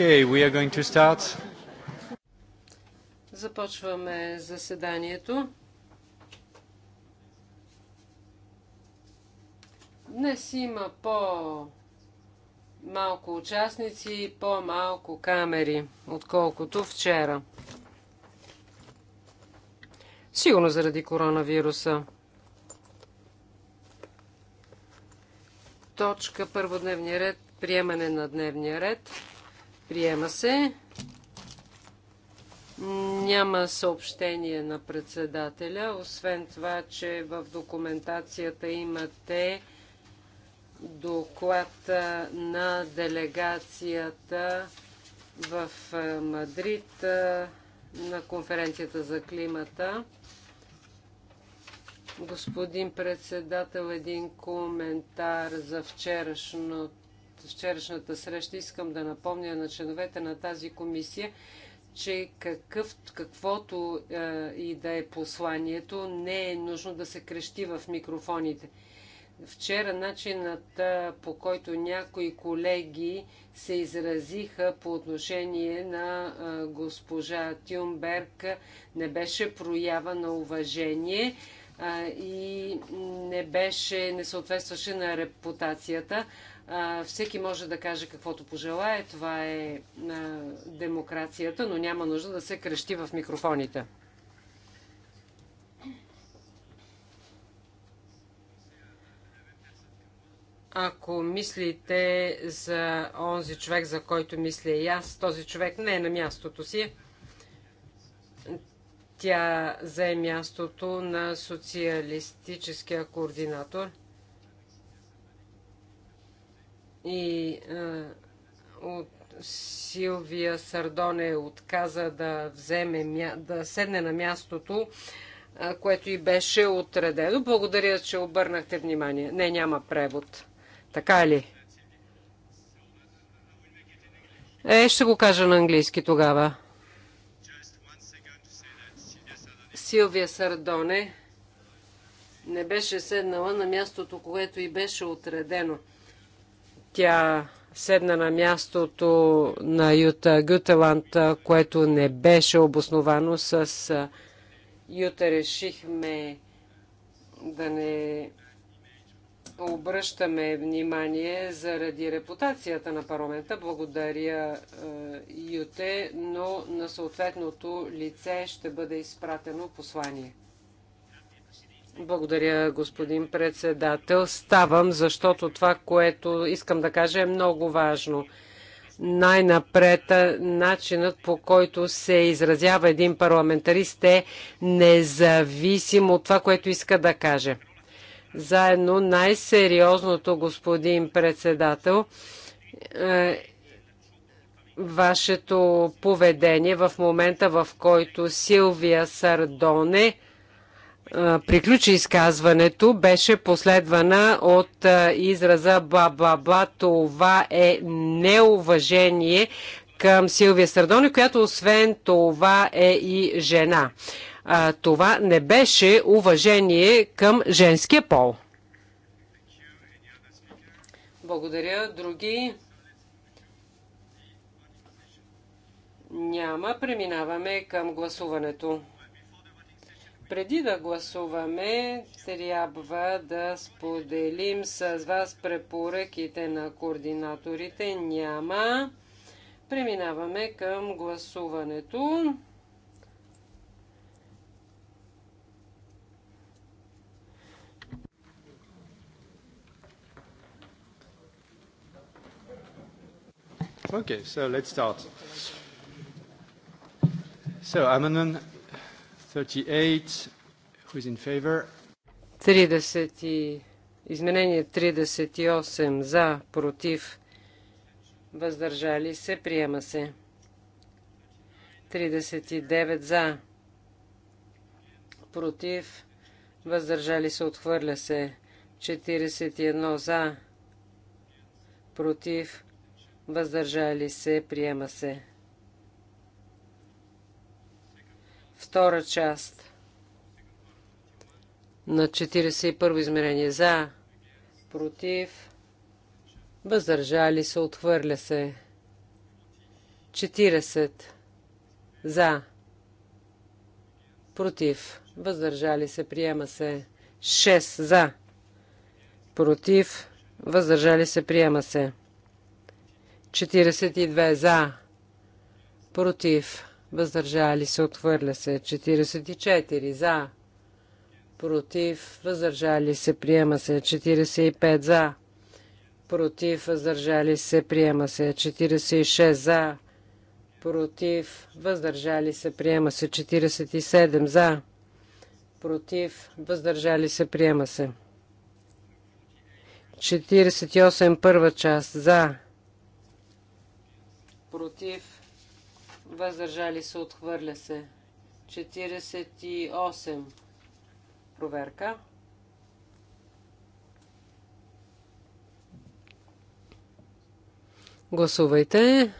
Okay, we are going to start. Започваме заседанието. Днес има по-малко участници и по-малко камери, отколкото вчера. Сигурно заради коронавируса. Точка първо дневния ред, приемане на дневния ред. Приема се. Няма съобщение на председателя, освен това, че в документацията имате доклад на делегацията в Мадрид на конференцията за климата. Господин председател, един коментар за вчерашното вчерашната среща, искам да напомня на членовете на тази комисия, че какъв, каквото е, и да е посланието, не е нужно да се крещи в микрофоните. Вчера начинът по който някои колеги се изразиха по отношение на е, госпожа Тюнберг не беше проява на уважение е, и не беше, не съответстваше на репутацията всеки може да каже каквото пожелае. Това е демокрацията, но няма нужда да се крещи в микрофоните. Ако мислите за онзи човек, за който мисля и аз, този човек не е на мястото си. Тя зае мястото на социалистическия координатор – и е, от Силвия Сардоне отказа да, вземе, да седне на мястото, е, което и беше отредено. Благодаря, че обърнахте внимание. Не, няма превод. Така е ли? Е, ще го кажа на английски тогава. Силвия Сардоне не беше седнала на мястото, което и беше отредено. Тя седна на мястото на Юта Гютеланд, което не беше обосновано с Юта. Решихме да не обръщаме внимание заради репутацията на парламента. Благодаря Юте, но на съответното лице ще бъде изпратено послание. Благодаря, господин председател. Ставам, защото това, което искам да кажа, е много важно. Най-напред начинът по който се изразява един парламентарист е независим от това, което иска да каже. Заедно най-сериозното, господин председател, е, вашето поведение в момента, в който Силвия Сардоне приключи изказването, беше последвана от израза ба-ба-ба, това е неуважение към Силвия Сардони, която освен това е и жена. А, това не беше уважение към женския пол. Благодаря. Други? Няма. Преминаваме към гласуването. Преди да гласуваме, трябва да споделим с вас препоръките на координаторите. Няма. Преминаваме към гласуването. Okay, so let's start. So, an 38. in favor? 30 Изменение 38 за, против, въздържали се, приема се. 39 за, против, въздържали се, отхвърля се. 41 за, против, въздържали се, приема се. Втора част на 41 измерение за, против, въздържали се, отхвърля се. 40 за, против, въздържали се, приема се. 6 за, против, въздържали се, приема се. 42 за, против, въздържали се, отвърля се. 44 за, против, въздържали се, приема се. 45 за, против, въздържали се, приема се. 46 за, против, въздържали се, приема се. 47 за, против, въздържали се, приема се. 48 първа част за, против, Въздържали се, отхвърля се. 48. Проверка. Гласувайте.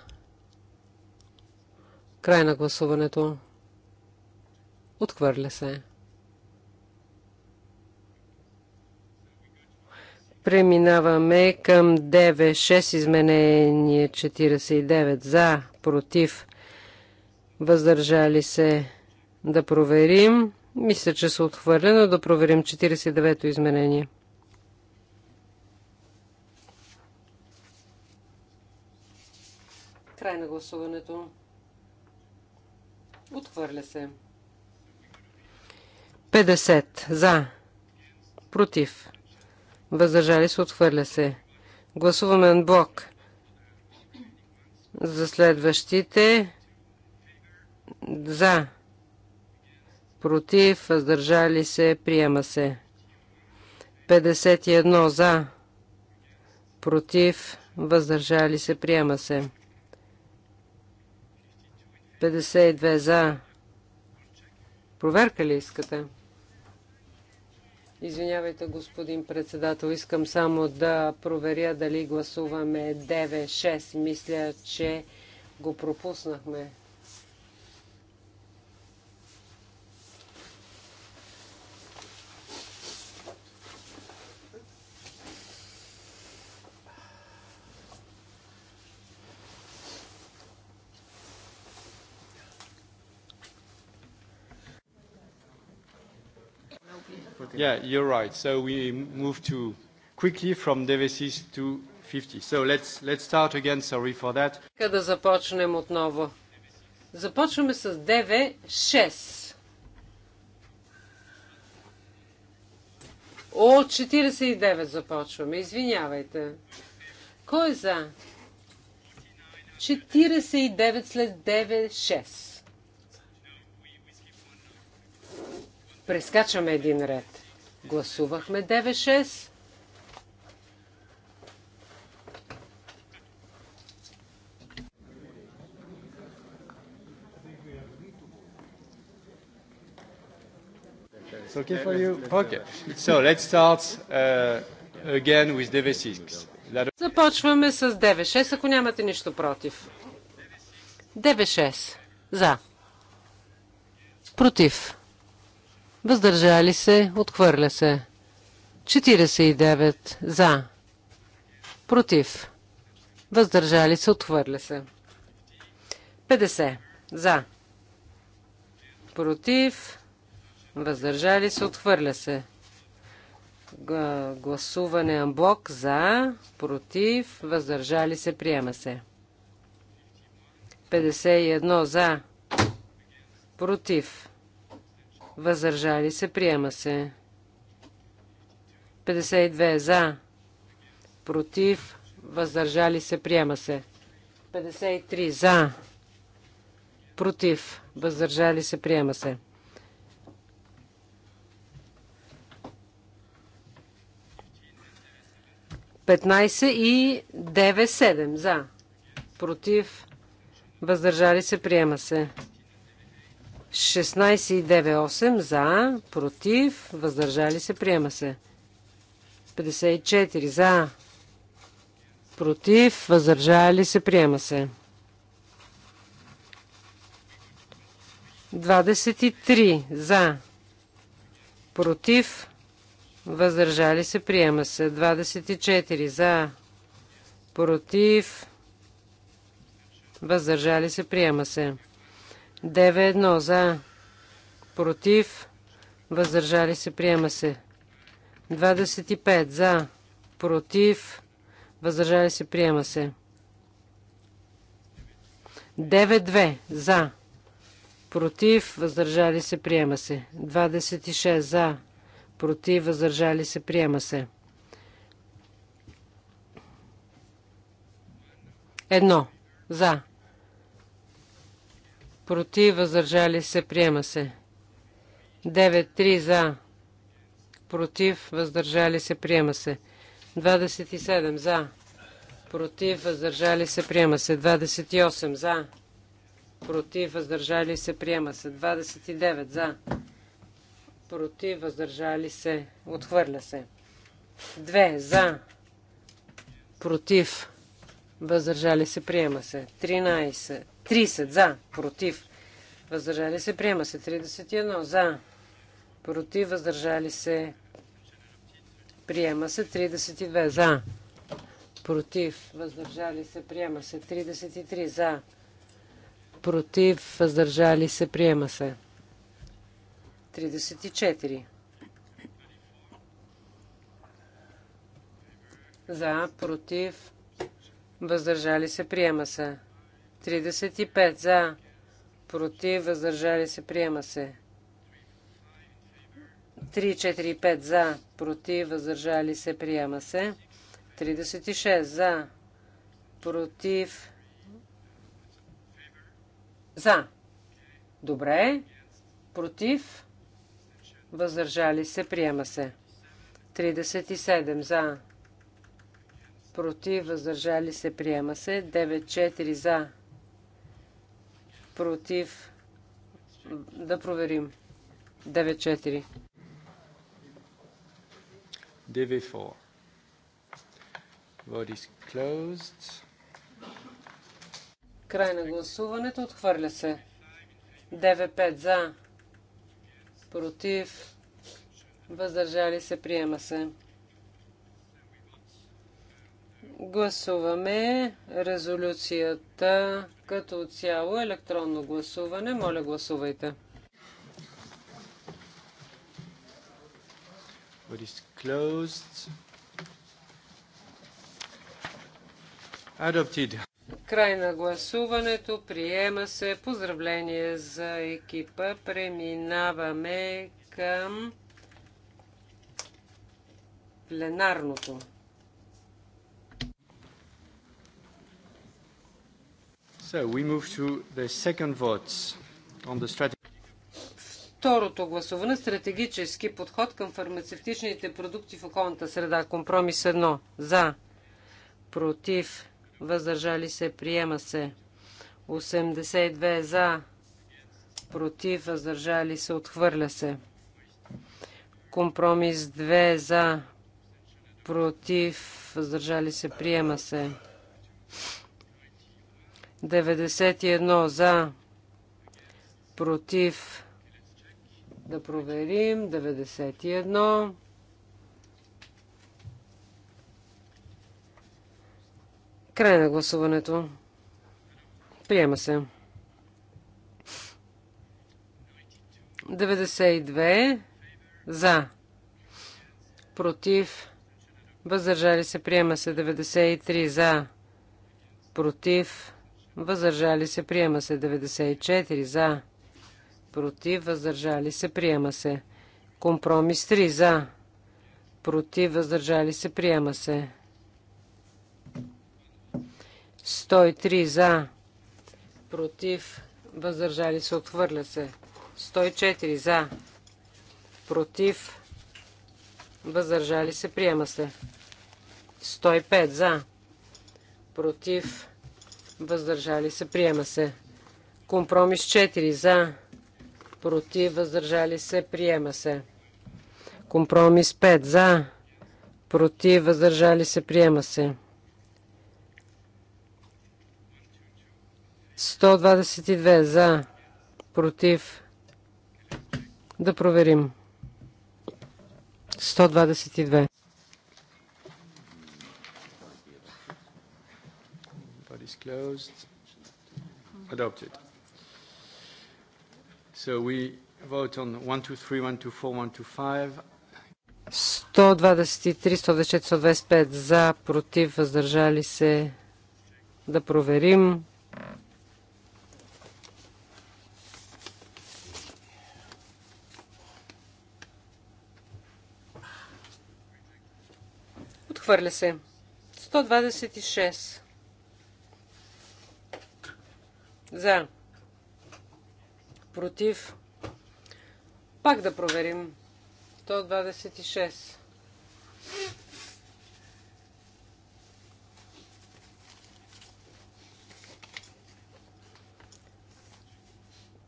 Край на гласуването. Отхвърля се. Преминаваме към 9-6 изменение 49 за, против, въздържали се да проверим. Мисля, че се отхвърля, но да проверим 49-то изменение. Край на гласуването. Отхвърля се. 50 за. Против. Въздържали се. Отхвърля се. Гласуваме на блок за следващите за. Против. Въздържали се. Приема се. 51. За. Против. Въздържали се. Приема се. 52. За. Проверка ли искате? Извинявайте, господин председател, искам само да проверя дали гласуваме 9-6. Мисля, че го пропуснахме. Yeah, you're right. So we moved too quickly from devices to 50. So let's, start again. Sorry for that. Нека да започнем отново. Започваме с 9-6. От 49 започваме. Извинявайте. Кой е за? 49 след 9-6. Прескачаме един ред. Гласувахме 9-6. okay for you? Okay. So let's start uh, again with DV6. Започваме с dv 6 ако нямате нищо против. dv 6 За. Против. Въздържали се. Отхвърля се. 49. За. Против. Въздържали се. Отхвърля се. 50. За. Против. Въздържали се. Отхвърля се. Гласуване амблок. За. Против. Въздържали се. Приема се. 51. За. Против Въздържали се. Приема се. 52 за. Против. Въздържали се. Приема се. 53 за. Против. Въздържали се. Приема се. 15 и 9-7 за. Против. Въздържали се. Приема се. 16,98 за, против, въздържали се, приема се. 54 за, против, въздържали се, приема се. 23 за, против, въздържали се, приема се. 24 за, против, въздържали се, приема се. 9-1 за, против, въздържали се, приема се. 25 за, против, въздържали се, приема се. 9-2 за, против, въздържали се, приема се. 26 за, против, въздържали се, приема се. 1 за, против, въздържали се, приема се. 9-3 за, против, въздържали се, приема се. 27 за, против, въздържали се, приема се. 28 за, против, въздържали се, приема се. 29 за, против, въздържали се, отхвърля се. 2 за, против, въздържали се, приема се. 13 30 за, против, въздържали се, приема се. 31 за, против, въздържали се, приема се. 32 за, против, въздържали се, приема се. 33 за, против, въздържали се, приема се. 34. За, против, въздържали се, приема се. 35 за, против, въздържали се, приема се. 3, 4, 5 за, против, въздържали се, приема се. 36 за, против, за. Добре. Против, въздържали се, приема се. 37 за, против, въздържали се, приема се. 9, 4 за, против, да проверим. 9-4. DV4. Vote is closed. Край на гласуването. Отхвърля се. 9-5 за. Против. Въздържали се. Приема се. Гласуваме резолюцията като цяло електронно гласуване. Моля, гласувайте. Vote is closed. Adopted. Край на гласуването. Приема се. Поздравление за екипа. Преминаваме към пленарното. Второто гласуване – стратегически подход към фармацевтичните продукти в околната среда. Компромис 1. За. Против. Въздържали се. Приема се. 82 за. Против. Въздържали се. Отхвърля се. Компромис 2 за. Против. Въздържали се. Приема се. 91 за, против, да проверим, 91. Край на гласуването. Приема се. 92 за, против, въздържали се, приема се 93 за, против, въздържали се, приема се 94 за, против, въздържали се, приема се. Компромис 3 за, против, въздържали се, приема се. 103 за, против, въздържали се, отхвърля се. 104 за, против, въздържали се, приема се. 105 за, против, въздържали се, приема се. Компромис 4 за, против, въздържали се, приема се. Компромис 5 за, против, въздържали се, приема се. 122 за, против, да проверим. 122. closed. Adopted. So we vote on 123, 124, 125. 123, 124, 125 за, против, въздържали се. Да проверим. Отхвърля се. 126. За. Против. Пак да проверим. 126.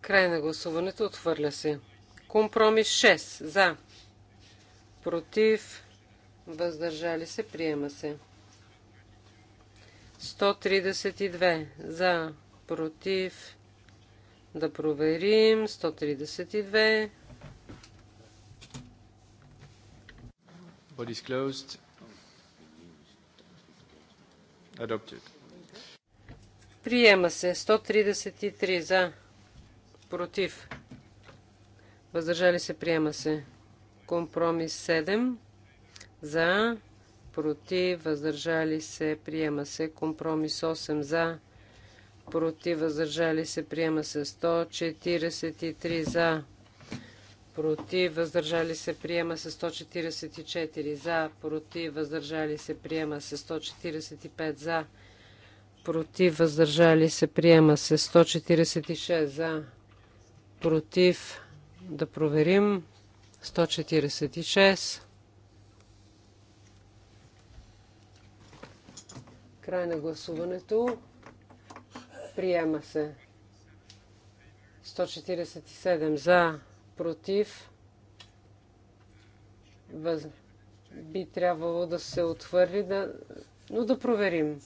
Край на гласуването. Отхвърля се. Компромис 6. За. Против. Въздържали се. Приема се. 132. За против. Да проверим. 132. Body's closed. Adopted. Приема се 133 за, против, въздържали се, приема се. Компромис 7 за, против, въздържали се, приема се. Компромис 8 за, против, въздържали се, приема се 143 за, против, въздържали се, приема се 144 за, против, въздържали се, приема се 145 за, против, въздържали се, приема се 146 за, против, да проверим, 146. Край на гласуването. Приема се. 147 за, против. Въз... Би трябвало да се отвърли, да... но да проверим.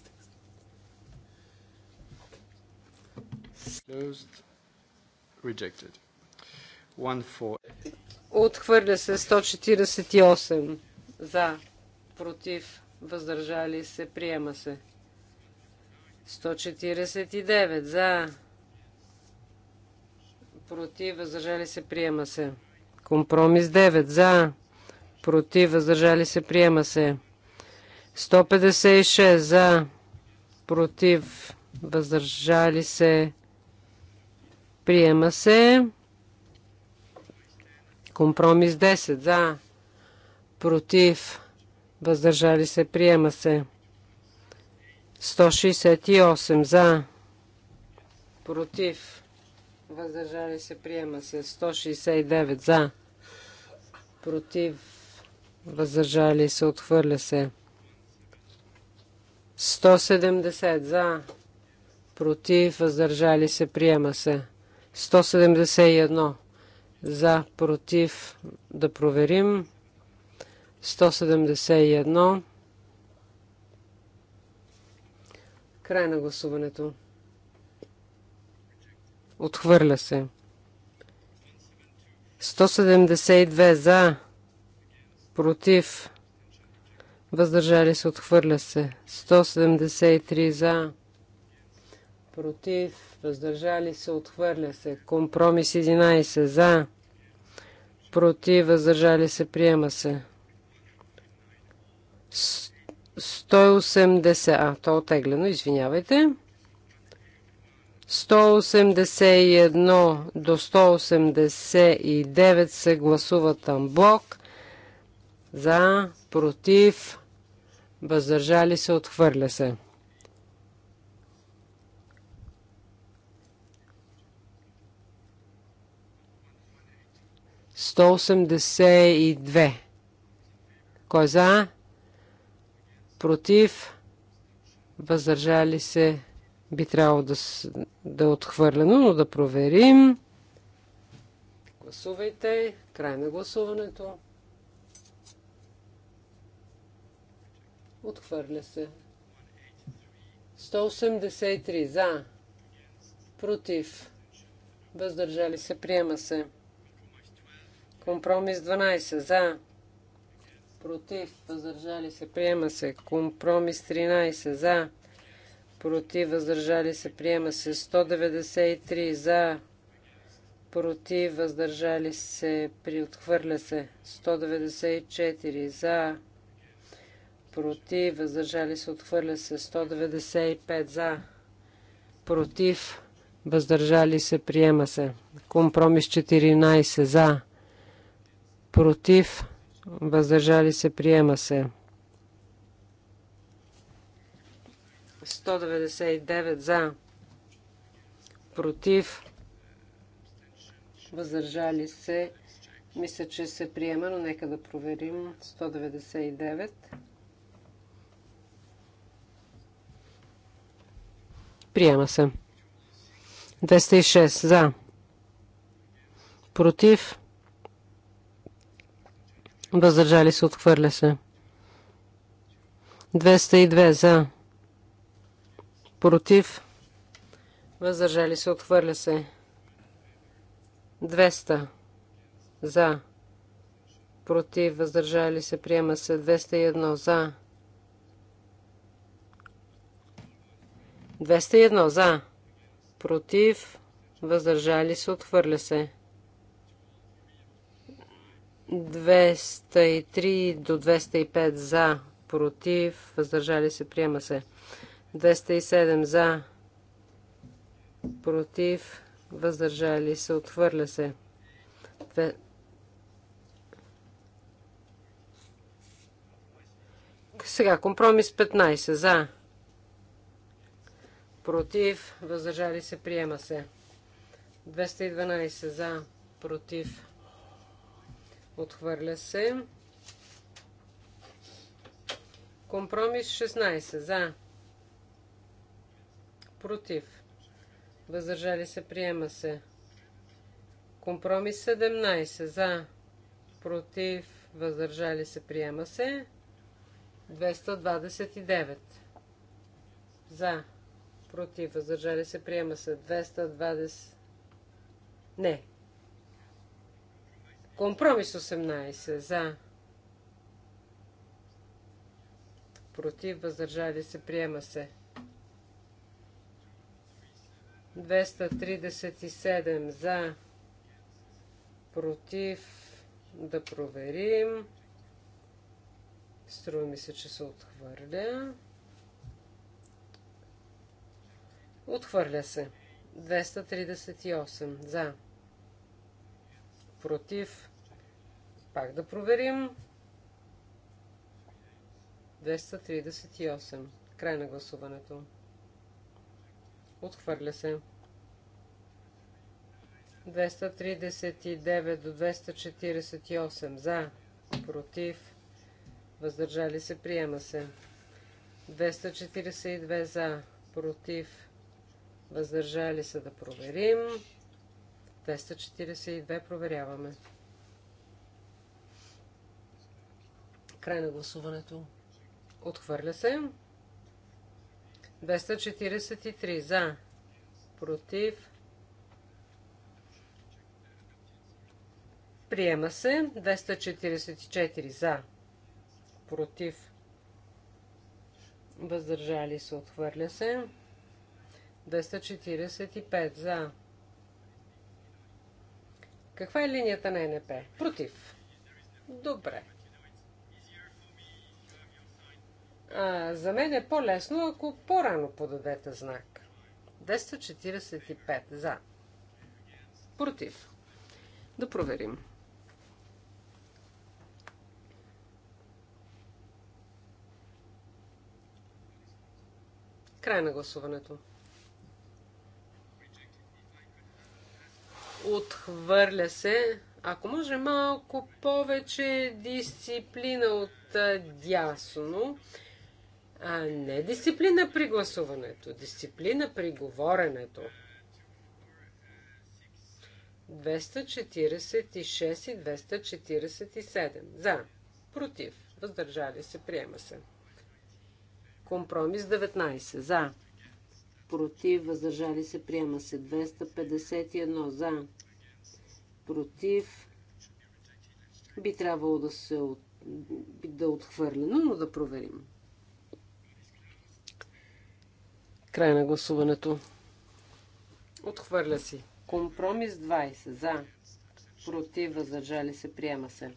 Отхвърля се 148 за, против, въздържали се, приема се. 149 за. Против, въздържали се, приема се. Компромис 9 за. Против, въздържали се, приема се. 156 за. Против, въздържали се, приема се. Компромис 10 за. Против, въздържали се, приема се. 168 за. Против. Въздържали се приема се. 169 за. Против. Въздържали се. Отхвърля се. 170 за. Против. Въздържали се. Приема се. 171 за. Против. Да проверим. 171. Край на гласуването. Отхвърля се. 172 за. Против. Въздържали се. Отхвърля се. 173 за. Против. Въздържали се. Отхвърля се. Компромис 11 за. Против. Въздържали се. Приема се. 180, а, то е отеглено, извинявайте. 181 до 189 се гласуват блок. За, против, въздържали се, отхвърля се. Сто осемдесет и две. Кой е за? против, въздържали се, би трябвало да, да е отхвърлено, но да проверим. Гласувайте. Край на гласуването. Отхвърля се. 183 за. Против. Въздържали се. Приема се. Компромис 12 за против, въздържали се, приема се. Компромис 13 за, против, въздържали се, приема се. 193 за, против, въздържали се, приотхвърля се. 194 за, против, въздържали се, отхвърля се. 195 за, против, въздържали се, приема се. Компромис 14 за, против, въздържали се, приема се. 199 за, против, въздържали се. Мисля, че се приема, но нека да проверим. 199. Приема се. 206 за. Против. Въздържали се, отхвърля се. 202 за. Против. Въздържали се, отхвърля се. 200 за. Против. Въздържали се, приема се. 201 за. 201 за. Против. Въздържали се, отхвърля се. 203 до 205 за, против, въздържали се, приема се. 207 за, против, въздържали се, отхвърля се. 2... Сега компромис 15 за, против, въздържали се, приема се. 212 за, против, Отхвърля се. Компромис 16. За. Против. Въздържали се. Приема се. Компромис 17. За. Против. Въздържали се. Приема се. 229. За. Против. Въздържали се. Приема се. 220. Не. Компромис 18 за. Против, въздържали се, приема се. 237 за. Против, да проверим. Струва ми се, че се отхвърля. Отхвърля се. 238 за против. Пак да проверим. 238. Край на гласуването. Отхвърля се. 239 до 248 за, против, въздържали се, приема се. 242 за, против, въздържали се да проверим. 242 проверяваме. Край на гласуването. Отхвърля се. 243 за. Против. Приема се. 244 за. Против. Въздържали се. Отхвърля се. 245 за каква е линията на НП? Против. Добре. А, за мен е по-лесно, ако по-рано подадете знак. 245 за. Против. Да проверим. Край на гласуването. Отхвърля се. Ако може малко повече дисциплина от дясно, а не дисциплина при гласуването, дисциплина при говоренето. 246 и 247. За. Против. Въздържали се. Приема се. Компромис 19. За против, въздържали се, приема се. 251 за, против, би трябвало да се от... да отхвърлено, но да проверим. Край на гласуването. Отхвърля си. Компромис 20. За. Против. Въздържали се. Приема се.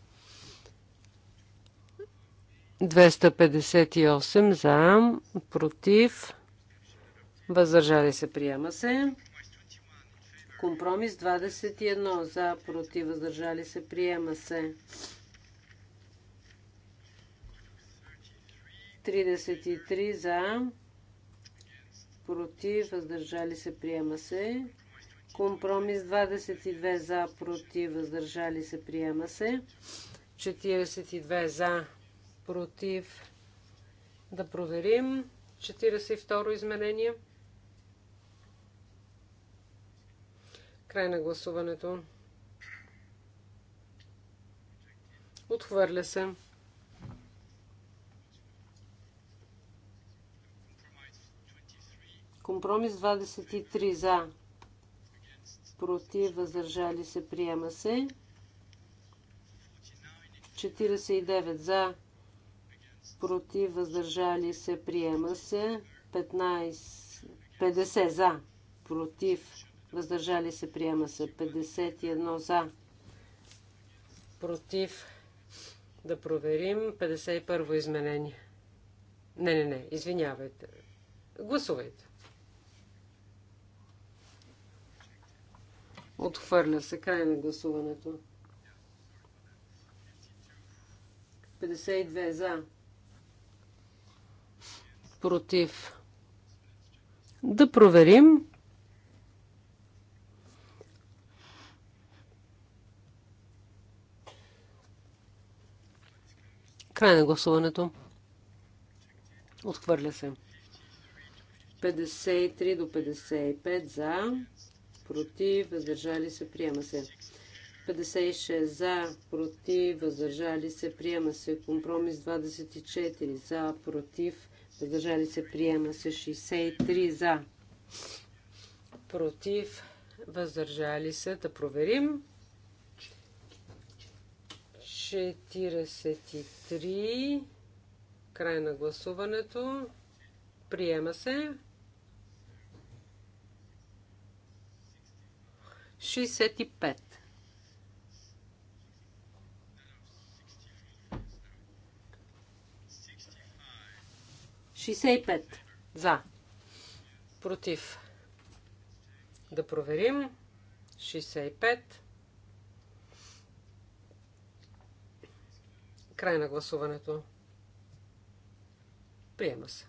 258 за. Против. Въздържали се. Приема се. Компромис 21. За, против, въздържали се. Приема се. 33 за, против, въздържали се, приема се. Компромис 22 за, против, въздържали се, приема се. 42 за, против. Да проверим. 42 изменение. Край на гласуването. Отхвърля се. Компромис 23 за. Против, въздържали се, приема се. 49 за. Против, въздържали се, приема се. 15, 50 за. Против, въздържали се, приема се. 51 за, против, да проверим 51-во изменение. Не, не, не, извинявайте. Гласувайте. Отхвърля се край на гласуването. 52 за. Против. Да проверим. Край на гласуването. Отхвърля се. 53 до 55 за, против, въздържали се, приема се. 56 за, против, въздържали се, приема се. Компромис 24 за, против, въздържали се, приема се. 63 за, против, въздържали се. Да проверим. 43. Край на гласуването. Приема се. 65. 65. За. Против. Да проверим. 65. Край на гласуването. Приема се.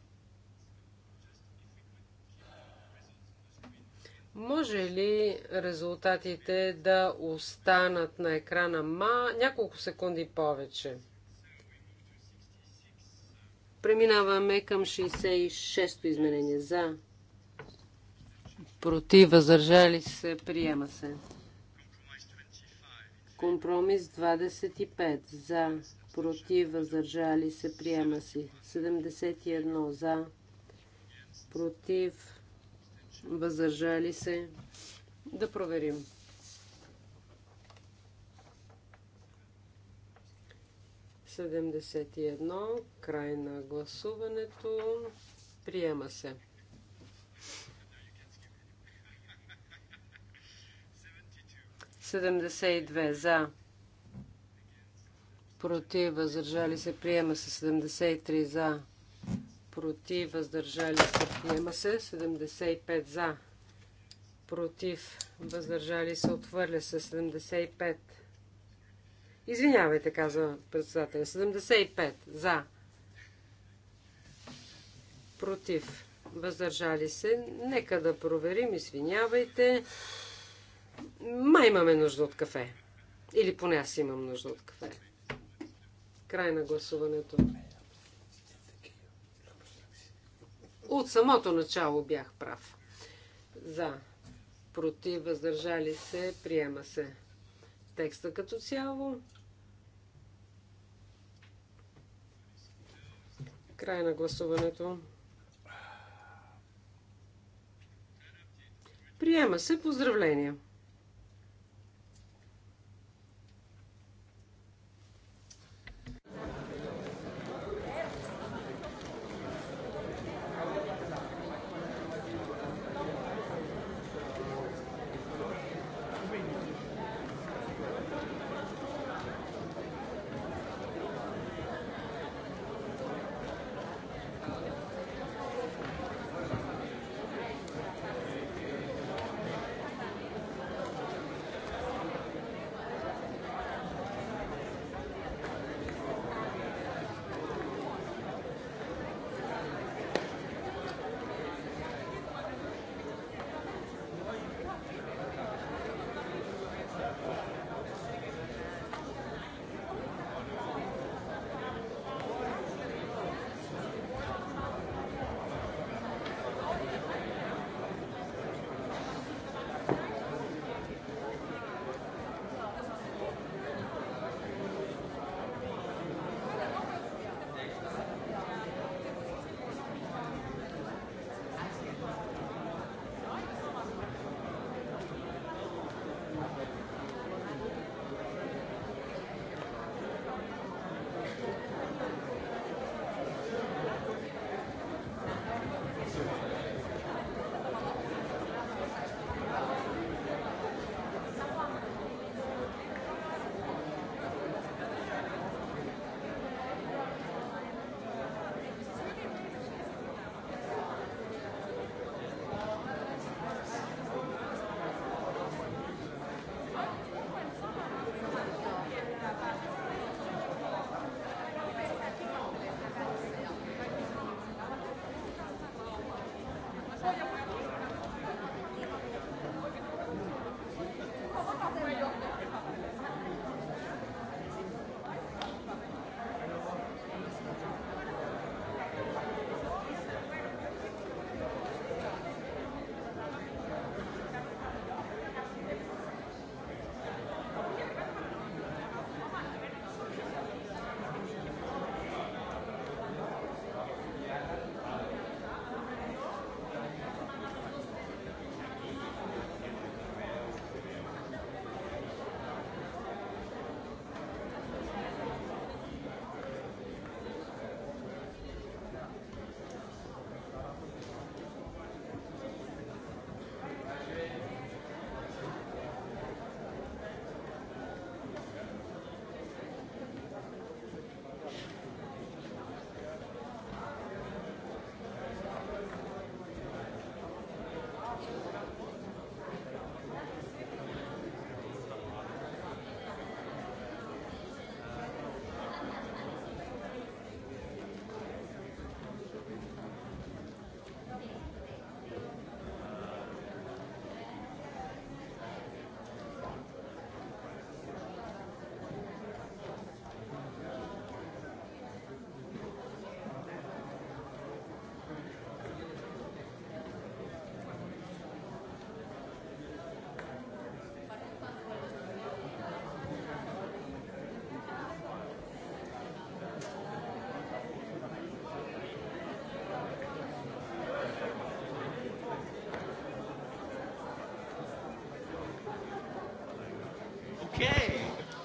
Може ли резултатите да останат на екрана ма няколко секунди повече? Преминаваме към 66-то изменение. За. Против, въздържали се, приема се. Компромис 25. За против, въздържали се, приема си. 71 за, против, въздържали се. Да проверим. Седемдесет и едно. Край на гласуването. Приема се. 72 за против, въздържали се, приема се 73 за, против, въздържали се, приема се 75 за, против, въздържали се, отвърля се 75. Извинявайте, казва председателя. 75 за, против, въздържали се. Нека да проверим, извинявайте. Май имаме нужда от кафе. Или поне аз имам нужда от кафе. Край на гласуването. От самото начало бях прав. За. Против. Въздържали се. Приема се. Текста като цяло. Край на гласуването. Приема се. Поздравления!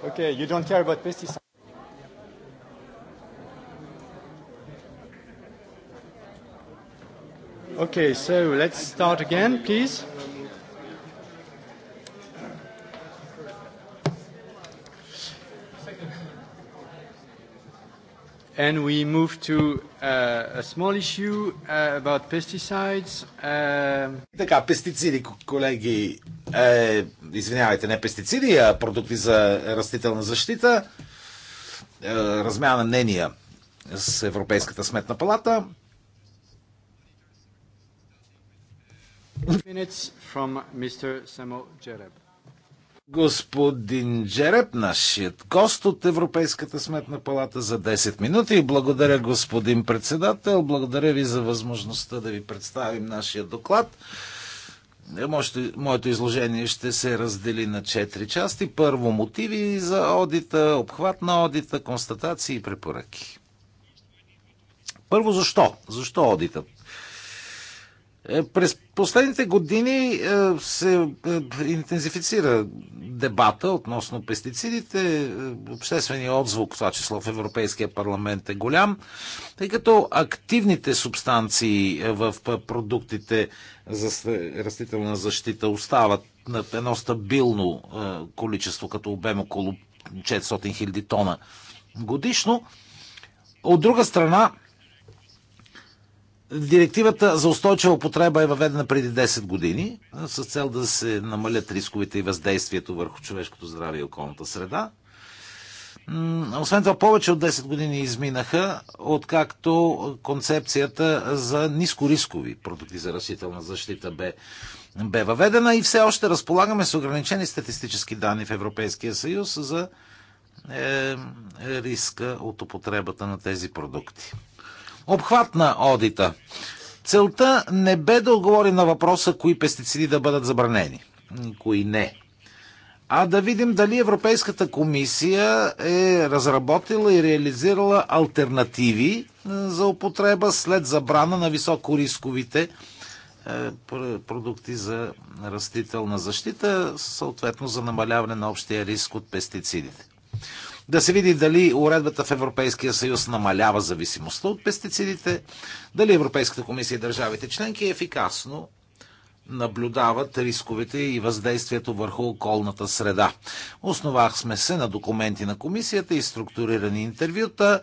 Okay, you don't care about pesticides. Okay, so let's start again, please. And we move to uh, a small issue uh, about pesticides. Uh... Така, пестициди, колеги. Uh извинявайте, не пестициди, а продукти за растителна защита, е, размяна мнения с Европейската сметна палата. Господин Джереб, нашият гост от Европейската сметна палата за 10 минути. Благодаря, господин председател. Благодаря ви за възможността да ви представим нашия доклад моето изложение ще се раздели на четири части. Първо мотиви за одита, обхват на одита, констатации и препоръки. Първо защо? Защо одитът? Е, през последните години е, се е, интензифицира дебата относно пестицидите. Общественият отзвук, това число в Европейския парламент, е голям, тъй като активните субстанции в продуктите за растителна защита остават на едно стабилно количество, като обем около 400 000 тона годишно. От друга страна, Директивата за устойчива употреба е въведена преди 10 години с цел да се намалят рисковете и въздействието върху човешкото здраве и околната среда. Освен това, повече от 10 години изминаха, откакто концепцията за нискорискови продукти за растителна защита бе, бе въведена и все още разполагаме с ограничени статистически данни в Европейския съюз за е, риска от употребата на тези продукти обхват на одита. Целта не бе да отговори на въпроса кои пестициди да бъдат забранени, кои не. А да видим дали Европейската комисия е разработила и реализирала альтернативи за употреба след забрана на високорисковите е, продукти за растителна защита, съответно за намаляване на общия риск от пестицидите да се види дали уредбата в Европейския съюз намалява зависимостта от пестицидите, дали Европейската комисия и държавите членки ефикасно наблюдават рисковете и въздействието върху околната среда. Основах сме се на документи на комисията и структурирани интервюта.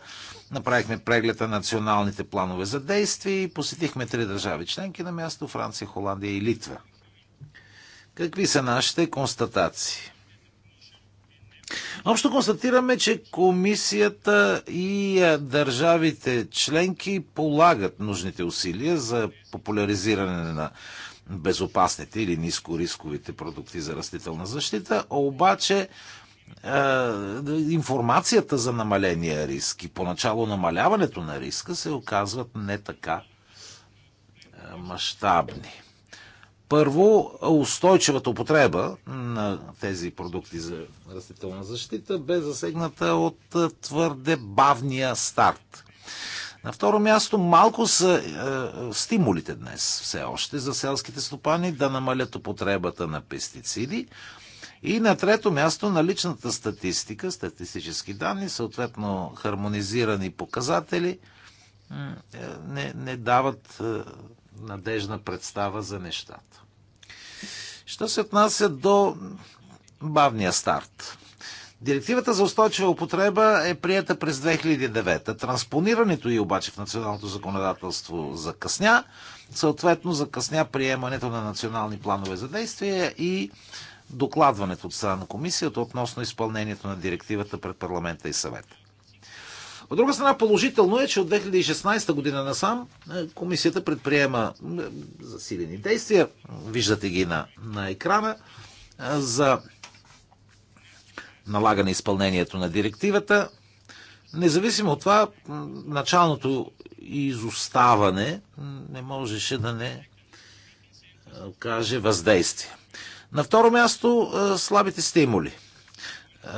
Направихме преглед на националните планове за действие и посетихме три държави членки на място Франция, Холандия и Литва. Какви са нашите констатации? Общо констатираме, че комисията и държавите членки полагат нужните усилия за популяризиране на безопасните или нискорисковите продукти за растителна защита, обаче информацията за намаления риск и поначало намаляването на риска се оказват не така мащабни. Първо, устойчивата употреба на тези продукти за растителна защита бе засегната от твърде бавния старт. На второ място, малко са е, е, стимулите днес все още за селските стопани да намалят употребата на пестициди. И на трето място, наличната статистика, статистически данни, съответно хармонизирани показатели, е, не, не дават е, надежна представа за нещата. Що се отнася до бавния старт? Директивата за устойчива употреба е прията през 2009. Транспонирането и обаче в националното законодателство закъсня. Съответно закъсня приемането на национални планове за действие и докладването от страна на комисията относно изпълнението на директивата пред парламента и съвета. От друга страна, положително е, че от 2016 година насам е, комисията предприема е, засилени действия, виждате ги на, на екрана, е, за налагане изпълнението на директивата. Независимо от това, началното изоставане не можеше да не каже въздействие. На второ място, слабите стимули – е,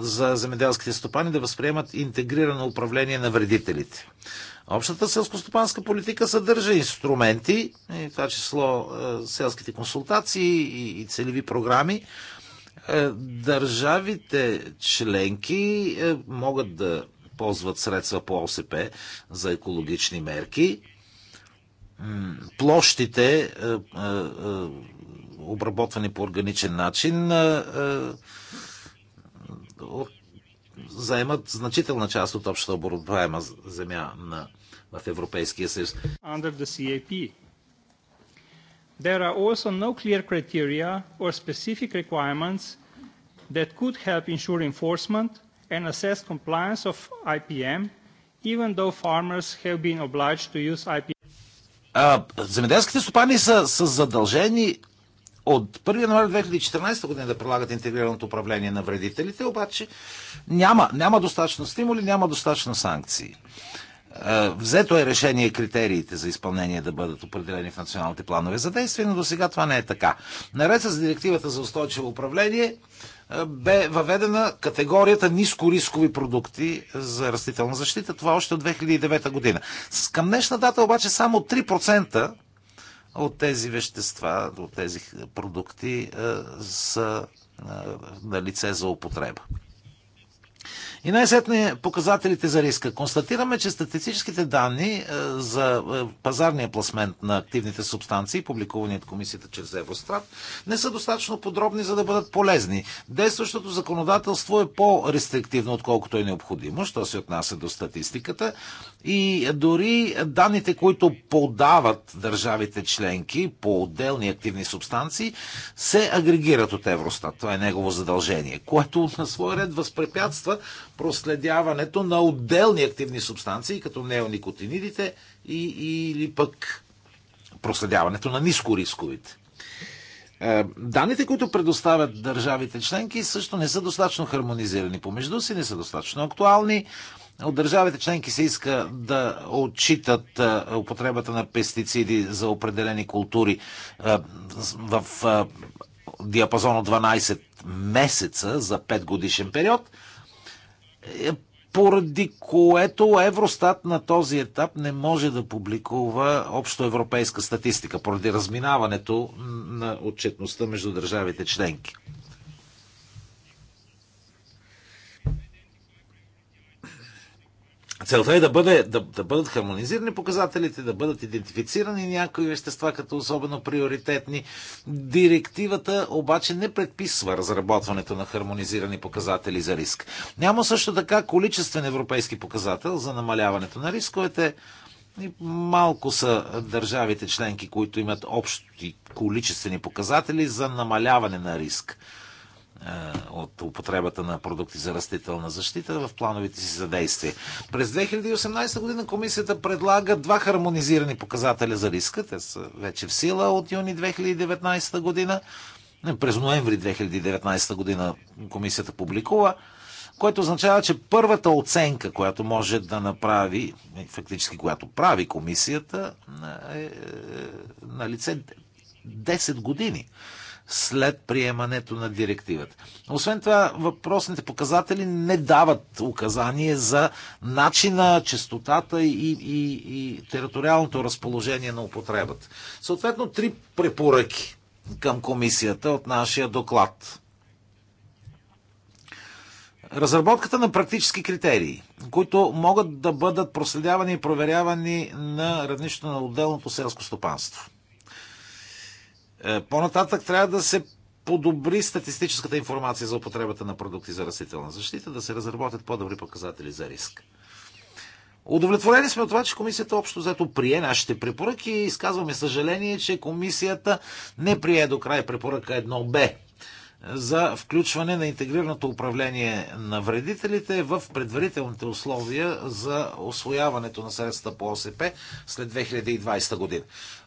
за земеделските стопани да възприемат интегрирано управление на вредителите. Общата селскостопанска политика съдържа инструменти, е, това число е, селските консултации и целеви програми. Държавите членки могат да ползват средства по ОСП за екологични мерки. Площите, обработвани по органичен начин, заемат значителна част от общата оборудваема земя на, в Европейския съюз. Under the CAP. There are also no clear criteria or specific requirements that could help ensure enforcement and assess compliance of IPM, even though farmers have been obliged to use IPM. А, земеделските стопани са, са задължени от 1 януаря 2014 година да прилагат интегрираното управление на вредителите, обаче няма, няма достатъчно стимули, няма достатъчно санкции. Е, взето е решение критериите за изпълнение да бъдат определени в националните планове за действие, но до сега това не е така. Наред с директивата за устойчиво управление е, бе въведена категорията нискорискови продукти за растителна защита. Това още от 2009 година. С към днешна дата обаче само 3% от тези вещества, от тези продукти е, са е, на лице за употреба. И най-сетне показателите за риска. Констатираме, че статистическите данни е, за е, пазарния пласмент на активните субстанции, публикувани от комисията чрез Еврострат, не са достатъчно подробни, за да бъдат полезни. Действащото законодателство е по-рестриктивно, отколкото е необходимо, що се отнася до статистиката. И дори данните, които подават държавите членки по отделни активни субстанции, се агрегират от Евростат. Това е негово задължение, което на свой ред възпрепятства проследяването на отделни активни субстанции, като неоникотинидите и, или пък проследяването на нискорисковите. Е, данните, които предоставят държавите членки, също не са достатъчно хармонизирани помежду си, не са достатъчно актуални. От държавите членки се иска да отчитат е, употребата на пестициди за определени култури е, в диапазон от 12 месеца за 5 годишен период – е, поради което Евростат на този етап не може да публикува общо европейска статистика, поради разминаването на отчетността между държавите членки. Целта е да, бъде, да, да бъдат хармонизирани показателите, да бъдат идентифицирани някои вещества като особено приоритетни. Директивата обаче не предписва разработването на хармонизирани показатели за риск. Няма също така количествен европейски показател за намаляването на рисковете. И малко са държавите членки, които имат общи количествени показатели за намаляване на риск. Е, от употребата на продукти за растителна защита в плановите си за действие. През 2018 година комисията предлага два хармонизирани показателя за риска. Те са вече в сила от юни 2019 година. През ноември 2019 година комисията публикува, което означава, че първата оценка, която може да направи, фактически която прави комисията, е, е на лице 10 години след приемането на директивата. Освен това, въпросните показатели не дават указание за начина, частотата и, и, и териториалното разположение на употребата. Съответно, три препоръки към комисията от нашия доклад. Разработката на практически критерии, които могат да бъдат проследявани и проверявани на равнището на отделното селско стопанство. Е, по-нататък трябва да се подобри статистическата информация за употребата на продукти за растителна защита, да се разработят по-добри показатели за риск. Удовлетворени сме от това, че комисията общо взето прие нашите препоръки и изказваме съжаление, че комисията не прие до край препоръка 1Б за включване на интегрираното управление на вредителите в предварителните условия за освояването на средствата по ОСП след 2020 година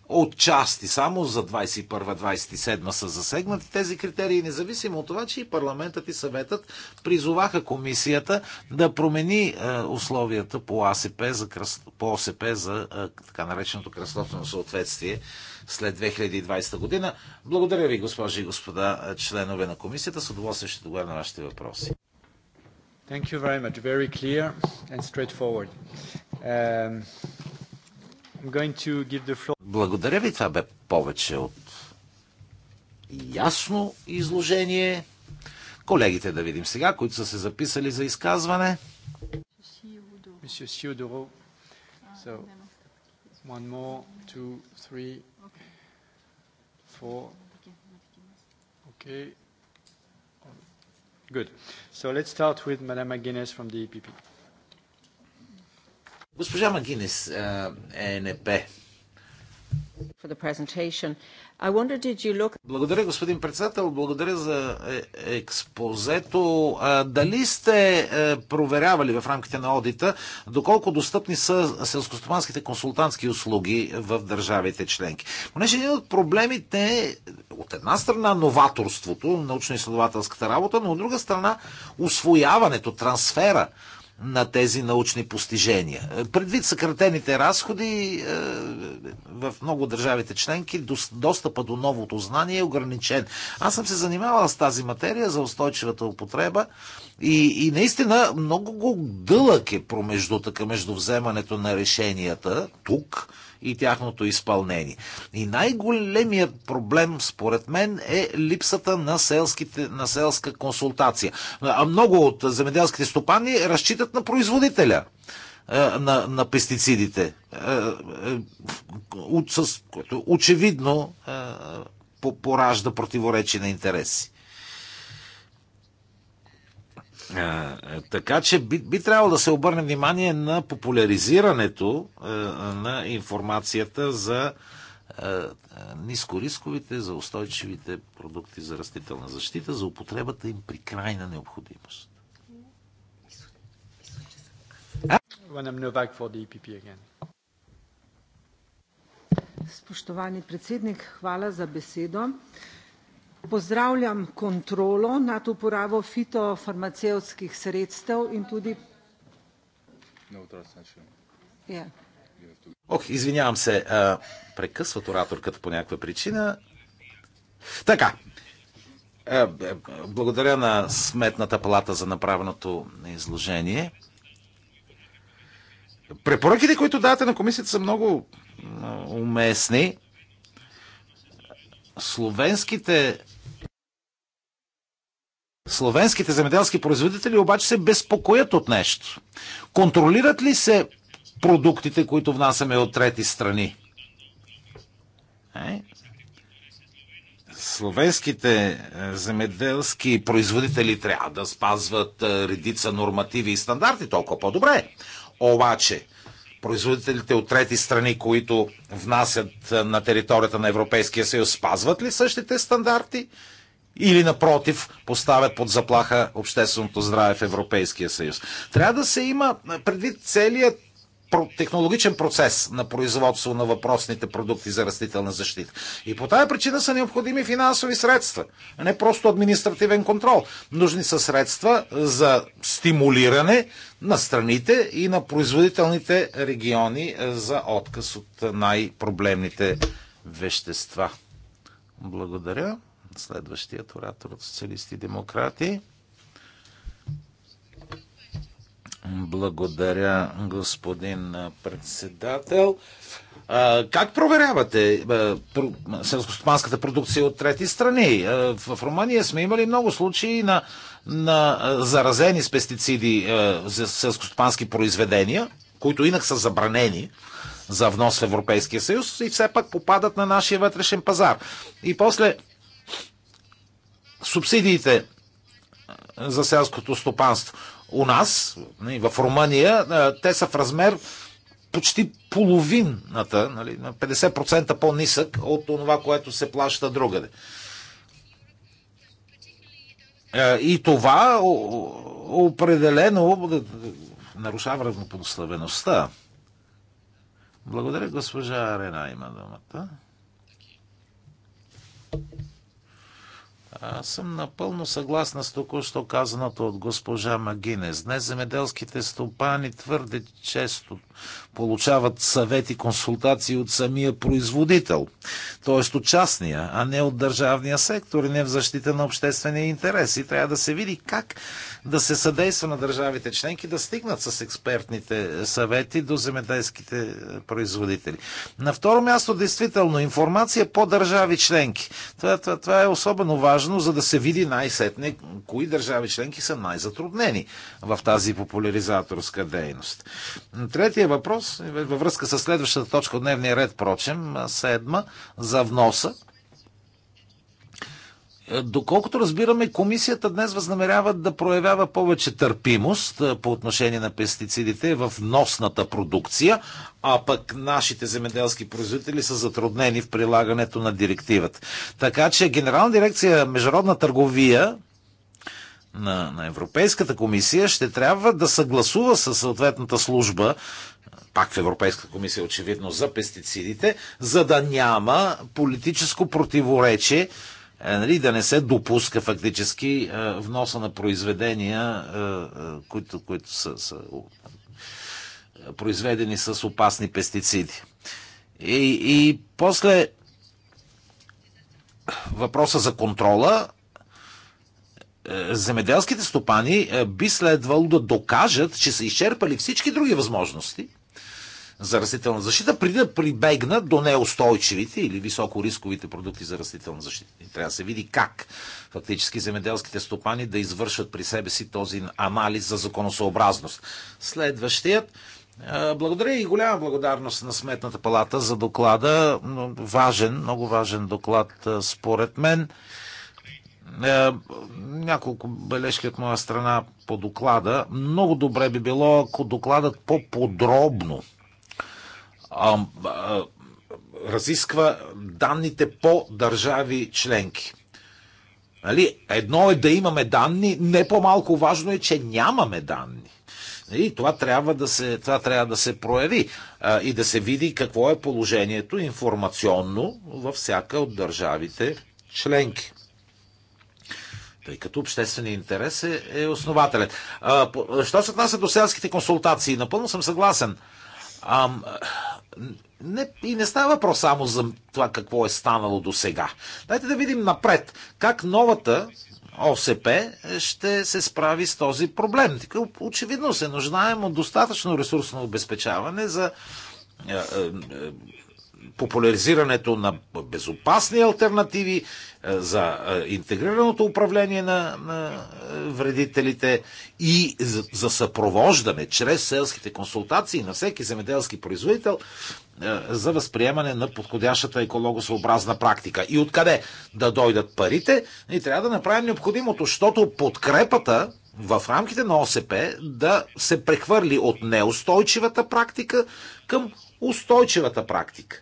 от части само за 21-27 са засегнати тези критерии, независимо от това, че и парламентът и съветът призоваха комисията да промени е, условията по, АСП за, по ОСП за е, така нареченото кръстовно съответствие след 2020 година. Благодаря ви, госпожи и господа е, членове на комисията. С удоволствие ще договоря на вашите въпроси. Thank you very much. Very clear and straightforward. Um... Благодаря ви, това бе повече от ясно изложение. Колегите да видим сега, които са се записали за изказване. Good. So let's start with Madame McGuinness from the EPP. Госпожа Магинес, е ЕНП. Благодаря, господин председател. Благодаря за е, експозето. Дали сте е, проверявали в рамките на одита доколко достъпни са селскостопанските консултантски услуги в държавите членки? Понеже един от проблемите е от една страна новаторството, научно-изследователската работа, но от друга страна освояването, трансфера на тези научни постижения. Предвид съкратените разходи е, в много държавите членки, достъпа до новото знание е ограничен. Аз съм се занимавал с тази материя за устойчивата употреба и, и наистина много дълъг е промеждутъка между вземането на решенията тук, и тяхното изпълнение. И най-големият проблем, според мен, е липсата на, селските, на селска консултация. А много от земеделските стопани разчитат на производителя е, на, на пестицидите, е, е, с което очевидно поражда противоречие на интереси така че би, би трябвало да се обърне внимание на популяризирането а, на информацията за а, нискорисковите, за устойчивите продукти за растителна защита, за употребата им при крайна необходимост. E Spoštovani председник, hvala za besedo. Pozdravljam kontrolo nad uporabo fitofarmacevtskih sredstev in tudi. Yeah. Ох, извинявам се, а, прекъсват ораторката по някаква причина. Така, благодаря на Сметната палата за направеното изложение. Препоръките, които давате на комисията, са много уместни. Словенските Словенските земеделски производители обаче се безпокоят от нещо. Контролират ли се продуктите, които внасяме от трети страни? Е? Словенските е, земеделски производители трябва да спазват е, редица нормативи и стандарти, толкова по-добре. Обаче, производителите от трети страни, които внасят е, на територията на Европейския съюз, спазват ли същите стандарти? или напротив поставят под заплаха общественото здраве в Европейския съюз. Трябва да се има предвид целият технологичен процес на производство на въпросните продукти за растителна защита. И по тази причина са необходими финансови средства, а не просто административен контрол. Нужни са средства за стимулиране на страните и на производителните региони е, за отказ от най-проблемните вещества. Благодаря следващият оратор от социалисти и демократи. Благодаря, господин председател. Как проверявате селскостопанската продукция от трети страни? В Румъния сме имали много случаи на, на заразени с пестициди за селскостопански произведения, които инак са забранени за внос в Европейския съюз и все пак попадат на нашия вътрешен пазар. И после субсидиите е, за селското стопанство. У нас, в Румъния, е, те са в размер почти половината, нали, 50% по-нисък от това, което се плаща другаде. Е, и това определено нарушава равнопоставеността. Благодаря, госпожа Арена има думата. Аз съм напълно съгласна с току-що казаното от госпожа Магинес. Днес земеделските стопани твърде често получават съвети, консултации от самия производител, т.е. от частния, а не от държавния сектор и не в защита на обществения интерес. И трябва да се види как да се съдейства на държавите членки да стигнат с експертните съвети до земеделските е, производители. На второ място, действително, информация по държави членки. Това, това, това е особено важно, за да се види най-сетне кои държави членки са най-затруднени в тази популяризаторска дейност. Третия въпрос въпрос, във връзка с следващата точка от дневния ред, прочем, седма, за вноса. Доколкото разбираме, комисията днес възнамерява да проявява повече търпимост по отношение на пестицидите в носната продукция, а пък нашите земеделски производители са затруднени в прилагането на директивата. Така че Генерална дирекция Международна търговия на, на Европейската комисия ще трябва да съгласува със съответната служба пак в Европейска комисия очевидно, за пестицидите, за да няма политическо противоречие, е, нали, да не се допуска фактически е, вноса на произведения, е, които, които са, са произведени с опасни пестициди. И, и после въпроса за контрола, земеделските стопани би следвало да докажат, че са изчерпали всички други възможности за растителна защита, преди да прибегнат до неустойчивите или високо рисковите продукти за растителна защита. И трябва да се види как фактически земеделските стопани да извършат при себе си този анализ за законосъобразност. Следващият благодаря и голяма благодарност на Сметната палата за доклада. Важен, много важен доклад според мен. Няколко бележки от моя страна по доклада. Много добре би било, ако докладът по-подробно а, а, разисква данните по държави членки. Нали? Едно е да имаме данни, не по-малко важно е, че нямаме данни. И нали, това трябва да се, това трябва да се прояви а, и да се види какво е положението информационно във всяка от държавите членки. Тъй като общественият интерес е, е основателен. А, по, що се отнася до селските консултации? Напълно съм съгласен. А, не, и не става въпрос само за това какво е станало до сега. Дайте да видим напред как новата ОСП ще се справи с този проблем. Така, очевидно се нуждаем от достатъчно ресурсно обезпечаване за е, е, е, популяризирането на безопасни альтернативи, е, за е, интегрираното управление на, на е, вредителите и за, за съпровождане чрез селските консултации на всеки земеделски производител за възприемане на подходящата екологосъобразна практика. И откъде да дойдат парите, и трябва да направим необходимото, защото подкрепата в рамките на ОСП да се прехвърли от неустойчивата практика към устойчивата практика.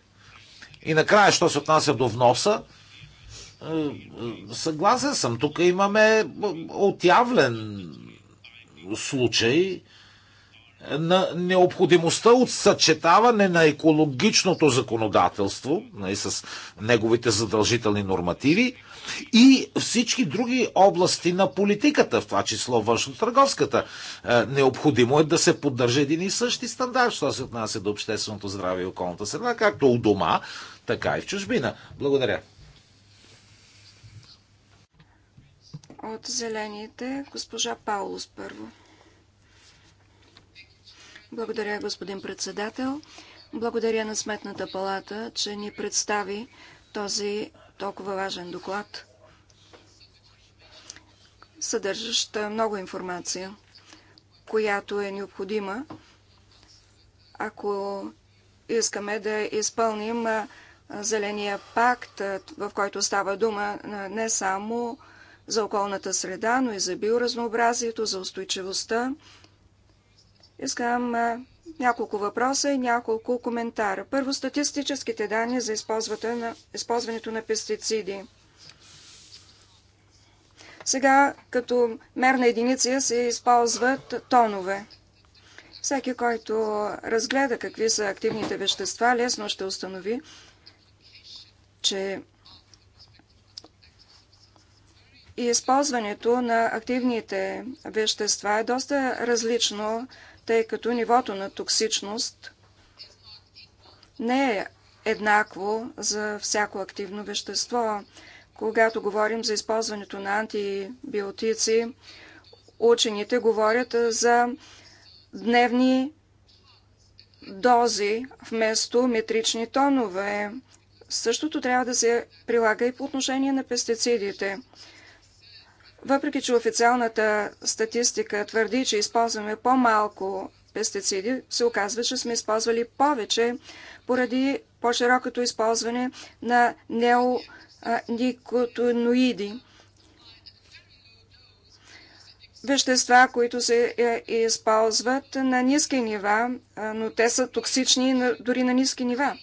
И накрая, що се отнася до вноса, е, е, съгласен съм, тук имаме е, отявлен случай на необходимостта от съчетаване на екологичното законодателство и нали, с неговите задължителни нормативи и всички други области на политиката, в това число външно-търговската. Необходимо е да се поддържа един и същи стандарт, що се отнася до общественото здраве и околната среда, както у дома, така и в чужбина. Благодаря. От зелените госпожа Паулос първо. Благодаря, господин председател. Благодаря на Сметната палата, че ни представи този толкова важен доклад, съдържащ много информация, която е необходима, ако искаме да изпълним Зеления пакт, в който става дума не само за околната среда, но и за биоразнообразието, за устойчивостта. Искам няколко въпроса и няколко коментара. Първо, статистическите данни за използването на пестициди. Сега като мерна единица се използват тонове. Всеки, който разгледа какви са активните вещества, лесно ще установи, че и използването на активните вещества е доста различно, тъй като нивото на токсичност не е еднакво за всяко активно вещество. Когато говорим за използването на антибиотици, учените говорят за дневни дози вместо метрични тонове. Същото трябва да се прилага и по отношение на пестицидите. Въпреки, че официалната статистика твърди, че използваме по-малко пестициди, се оказва, че сме използвали повече поради по-широкото използване на неоникотоноиди. Вещества, които се е, използват на ниски нива, но те са токсични дори на ниски нива.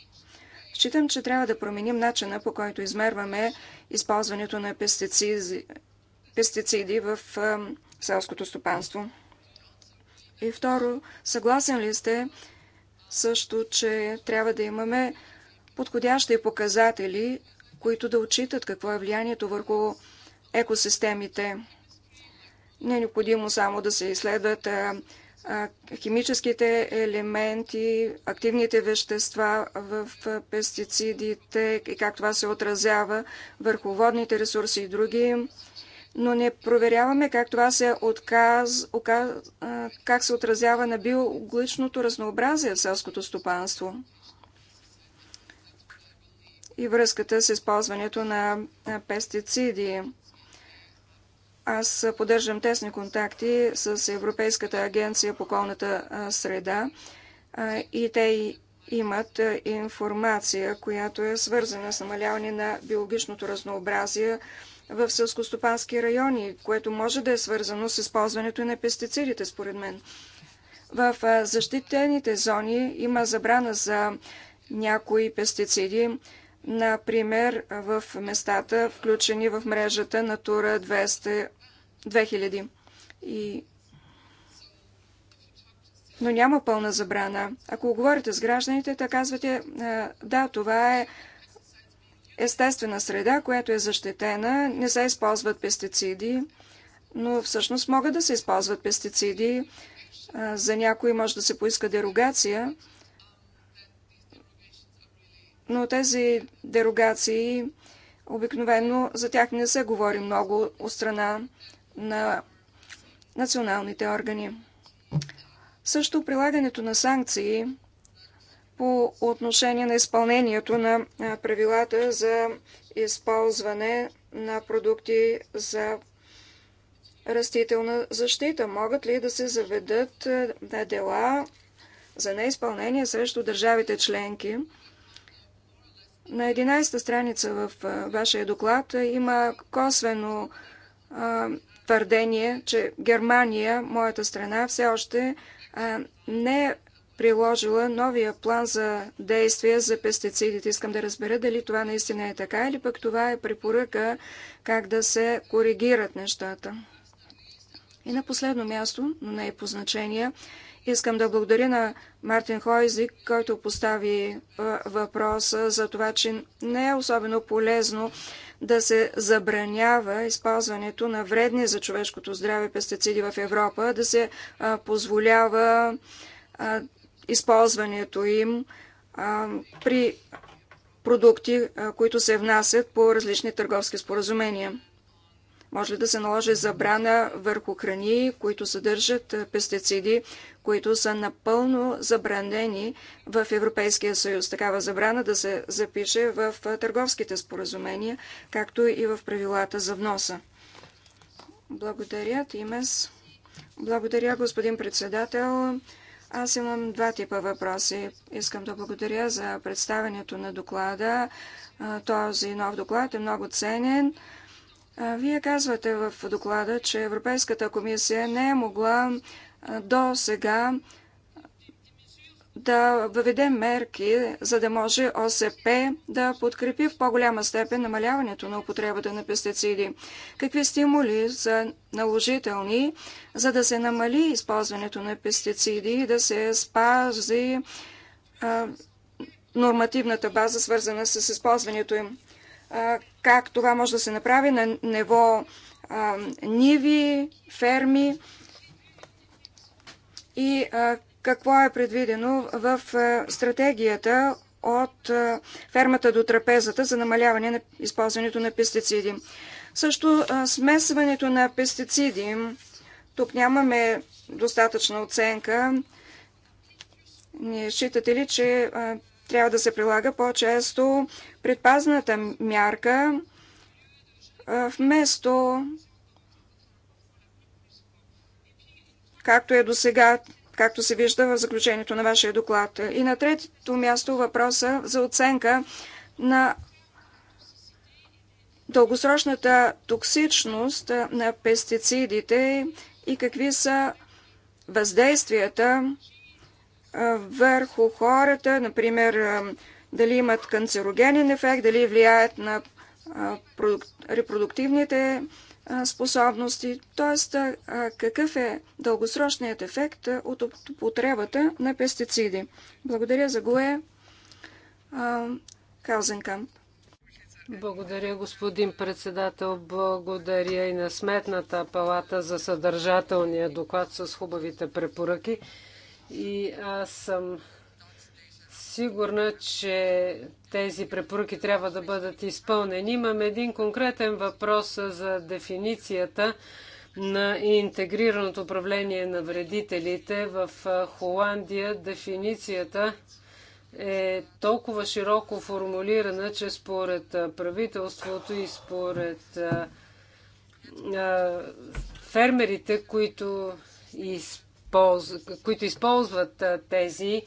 Считам, че трябва да променим начина по който измерваме използването на пестициди, пестициди в селското стопанство. И второ, съгласен ли сте също, че трябва да имаме подходящи показатели, които да отчитат какво е влиянието върху екосистемите? Не е необходимо само да се изследват химическите елементи, активните вещества в пестицидите и как това се отразява върху водните ресурси и други. Но не проверяваме как това се, отказ, как се отразява на биологичното разнообразие в селското стопанство и връзката с използването на пестициди. Аз поддържам тесни контакти с Европейската агенция по околната среда и те имат информация, която е свързана с намаляване на биологичното разнообразие в селскостопански райони, което може да е свързано с използването на пестицидите, според мен. В защитените зони има забрана за някои пестициди, например в местата, включени в мрежата Натура 200 2000. И... Но няма пълна забрана. Ако говорите с гражданите, те казвате, да, това е естествена среда, която е защитена, не се използват пестициди, но всъщност могат да се използват пестициди. За някои може да се поиска дерогация, но тези дерогации обикновено за тях не се говори много от страна на националните органи. Също прилагането на санкции по отношение на изпълнението на правилата за използване на продукти за растителна защита. Могат ли да се заведат на дела за неизпълнение срещу държавите членки? На 11-та страница в вашия доклад има косвено твърдение, че Германия, моята страна, все още не е приложила новия план за действие за пестицидите. Искам да разбера дали това наистина е така или пък това е препоръка как да се коригират нещата. И на последно място, но не е по значение, искам да благодаря на Мартин Хойзик, който постави въпроса за това, че не е особено полезно да се забранява използването на вредни за човешкото здраве пестициди в Европа, да се позволява използването им при продукти, които се внасят по различни търговски споразумения. Може ли да се наложи забрана върху храни, които съдържат пестициди, които са напълно забранени в Европейския съюз? Такава забрана да се запише в търговските споразумения, както и в правилата за вноса. Благодаря, Тимес. Благодаря, господин председател. Аз имам два типа въпроси. Искам да благодаря за представенето на доклада. Този нов доклад е много ценен. Вие казвате в доклада, че Европейската комисия не е могла до сега да въведе мерки, за да може ОСП да подкрепи в по-голяма степен намаляването на употребата на пестициди. Какви стимули са наложителни, за да се намали използването на пестициди и да се спази а, нормативната база, свързана с използването им? как това може да се направи на ниво ниви, ферми и какво е предвидено в стратегията от фермата до трапезата за намаляване на използването на пестициди. Също смесването на пестициди. Тук нямаме достатъчна оценка. Не считате ли, че трябва да се прилага по-често предпазната мярка вместо както е до сега, както се вижда в заключението на вашия доклад. И на третото място въпроса за оценка на дългосрочната токсичност на пестицидите и какви са въздействията върху хората, например, дали имат канцерогенен ефект, дали влияят на репродуктивните способности, т.е. какъв е дългосрочният ефект от употребата на пестициди. Благодаря за Гое Каузенкамп. Благодаря, господин председател. Благодаря и на Сметната палата за съдържателния доклад с хубавите препоръки. И аз съм сигурна, че тези препоръки трябва да бъдат изпълнени. Имам един конкретен въпрос за дефиницията на интегрираното управление на вредителите. В Холандия дефиницията е толкова широко формулирана, че според правителството и според фермерите, които изпълняват полз, които използват тези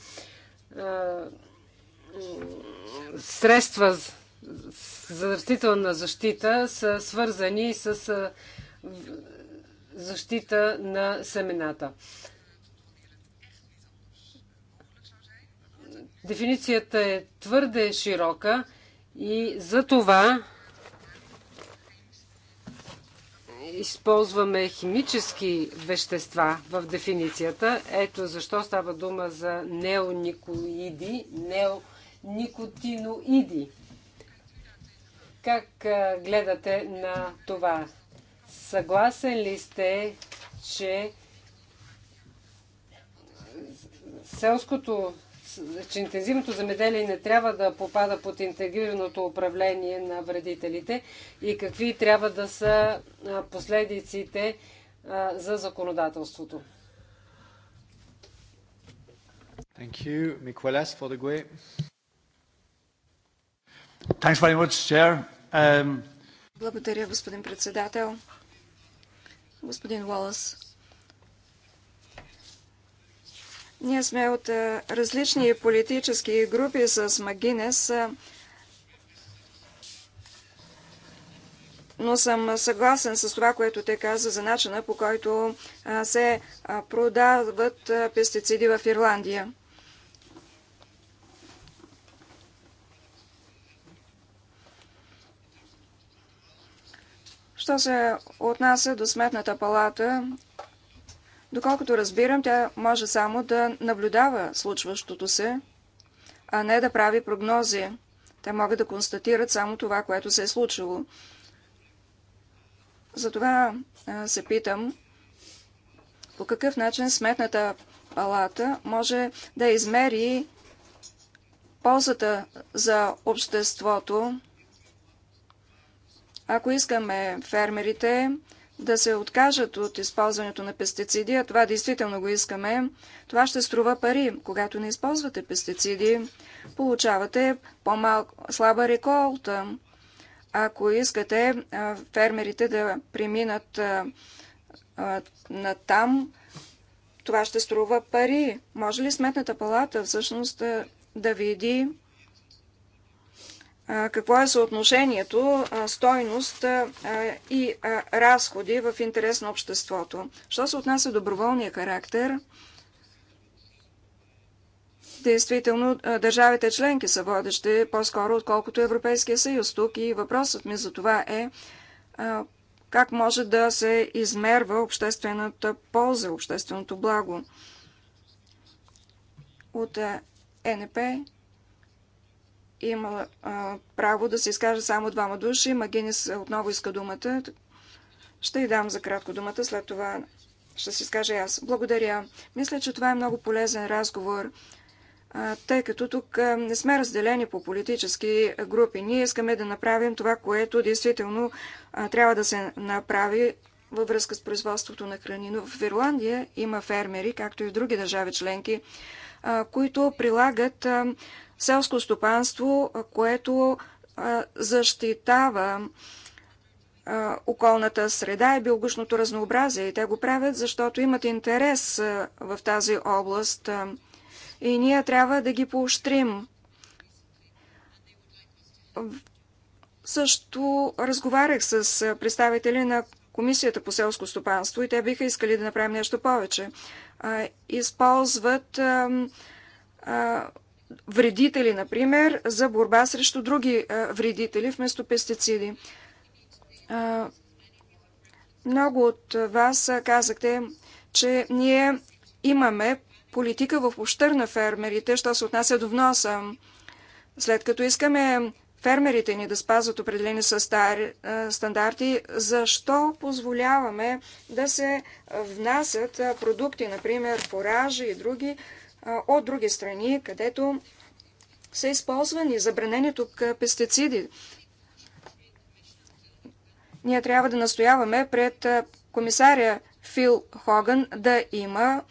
средства за растителна защита са свързани с защита на семената. Дефиницията е твърде широка и за това използваме химически вещества в дефиницията. Ето защо става дума за неоникоиди, неоникотиноиди. Как гледате на това? Съгласен ли сте, че селското че интензивното замеделие не трябва да попада под интегрираното управление на вредителите и какви трябва да са последиците за законодателството. Thank you. for the e. Thanks very much, Chair. Um... Благодаря, господин председател. Господин Уолас, Ние сме от е, различни политически групи с Магинес, е, но съм съгласен с това, което те каза за начина по който е, се продават пестициди в Ирландия. Що се отнася до Сметната палата Доколкото разбирам, тя може само да наблюдава случващото се, а не да прави прогнози. Те могат да констатират само това, което се е случило. Затова се питам по какъв начин сметната палата може да измери ползата за обществото, ако искаме фермерите да се откажат от използването на пестициди, а това действително го искаме, това ще струва пари. Когато не използвате пестициди, получавате по-слаба реколта. Ако искате фермерите да преминат на там, това ще струва пари. Може ли Сметната палата всъщност да, да види какво е съотношението стойност и разходи в интерес на обществото. Що се отнася доброволния характер, действително държавите членки са водещи по-скоро, отколкото Европейския съюз тук. И въпросът ми за това е как може да се измерва обществената полза, общественото благо. От ЕНП има а, право да се изкаже само двама души. Магинис отново иска думата. Ще й дам за кратко думата, след това ще си изкажа аз. Благодаря. Мисля, че това е много полезен разговор, а, тъй като тук а, не сме разделени по политически групи. Ние искаме да направим това, което действително а, трябва да се направи във връзка с производството на храни. Но в Ирландия има фермери, както и в други държави членки, които прилагат селско стопанство, което защитава околната среда и биологичното разнообразие. И те го правят, защото имат интерес в тази област и ние трябва да ги поощрим. Също разговарях с представители на Комисията по селско стопанство и те биха искали да направим нещо повече. Използват вредители, например, за борба срещу други е, вредители вместо пестициди. Е, много от вас казахте, че ние имаме политика в общър на фермерите, що се отнася до вноса. След като искаме фермерите ни да спазват определени е, стандарти, защо позволяваме да се внасят продукти, например поражи и други, от други страни, където са използвани забранени тук пестициди. Ние трябва да настояваме пред комисаря Фил Хоган да има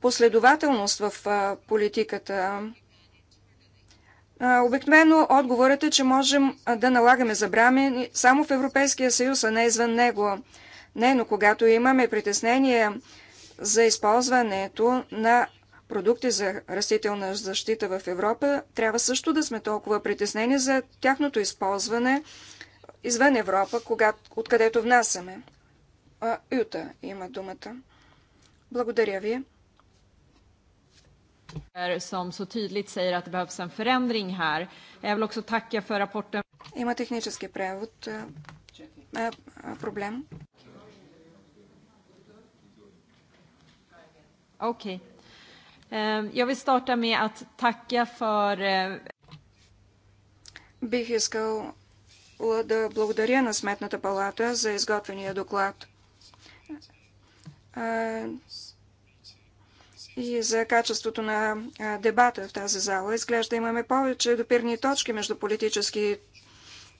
последователност в политиката. Обикновено отговорът е, че можем да налагаме забрани само в Европейския съюз, а не извън него. Не, но когато имаме притеснение за използването на продукти за растителна защита в Европа, трябва също да сме толкова притеснени за тяхното използване извън Европа, откъдето внасяме. А, Юта има думата. Благодаря ви. Som så tydligt säger att det behövs en förändring här. Jag vill också tacka för rapporten. Има технически превод. Е, е, проблем. Okej. Okay. Ehm, jag vill starta med att tacka för... Eh, Бих искал да благодаря на Сметната палата за изготвения доклад и за качеството на дебата в тази зала. Изглежда имаме повече допирни точки между политическите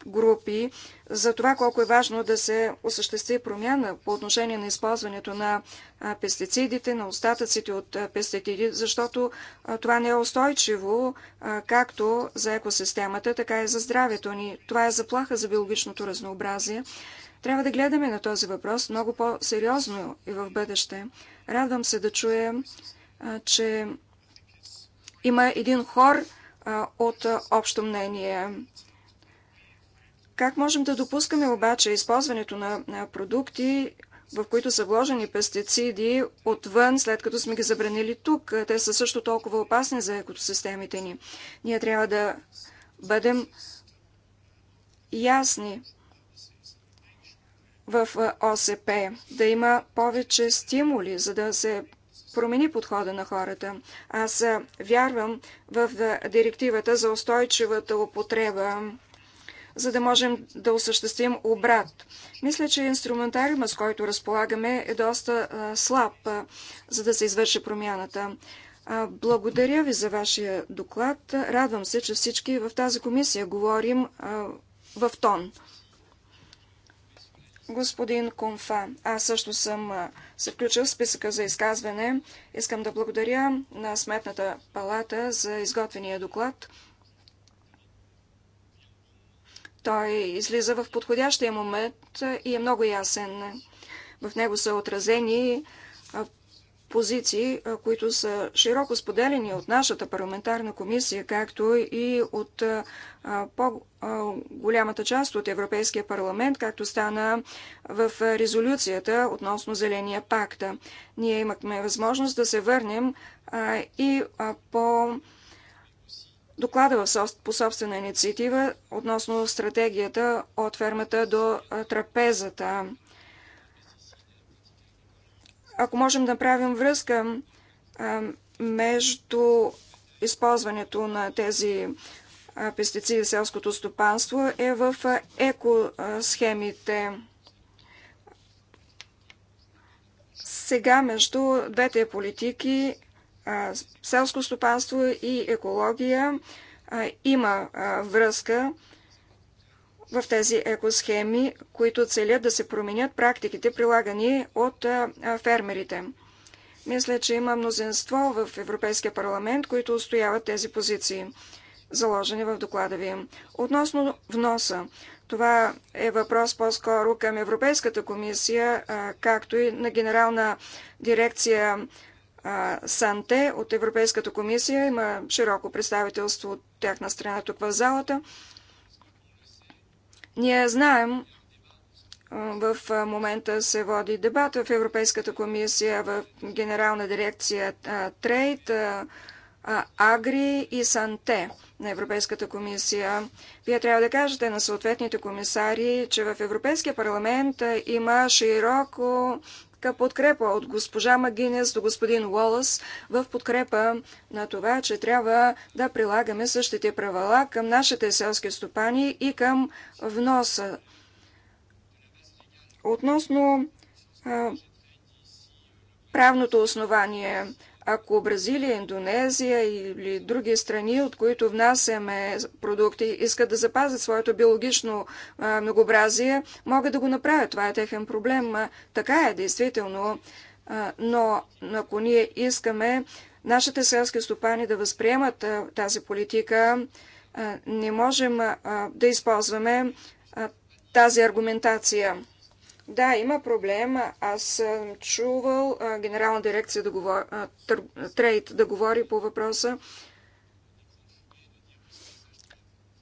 групи за това колко е важно да се осъществи промяна по отношение на използването на пестицидите, на остатъците от пестициди, защото това не е устойчиво както за екосистемата, така и за здравето ни. Това е заплаха за биологичното разнообразие. Трябва да гледаме на този въпрос много по-сериозно и в бъдеще. Радвам се да чуя, че има един хор от общо мнение. Как можем да допускаме обаче използването на, продукти, в които са вложени пестициди отвън, след като сме ги забранили тук? Те са също толкова опасни за екосистемите ни. Ние трябва да бъдем ясни в ОСП, да има повече стимули, за да се промени подхода на хората. Аз вярвам в директивата за устойчивата употреба за да можем да осъществим обрат. Мисля, че инструментариума, с който разполагаме, е доста слаб, за да се извърши промяната. Благодаря ви за вашия доклад. Радвам се, че всички в тази комисия говорим в тон. Господин Кунфа, аз също съм се включил в списъка за изказване. Искам да благодаря на Сметната палата за изготвения доклад. Той излиза в подходящия момент и е много ясен. В него са отразени позиции, които са широко споделени от нашата парламентарна комисия, както и от по-голямата част от Европейския парламент, както стана в резолюцията относно Зеления пакта. Ние имахме възможност да се върнем и по доклада по собствена инициатива относно стратегията от фермата до трапезата. Ако можем да правим връзка между използването на тези пестициди в селското стопанство е в екосхемите. Сега между двете политики селско стопанство и екология има връзка в тези екосхеми, които целят да се променят практиките, прилагани от фермерите. Мисля, че има мнозинство в Европейския парламент, които устояват тези позиции, заложени в доклада ви. Относно вноса, това е въпрос по-скоро към Европейската комисия, както и на Генерална дирекция Санте от Европейската комисия. Има широко представителство от тяхна страна тук в залата. Ние знаем, в момента се води дебат в Европейската комисия, в Генерална дирекция Трейд, Агри и Санте на Европейската комисия. Вие трябва да кажете на съответните комисари, че в Европейския парламент има широко подкрепа от госпожа Магинес до господин Уолъс в подкрепа на това, че трябва да прилагаме същите правила към нашите селски стопани и към вноса. Относно а, правното основание, ако Бразилия, Индонезия или други страни, от които внасяме продукти, искат да запазят своето биологично многообразие, могат да го направят. Това е техен проблем. Така е, действително. Но ако ние искаме нашите селски стопани да възприемат тази политика, не можем да използваме тази аргументация. Да, има проблем. Аз съм чувал Генерална дирекция да говор... тър, трейд да говори по въпроса,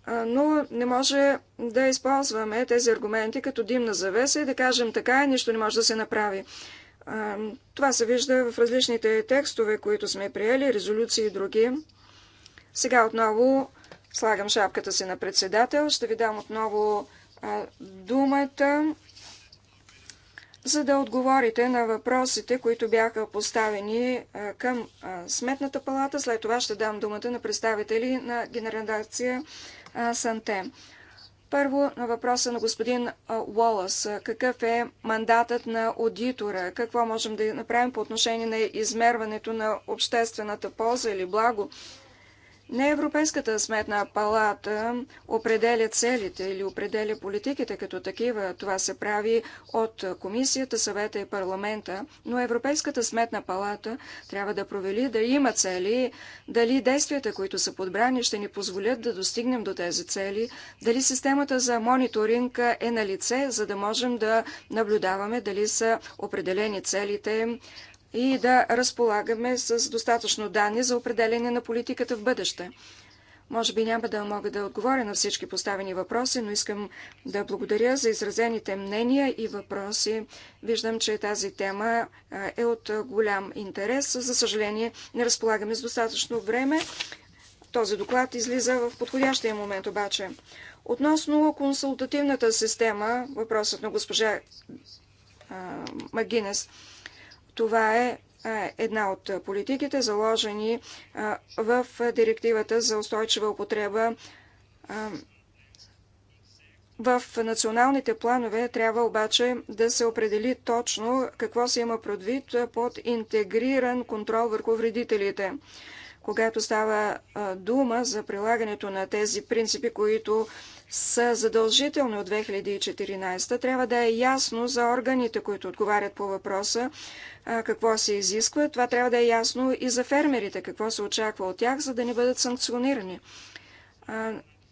но не може да използваме тези аргументи като димна завеса и да кажем така и е, нищо не може да се направи. Това се вижда в различните текстове, които сме приели, резолюции и други. Сега отново слагам шапката си на председател. Ще ви дам отново думата за да отговорите на въпросите, които бяха поставени е, към е, Сметната палата. След това ще дам думата на представители на генерация е, Санте. Първо на въпроса на господин Уолас. Какъв е мандатът на аудитора? Какво можем да направим по отношение на измерването на обществената полза или благо? Не Европейската сметна палата определя целите или определя политиките като такива. Това се прави от комисията, съвета и парламента, но Европейската сметна палата трябва да провели да има цели, дали действията, които са подбрани, ще ни позволят да достигнем до тези цели, дали системата за мониторинг е на лице, за да можем да наблюдаваме дали са определени целите, и да разполагаме с достатъчно данни за определение на политиката в бъдеще. Може би няма да мога да отговоря на всички поставени въпроси, но искам да благодаря за изразените мнения и въпроси. Виждам, че тази тема е от голям интерес. За съжаление, не разполагаме с достатъчно време. Този доклад излиза в подходящия момент обаче. Относно консултативната система, въпросът на госпожа Магинес. Това е, е една от политиките, заложени е, в директивата за устойчива употреба. Е, в националните планове трябва обаче да се определи точно какво се има предвид под интегриран контрол върху вредителите когато става дума за прилагането на тези принципи, които са задължителни от 2014, трябва да е ясно за органите, които отговарят по въпроса, какво се изисква. Това трябва да е ясно и за фермерите, какво се очаква от тях, за да не бъдат санкционирани.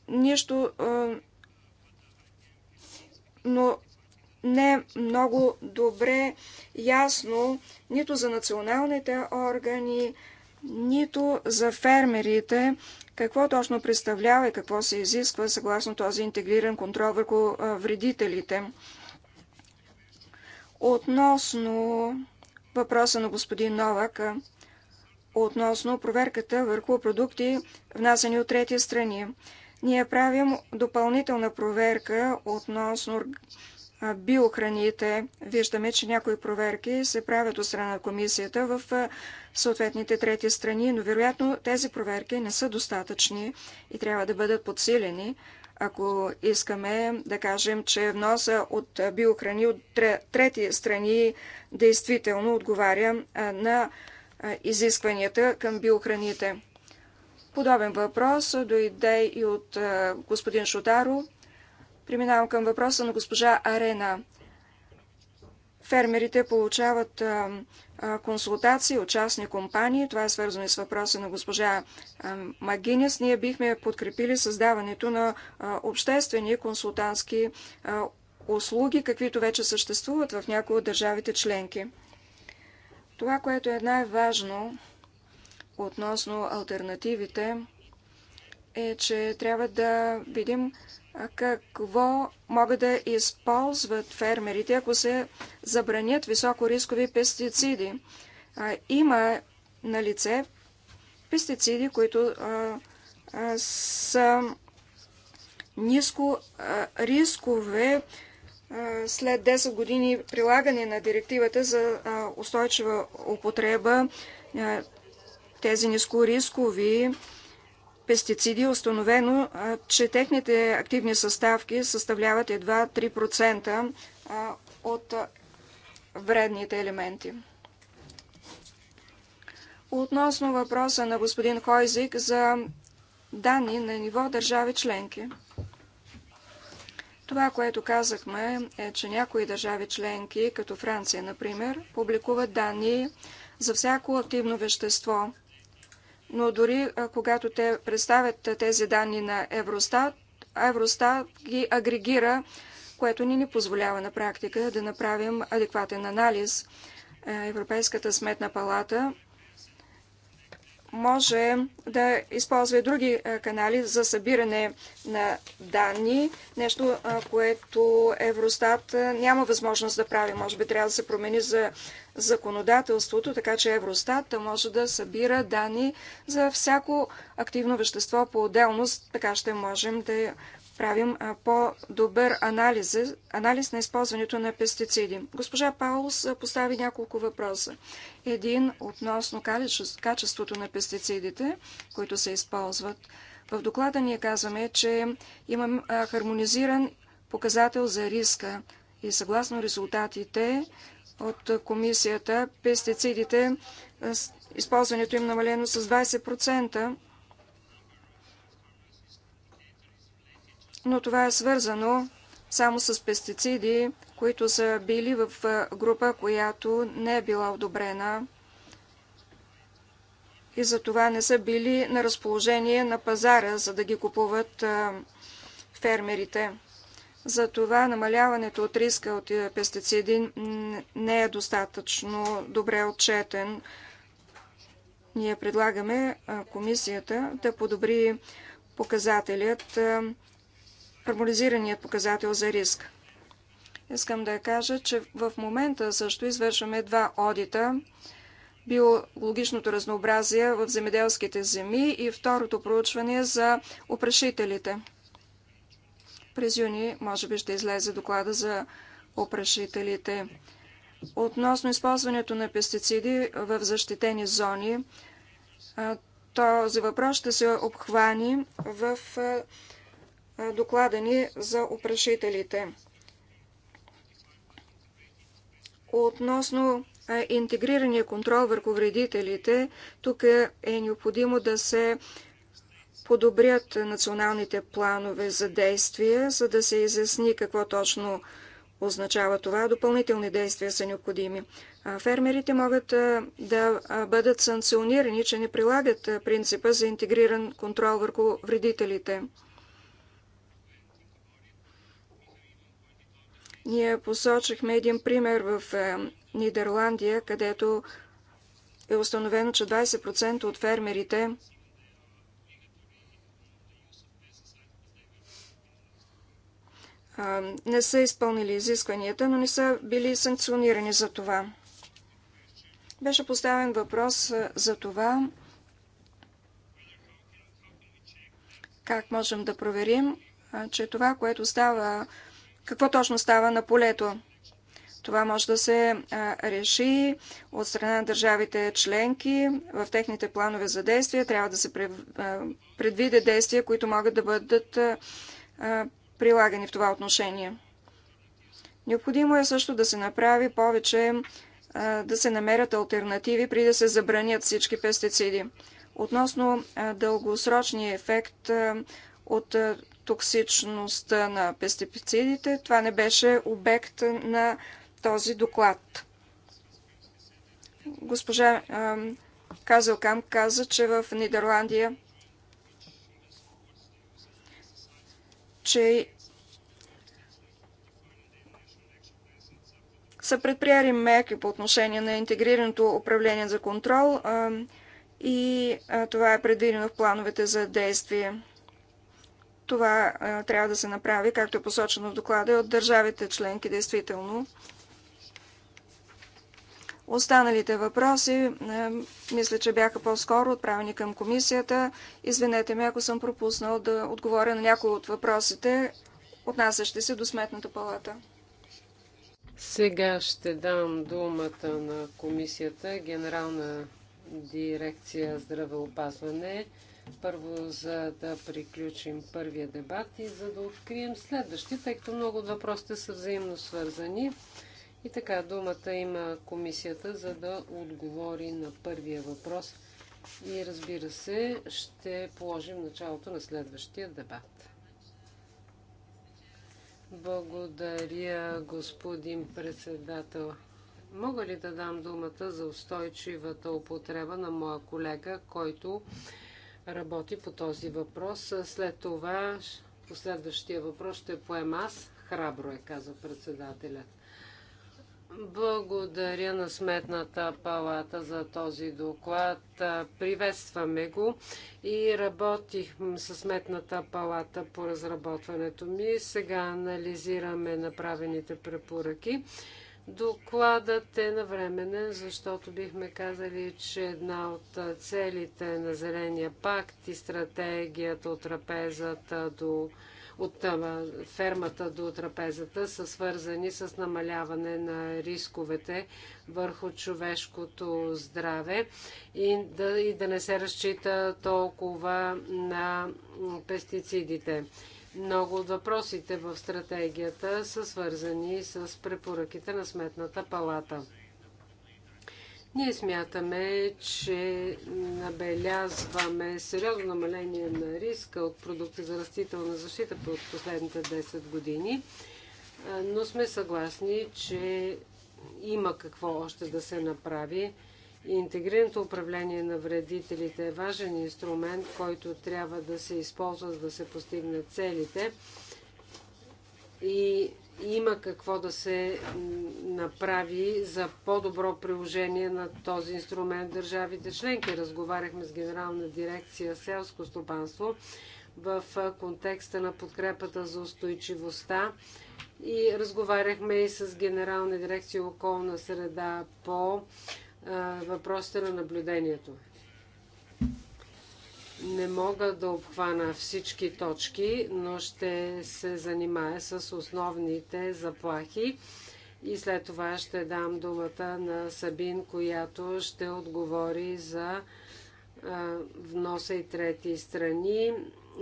Нищо, но не много добре ясно нито за националните органи, нито за фермерите какво точно представлява и какво се изисква съгласно този интегриран контрол върху вредителите. Относно въпроса на господин Новак, относно проверката върху продукти, внасени от трети страни. Ние правим допълнителна проверка относно биохраните, виждаме, че някои проверки се правят от страна на комисията в съответните трети страни, но вероятно тези проверки не са достатъчни и трябва да бъдат подсилени, ако искаме да кажем, че вноса от биохрани от трети страни действително отговаря на изискванията към биохраните. Подобен въпрос дойде и от господин Шотаро Преминавам към въпроса на госпожа Арена. Фермерите получават а, а, консултации от частни компании. Това е свързано и с въпроса на госпожа а, Магинес. Ние бихме подкрепили създаването на а, обществени консултантски а, услуги, каквито вече съществуват в някои от държавите членки. Това, което е най-важно относно альтернативите, е, че трябва да видим какво могат да използват фермерите, ако се забранят високорискови пестициди. Има на лице пестициди, които са ниско рискове след 10 години прилагане на директивата за устойчива употреба. Тези нискорискови рискови пестициди е установено, че техните активни съставки съставляват едва 3% от вредните елементи. Относно въпроса на господин Хойзик за данни на ниво държави членки. Това, което казахме, е, че някои държави членки, като Франция, например, публикуват данни за всяко активно вещество – но дори когато те представят тези данни на Евростат, Евростат ги агрегира, което ни не позволява на практика да направим адекватен анализ. Е, Европейската сметна палата може да използва и други е, канали за събиране на данни, нещо, е, което Евростат е, няма възможност да прави. Може би трябва да се промени за законодателството, така че Евростат може да събира данни за всяко активно вещество по-отделност, така ще можем да правим по-добър анализ, анализ на използването на пестициди. Госпожа Паулс постави няколко въпроса. Един относно качеството на пестицидите, които се използват. В доклада ние казваме, че имам хармонизиран показател за риска и съгласно резултатите от комисията, пестицидите, използването им намалено с 20%. но това е свързано само с пестициди, които са били в група, която не е била одобрена и за това не са били на разположение на пазара, за да ги купуват фермерите. За това намаляването от риска от пестициди не е достатъчно добре отчетен. Ние предлагаме комисията да подобри показателят хармонизираният показател за риск. Искам да кажа, че в момента също извършваме два одита биологичното разнообразие в земеделските земи и второто проучване за опрашителите. През юни може би ще излезе доклада за опрашителите. Относно използването на пестициди в защитени зони, този въпрос ще се обхвани в доклада ни за опрашителите. Относно интегрирания контрол върху вредителите, тук е, е необходимо да се подобрят националните планове за действие, за да се изясни какво точно означава това. Допълнителни действия са необходими. Фермерите могат да бъдат санкционирани, че не прилагат принципа за интегриран контрол върху вредителите. Ние посочихме един пример в е, Нидерландия, където е установено, че 20% от фермерите е, не са изпълнили изискванията, но не са били санкционирани за това. Беше поставен въпрос е, за това как можем да проверим, че това, което става какво точно става на полето. Това може да се реши от страна на държавите членки в техните планове за действие. Трябва да се предвиде действия, които могат да бъдат прилагани в това отношение. Необходимо е също да се направи повече, да се намерят альтернативи, при да се забранят всички пестициди. Относно дългосрочния ефект от токсичността на пестицидите. Това не беше обект на този доклад. Госпожа Казелкам каза, че в Нидерландия че са предприели мерки по отношение на интегрираното управление за контрол и това е предвидено в плановете за действие. Това а, трябва да се направи, както е посочено в доклада, от държавите членки, действително. Останалите въпроси, а, мисля, че бяха по-скоро отправени към комисията. Извинете ме, ако съм пропуснал да отговоря на някои от въпросите, отнасящи се до Сметната палата. Сега ще дам думата на комисията, генерална дирекция здравеопазване. Първо, за да приключим първия дебат и за да открием следващите, тъй като много от въпросите са взаимно свързани. И така, думата има комисията, за да отговори на първия въпрос. И разбира се, ще положим началото на следващия дебат. Благодаря, господин председател. Мога ли да дам думата за устойчивата употреба на моя колега, който работи по този въпрос. След това последващия въпрос ще поем аз. Храбро е, каза председателят. Благодаря на Сметната палата за този доклад. Приветстваме го и работих с Сметната палата по разработването ми. Сега анализираме направените препоръки. Докладът е навременен, защото бихме казали, че една от целите на Зеления пакт и стратегията от трапезата до от фермата до трапезата са свързани с намаляване на рисковете върху човешкото здраве и да, и да не се разчита толкова на пестицидите. Много от въпросите в стратегията са свързани с препоръките на Сметната палата. Ние смятаме, че набелязваме сериозно намаление на риска от продукти за растителна защита от последните 10 години, но сме съгласни, че има какво още да се направи. Интегрираното управление на вредителите е важен инструмент, който трябва да се използва, за да се постигнат целите. И има какво да се направи за по-добро приложение на този инструмент държавите членки. Разговаряхме с Генерална дирекция селско стопанство в контекста на подкрепата за устойчивостта и разговаряхме и с Генерална дирекция околна среда по въпросите на наблюдението. Не мога да обхвана всички точки, но ще се занимая с основните заплахи и след това ще дам думата на Сабин, която ще отговори за вноса и трети страни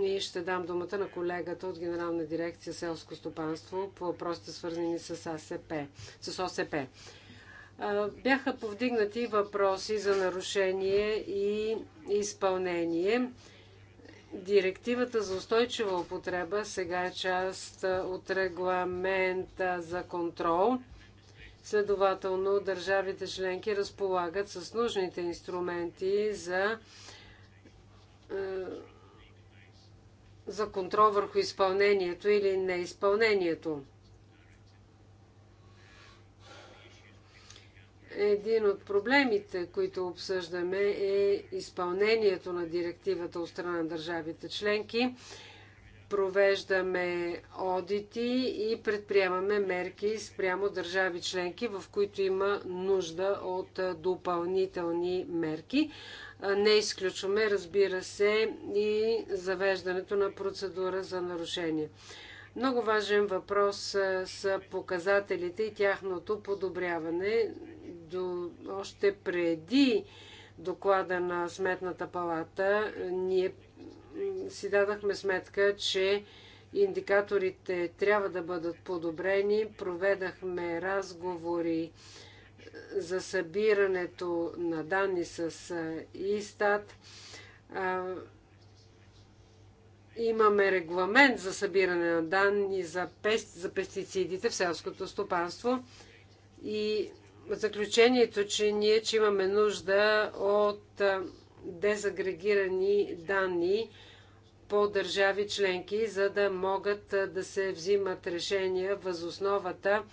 и ще дам думата на колегата от Генерална дирекция селско стопанство по въпросите свързани с, АСП, с ОСП бяха повдигнати въпроси за нарушение и изпълнение. Директивата за устойчива употреба сега е част от регламента за контрол. Следователно, държавите членки разполагат с нужните инструменти за, за контрол върху изпълнението или неизпълнението. Един от проблемите, които обсъждаме е изпълнението на директивата от страна на държавите членки. Провеждаме одити и предприемаме мерки спрямо държави членки, в които има нужда от допълнителни мерки. Не изключваме, разбира се, и завеждането на процедура за нарушение. Много важен въпрос са показателите и тяхното подобряване до, още преди доклада на Сметната палата, ние си дадахме сметка, че индикаторите трябва да бъдат подобрени. Проведахме разговори е, за събирането на данни с е, ИСТАТ. Имаме регламент за събиране на данни за, пест, за пестицидите в селското стопанство и заключението, че ние че имаме нужда от дезагрегирани данни по държави членки, за да могат да се взимат решения възосновата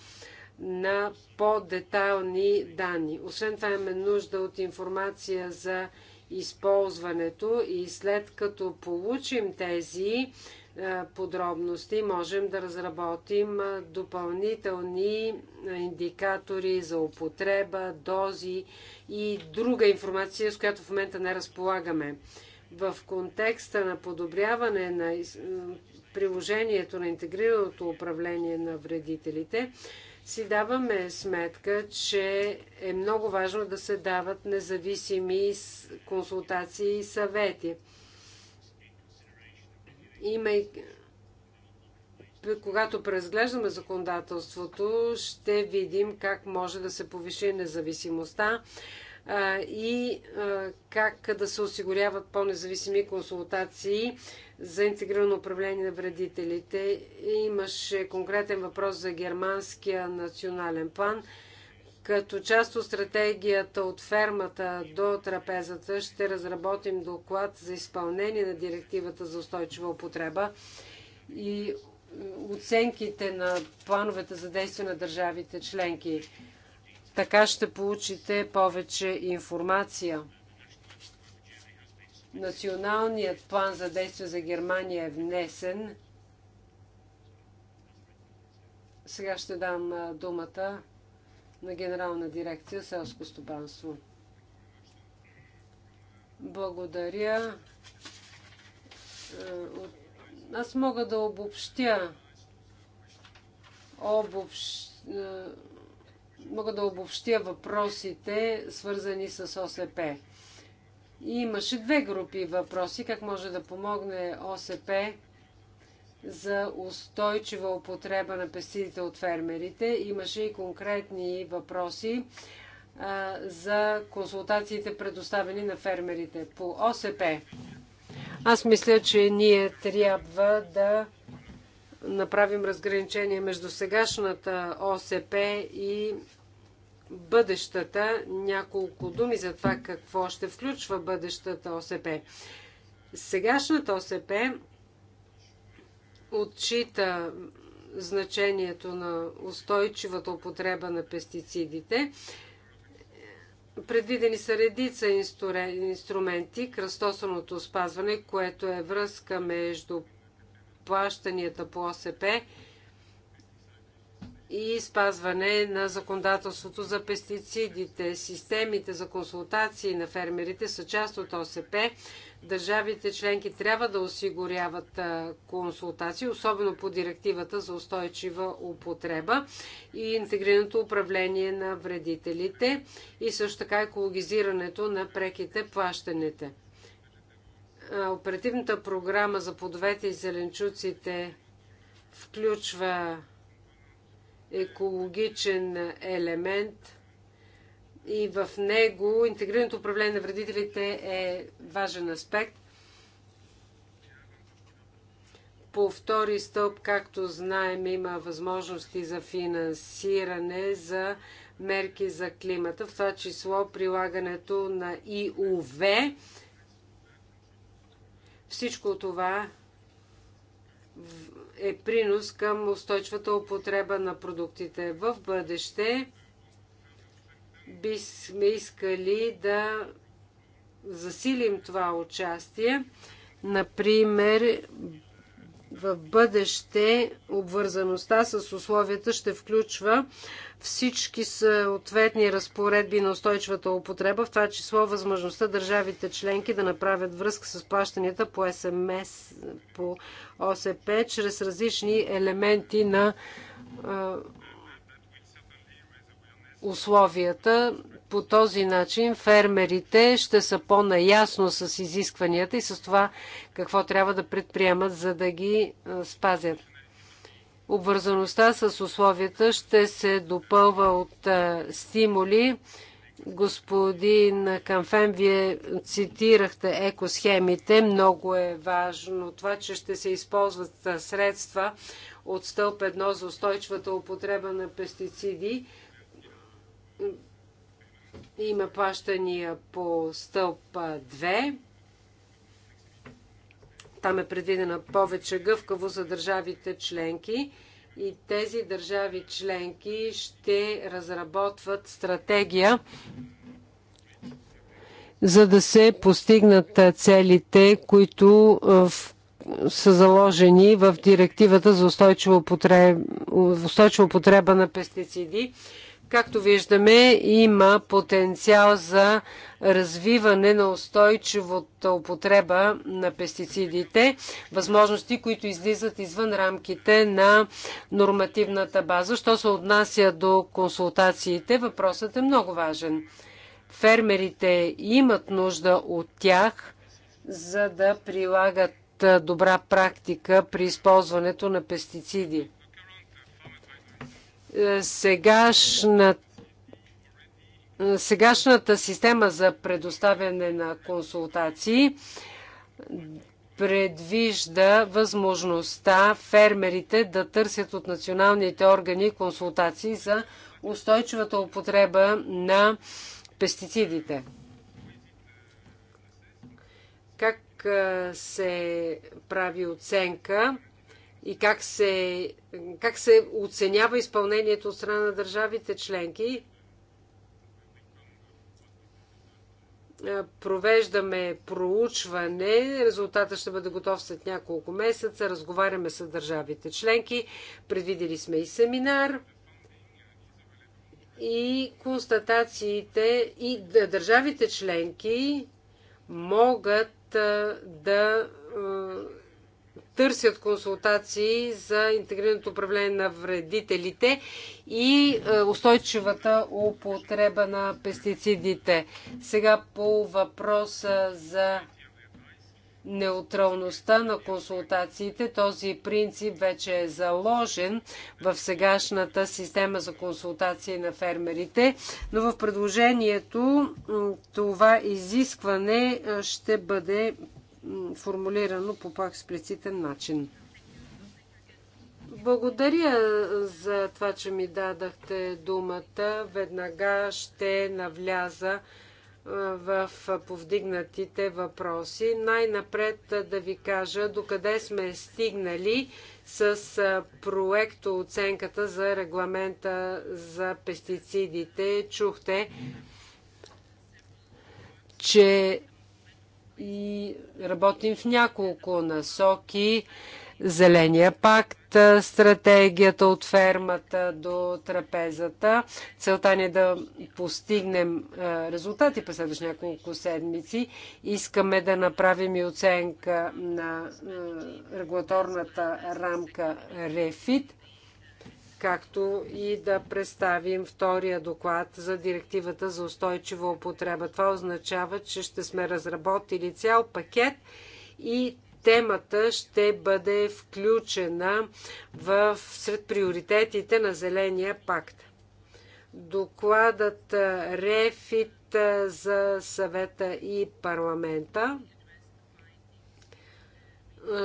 на по-детайлни данни. Освен това имаме нужда от информация за използването и след като получим тези е, подробности можем да разработим е, допълнителни е, индикатори за употреба, дози и друга информация, с която в момента не разполагаме. В контекста на подобряване на приложението на интегрираното управление на вредителите, си даваме сметка, че е много важно да се дават независими консултации и съвети имай, когато преразглеждаме законодателството, ще видим как може да се повиши независимостта и как да се осигуряват по-независими консултации за интегрирано управление на вредителите. Имаше конкретен въпрос за германския национален план – като част от стратегията от фермата до трапезата ще разработим доклад за изпълнение на директивата за устойчива употреба и оценките на плановете за действие на държавите членки. Така ще получите повече информация. Националният план за действие за Германия е внесен. Сега ще дам думата на Генерална дирекция селско стопанство. Благодаря. Е, аз мога да обобщя обобщ... Е, мога да обобщя въпросите, свързани с ОСП. И имаше две групи въпроси. Как може да помогне ОСП за устойчива употреба на пестицидите от фермерите. Имаше и конкретни въпроси а, за консултациите предоставени на фермерите по ОСП. Аз мисля, че ние трябва да направим разграничение между сегашната ОСП и бъдещата. Няколко думи за това какво ще включва бъдещата ОСП. Сегашната ОСП отчита значението на устойчивата употреба на пестицидите. Предвидени са редица инструменти, кръстосаното спазване, което е връзка между плащанията по ОСП и спазване на законодателството за пестицидите. Системите за консултации на фермерите са част от ОСП, Държавите членки трябва да осигуряват консултации, особено по директивата за устойчива употреба и интегрираното управление на вредителите и също така екологизирането на преките плащаните. Оперативната програма за плодовете и зеленчуците включва екологичен елемент и в него интегрираното управление на вредителите е важен аспект. По втори стълб, както знаем, има възможности за финансиране за мерки за климата, в това число прилагането на ИУВ. Всичко това е принос към устойчивата употреба на продуктите в бъдеще бихме искали да засилим това участие. Например, в бъдеще обвързаността с условията ще включва всички съответни разпоредби на устойчивата употреба, в това число възможността държавите членки да направят връзка с плащанията по СМС, по ОСП, чрез различни елементи на условията. По този начин фермерите ще са по-наясно с изискванията и с това какво трябва да предприемат, за да ги е, спазят. Обвързаността с условията ще се допълва от е, стимули. Господин Камфен, вие цитирахте екосхемите. Много е важно това, че ще се използват е, средства от стълб 1 за устойчивата употреба на пестициди има плащания по стълб 2. Там е предвидена повече гъвкаво за държавите членки и тези държави членки ще разработват стратегия за да се постигнат целите, които в, са заложени в директивата за устойчива употреба, устойчива употреба на пестициди. Както виждаме, има потенциал за развиване на устойчивата употреба на пестицидите, възможности, които излизат извън рамките на нормативната база. Що се отнася до консултациите, въпросът е много важен. Фермерите имат нужда от тях, за да прилагат добра практика при използването на пестициди сегашната сегашната система за предоставяне на консултации предвижда възможността фермерите да търсят от националните органи консултации за устойчивата употреба на пестицидите. Как се прави оценка и как се, как се оценява изпълнението от страна на държавите членки. Е, провеждаме проучване, резултата ще бъде готов след няколко месеца, разговаряме с държавите членки, предвидели сме и семинар и констатациите и държавите членки могат е, да е, търсят консултации за интегрираното управление на вредителите и е, устойчивата употреба на пестицидите. Сега по въпроса за неутралността на консултациите. Този принцип вече е заложен в сегашната система за консултации на фермерите, но в предложението това изискване е, ще бъде формулирано по по-експлицитен начин. Благодаря за това, че ми дадахте думата. Веднага ще навляза в повдигнатите въпроси. Най-напред да ви кажа докъде сме стигнали с проекто оценката за регламента за пестицидите. Чухте, че и работим в няколко насоки. Зеления пакт, стратегията от фермата до трапезата. Целта ни е да постигнем резултати през следващи няколко седмици. Искаме да направим и оценка на регулаторната рамка Рефит както и да представим втория доклад за директивата за устойчива употреба. Това означава, че ще сме разработили цял пакет и темата ще бъде включена в сред приоритетите на Зеления пакт. Докладът Рефит за съвета и парламента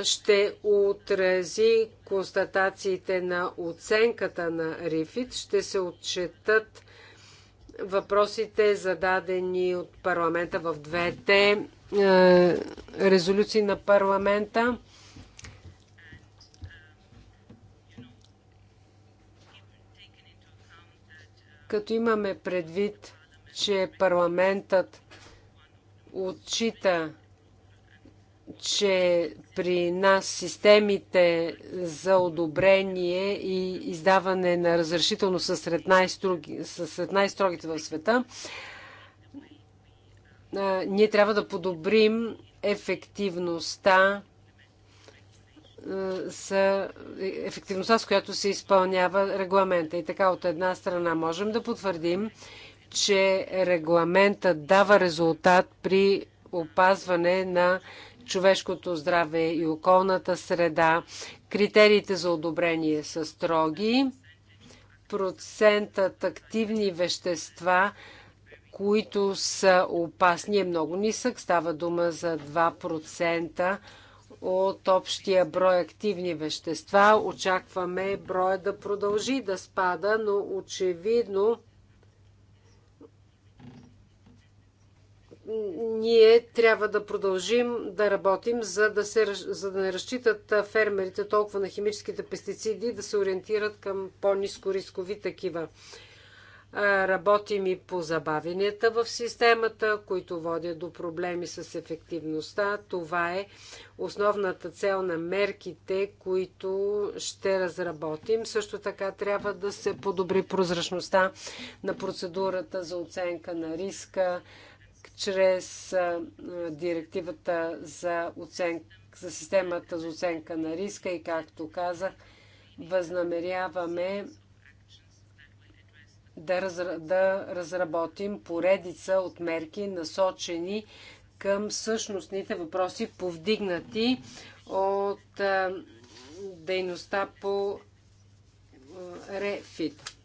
ще отрази констатациите на оценката на РИФИТ, ще се отчетат въпросите зададени от парламента в двете е, резолюции на парламента. Като имаме предвид, че парламентът отчита че при нас системите за одобрение и издаване на разрешително са сред, най сред най-строгите в света. Ние трябва да подобрим ефективността с ефективността, с която се изпълнява регламента. И така, от една страна можем да потвърдим, че регламентът дава резултат при опазване на човешкото здраве и околната среда. Критериите за одобрение са строги. Процентът активни вещества, които са опасни, е много нисък. Става дума за 2% от общия брой активни вещества. Очакваме броя да продължи да спада, но очевидно ние трябва да продължим да работим, за да, се, за да не разчитат фермерите толкова на химическите пестициди, да се ориентират към по-низко рискови такива. Работим и по забавенията в системата, които водят до проблеми с ефективността. Това е основната цел на мерките, които ще разработим. Също така трябва да се подобри прозрачността на процедурата за оценка на риска чрез директивата за, оценка, за системата за оценка на риска и, както казах, възнамеряваме да, разра... да разработим поредица от мерки, насочени към същностните въпроси, повдигнати от а, дейността по а, рефит.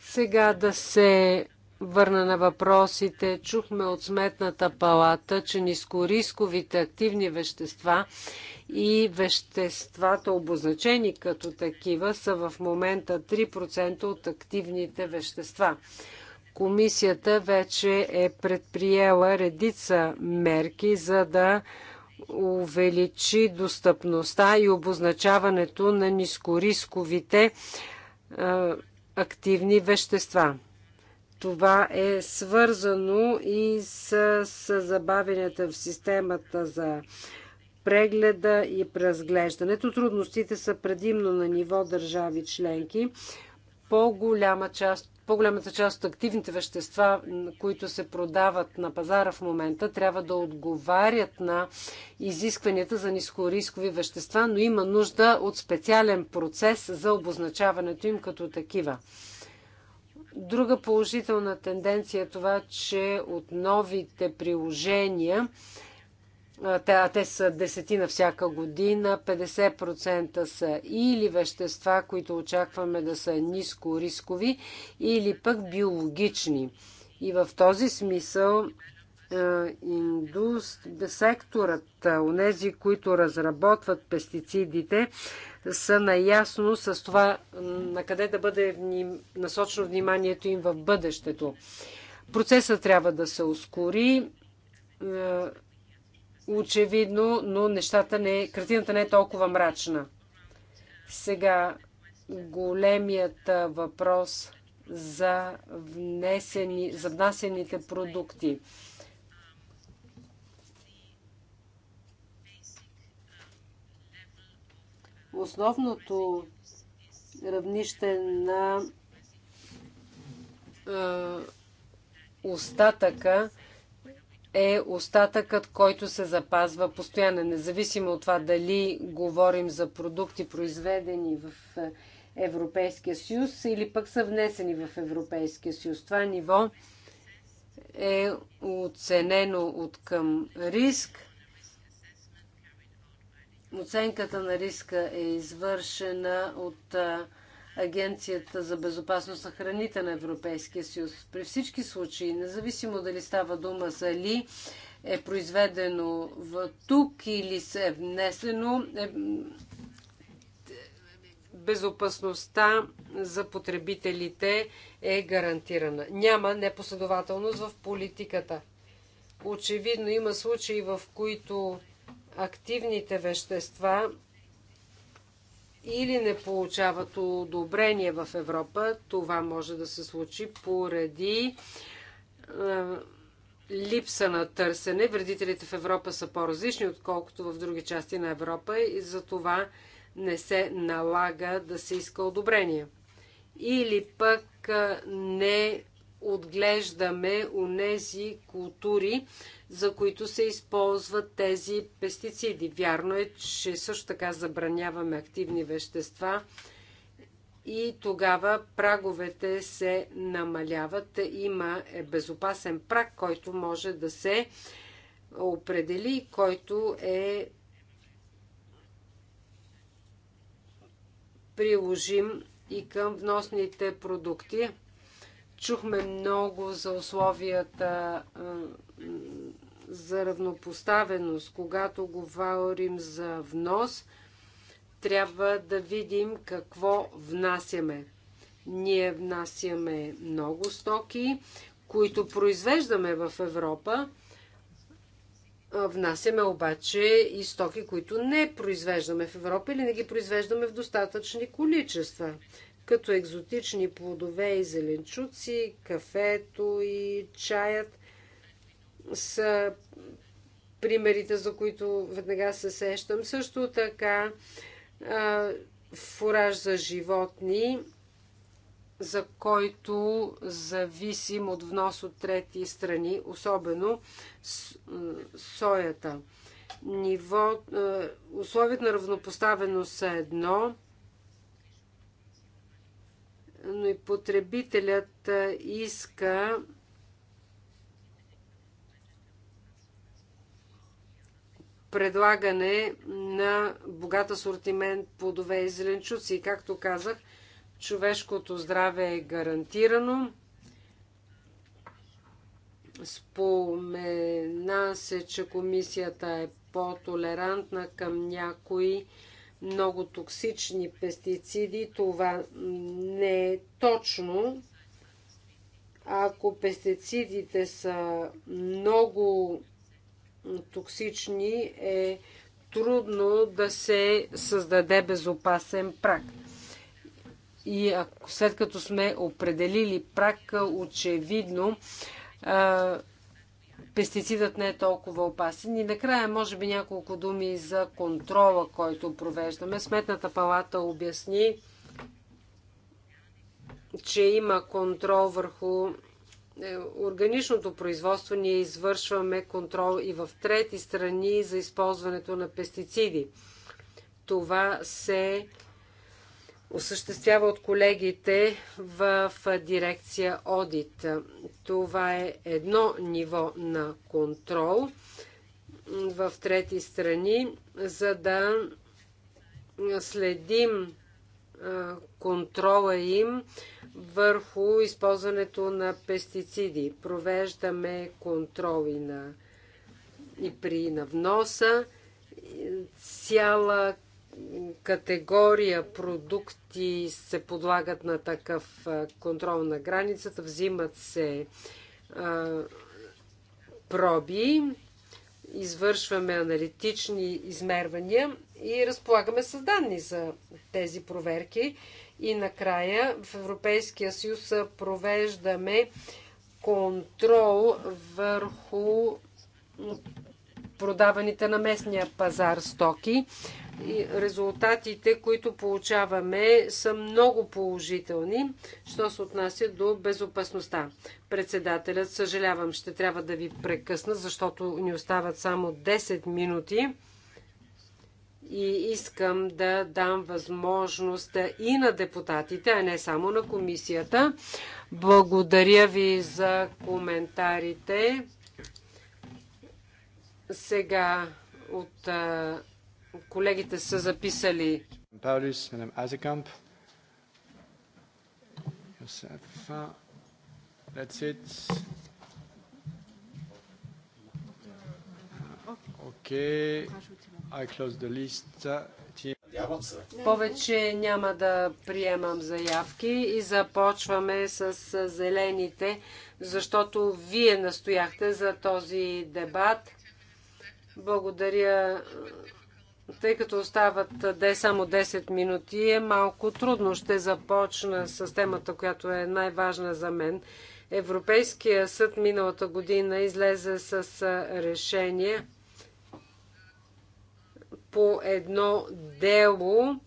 Сега да се върна на въпросите. Чухме от сметната палата, че нискорисковите активни вещества и веществата, обозначени като такива, са в момента 3% от активните вещества. Комисията вече е предприела редица мерки, за да увеличи достъпността и обозначаването на нискорисковите активни вещества. Това е свързано и с, с забавенията в системата за прегледа и преразглеждането. Трудностите са предимно на ниво държави членки. По-голяма част, по-голямата част от активните вещества, които се продават на пазара в момента, трябва да отговарят на изискванията за нискорискови вещества, но има нужда от специален процес за обозначаването им като такива. Друга положителна тенденция е това, че от новите приложения, а те са десетина всяка година, 50% са или вещества, които очакваме да са ниско рискови, или пък биологични. И в този смисъл индуст, секторът, онези, които разработват пестицидите, са наясно с това на къде да бъде насочено вниманието им в бъдещето. Процесът трябва да се ускори е, очевидно, но нещата не, картината не е толкова мрачна. Сега големият въпрос за, внесени, за внасените продукти – Основното равнище на остатъка е остатъкът, който се запазва постоянно, независимо от това дали говорим за продукти, произведени в Европейския съюз или пък са внесени в Европейския съюз. Това ниво е оценено от към риск Оценката на риска е извършена от Агенцията за безопасност на храните на Европейския съюз. При всички случаи, независимо дали става дума за ли е произведено в тук или се е внесено, е... безопасността за потребителите е гарантирана. Няма непоследователност в политиката. Очевидно има случаи, в които активните вещества или не получават одобрение в Европа. Това може да се случи поради липса на търсене. Вредителите в Европа са по-различни, отколкото в други части на Европа и за това не се налага да се иска одобрение. Или пък не отглеждаме у нези култури, за които се използват тези пестициди. Вярно е, че също така забраняваме активни вещества и тогава праговете се намаляват. Има е, безопасен праг, който може да се определи, който е приложим и към вносните продукти. Чухме много за условията за равнопоставеност. Когато говорим за внос, трябва да видим какво внасяме. Ние внасяме много стоки, които произвеждаме в Европа. Внасяме обаче и стоки, които не произвеждаме в Европа или не ги произвеждаме в достатъчни количества като екзотични плодове и зеленчуци, кафето и чаят са примерите, за които веднага се сещам. Също така фураж за животни, за който зависим от внос от трети страни, особено соята. Ниво, условията на равнопоставеност са едно, но и потребителят иска предлагане на богат асортимент плодове и зеленчуци. И както казах, човешкото здраве е гарантирано. Спомена се, че комисията е по-толерантна към някои много токсични пестициди. Това не е точно. Ако пестицидите са много токсични, е трудно да се създаде безопасен прак. И ако, след като сме определили прак, очевидно пестицидът не е толкова опасен. И накрая, може би, няколко думи за контрола, който провеждаме. Сметната палата обясни, че има контрол върху е, органичното производство. Ние извършваме контрол и в трети страни за използването на пестициди. Това се осъществява от колегите в дирекция Одит. Това е едно ниво на контрол в трети страни, за да следим контрола им върху използването на пестициди. Провеждаме контроли на и при навноса. Цяла категория продукти се подлагат на такъв контрол на границата, взимат се а, проби, извършваме аналитични измервания и разполагаме с данни за тези проверки. И накрая в Европейския съюз провеждаме контрол върху продаваните на местния пазар стоки. И резултатите, които получаваме, са много положителни, що се отнася до безопасността. Председателят, съжалявам, ще трябва да ви прекъсна, защото ни остават само 10 минути и искам да дам възможност и на депутатите, а не само на комисията. Благодаря ви за коментарите. Сега от Колегите са записали. That's it. Okay. I close the list. Повече няма да приемам заявки и започваме с зелените, защото вие настояхте за този дебат. Благодаря тъй като остават де само 10 минути, е малко трудно. Ще започна с темата, която е най-важна за мен. Европейския съд миналата година излезе с решение по едно дело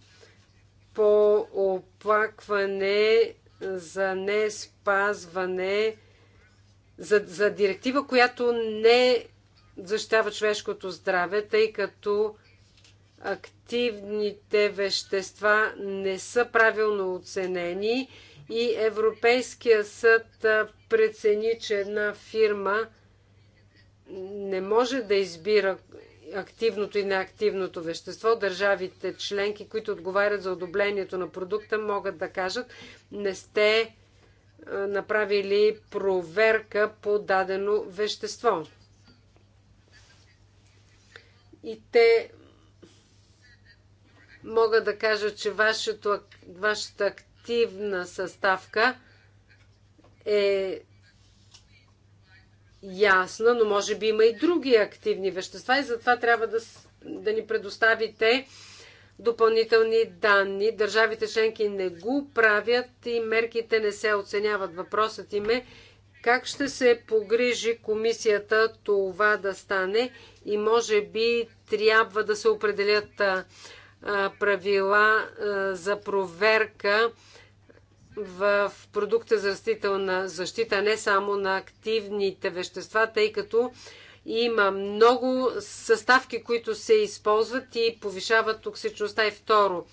по оплакване за не спазване за, за директива, която не защитава човешкото здраве, тъй като активните вещества не са правилно оценени и Европейския съд прецени, че една фирма не може да избира активното и неактивното вещество. Държавите членки, които отговарят за одобрението на продукта, могат да кажат, не сте направили проверка по дадено вещество. И те мога да кажа, че вашето, вашата активна съставка е ясна, но може би има и други активни вещества и затова трябва да, да ни предоставите допълнителни данни. Държавите членки не го правят и мерките не се оценяват. Въпросът им е как ще се погрижи комисията това да стане и може би трябва да се определят правила за проверка в продукта за растителна защита, не само на активните вещества, тъй като има много съставки, които се използват и повишават токсичността. И второ,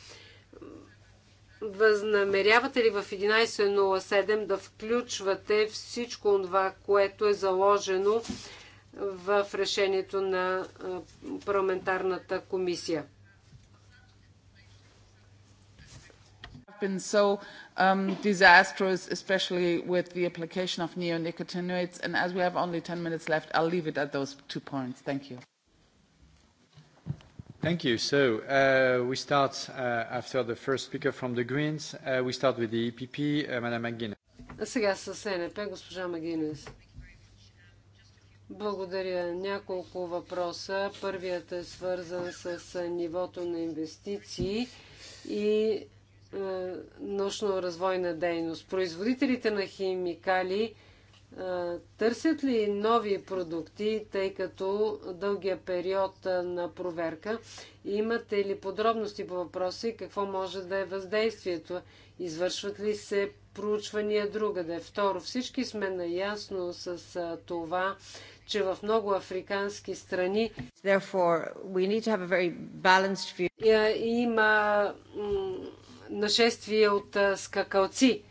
възнамерявате ли в 11.07 да включвате всичко това, което е заложено в решението на парламентарната комисия? been so um, disastrous, especially with the application of neonicotinoids. And as we have only 10 minutes left, I'll leave it at those two points. Thank you. Thank you. So uh, we start uh, after the first speaker from the Greens. Uh, we start with the EPP, uh, Madame McGuinness. А сега с НП, госпожа Магинес. Благодаря. Няколко въпроса. Първият е свързан с нивото на инвестиции и е, научно-развойна дейност. Производителите на химикали е, търсят ли нови продукти, тъй като дългия период е, на проверка? Имате ли подробности по въпроса и какво може да е въздействието? Извършват ли се проучвания другаде? Второ, всички сме наясно с това, че в много африкански страни има нашествие от скакалци.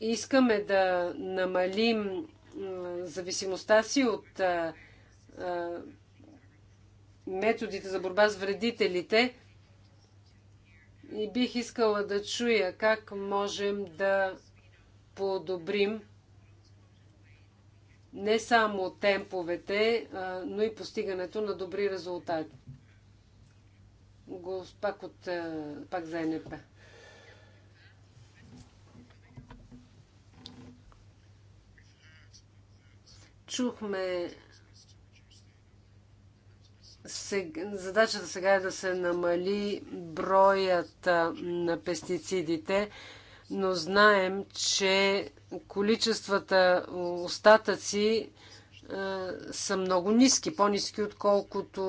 Искаме да намалим зависимостта си от методите за борба с вредителите и бих искала да чуя как можем да подобрим не само темповете, но и постигането на добри резултати го пак, от, е, пак за НП. Чухме задачата сега е да се намали броят на пестицидите, но знаем, че количествата остатъци е, са много ниски, по-ниски отколкото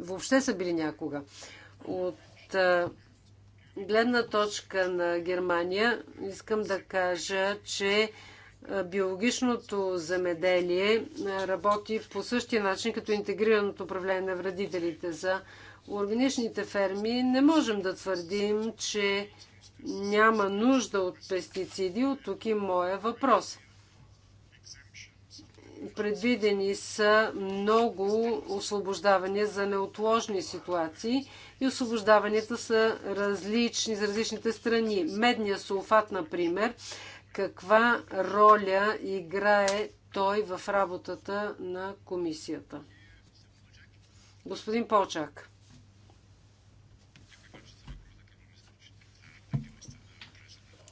въобще са били някога. От е, гледна точка на Германия искам да кажа, че е, биологичното замеделие работи по същия начин като интегрираното управление на вредителите. За органичните ферми не можем да твърдим, че няма нужда от пестициди. От тук и моя въпрос – предвидени са много освобождавания за неотложни ситуации и освобождаванията са различни за различните страни. Медния сулфат, например, каква роля играе той в работата на комисията? Господин Полчак.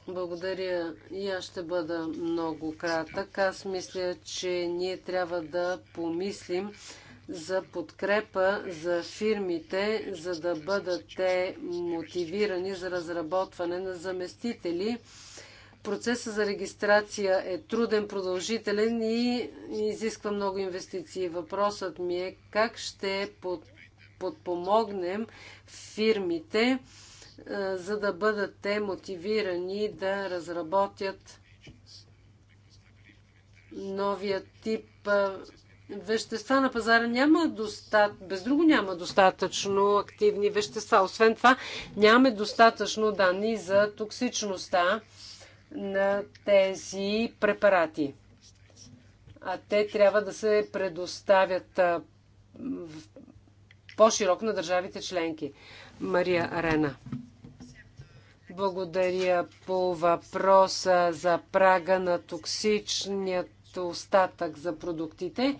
Благодаря. И аз ще бъда много кратък. Аз мисля, че ние трябва да помислим за подкрепа за фирмите, за да бъдат те мотивирани за разработване на заместители. Процесът за регистрация е труден, продължителен и изисква много инвестиции. Въпросът ми е как ще подпомогнем фирмите, е, за да бъдат те мотивирани да разработят новия тип е, вещества на пазара няма достат... без друго няма достатъчно активни вещества. Освен това, нямаме достатъчно данни за токсичността на тези препарати. А те трябва да се предоставят е, по-широко на държавите членки. Мария Арена. Благодаря по въпроса за прага на токсичният остатък за продуктите.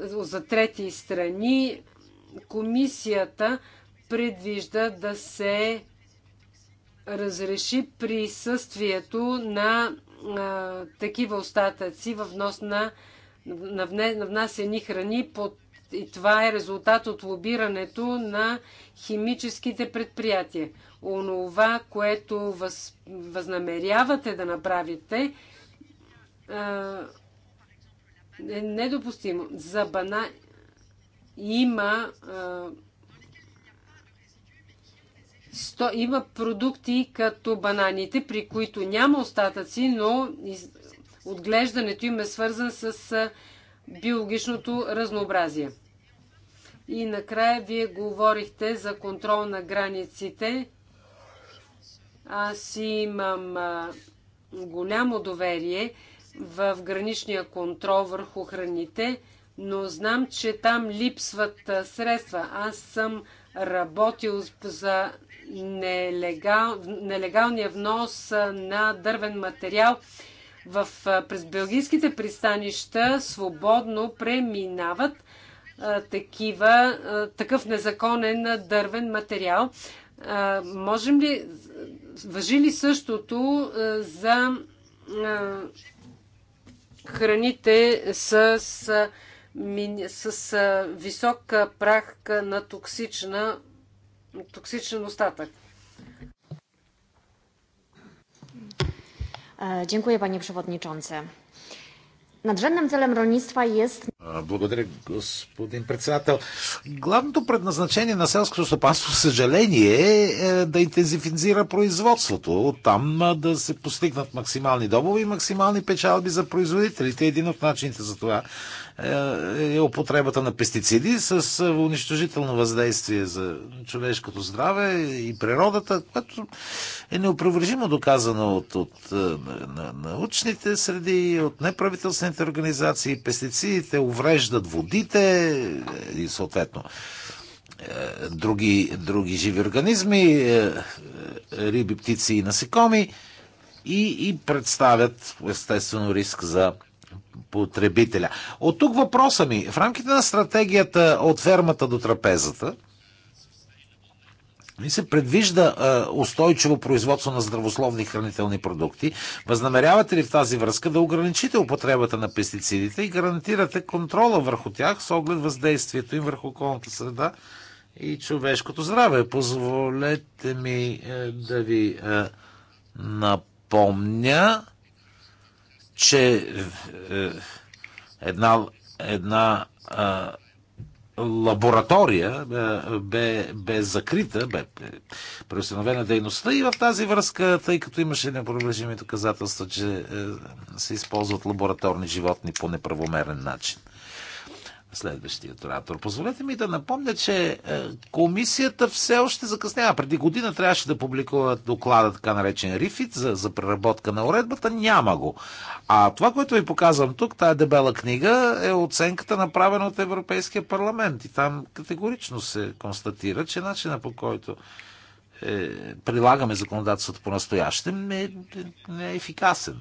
За трети страни комисията предвижда да се разреши присъствието на такива остатъци в нос на, на, вне, на внасени храни под и това е резултат от лобирането на химическите предприятия. Онова, което въз, възнамерявате да направите, е недопустимо. За бана има. Сто, има продукти като бананите, при които няма остатъци, но из, отглеждането им е свързан с биологичното разнообразие. И накрая вие говорихте за контрол на границите. Аз имам голямо доверие в граничния контрол върху храните, но знам, че там липсват средства. Аз съм работил за нелегал, нелегалния внос на дървен материал в, през белгийските пристанища свободно преминават а, такива, а, такъв незаконен дървен материал. А, можем ли, въжи ли същото а, за а, храните с, а, ми, с а, висок прах на токсична, токсичен остатък? E, panie przewodniczący. целем rolnictwa jest... Благодаря, господин председател. Главното предназначение на селското стопанство, съжаление, е, е да интензифицира производството. Там да се постигнат максимални добови и максимални печалби за производителите. Един от начините за това е, е употребата на пестициди с е, унищожително въздействие за човешкото здраве и природата, което е неопровержимо доказано от, от е, научните среди, от неправителствените организации. Пестицидите увреждат водите и съответно други, други живи организми, риби, птици и насекоми и, и представят естествено риск за потребителя. От тук въпроса ми. В рамките на стратегията от фермата до трапезата, ми се предвижда устойчиво производство на здравословни хранителни продукти. Възнамерявате ли в тази връзка да ограничите употребата на пестицидите и гарантирате контрола върху тях с оглед въздействието им върху околната среда и човешкото здраве? Позволете ми е, да ви е, напомня че е, една, една а, лаборатория е, бе, бе закрита, бе преустановена дейността и в тази връзка, тъй като имаше неопровержими доказателства, че е, се използват лабораторни животни по неправомерен начин следващият оратор. Позволете ми да напомня, че е, комисията все още закъснява. Преди година трябваше да публикува доклада, така наречен Рифит, за, за преработка на уредбата. Няма го. А това, което ви показвам тук, тая дебела книга, е оценката направена от Европейския парламент. И там категорично се констатира, че начина по който е, прилагаме законодателството по настоящем е, е, не е ефикасен.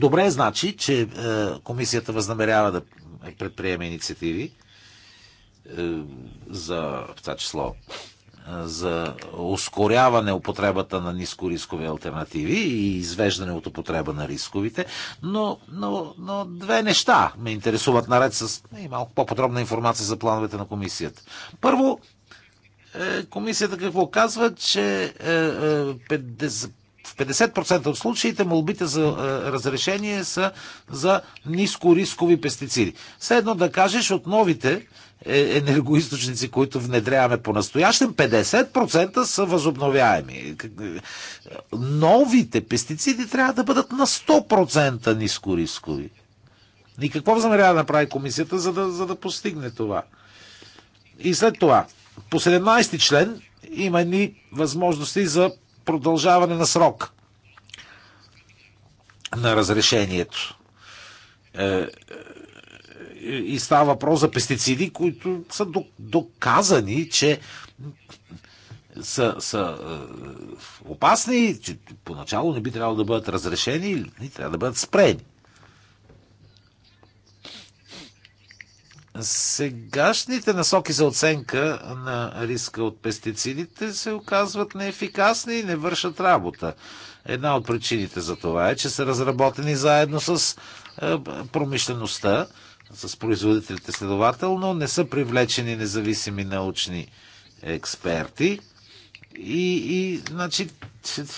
Добре е, значи, че е, комисията възнамерява да предприеме инициативи е, за, в това число, е, за ускоряване употребата на нискорискови альтернативи и извеждане от употреба на рисковите. Но, но, но две неща ме интересуват наред с и малко по-подробна информация за плановете на комисията. Първо, комисията какво казва, че 50, в 50% от случаите молбите за е, разрешение са за нискорискови пестициди. Все едно да кажеш от новите е, енергоисточници, които внедряваме по-настоящем, 50% са възобновяеми. Новите пестициди трябва да бъдат на 100% нискорискови. И какво замерява да направи комисията, за да, за да постигне това? И след това, по 17 член има ни възможности за продължаване на срок на разрешението. Е, е, и става въпрос за пестициди, които са доказани, че са, са е, опасни, че поначало не би трябвало да бъдат разрешени, или трябва да бъдат спрени. Сегашните насоки за оценка на риска от пестицидите се оказват неефикасни и не вършат работа. Една от причините за това е, че са разработени заедно с е, промишлеността, с производителите следователно, не са привлечени независими научни експерти. И, и значи,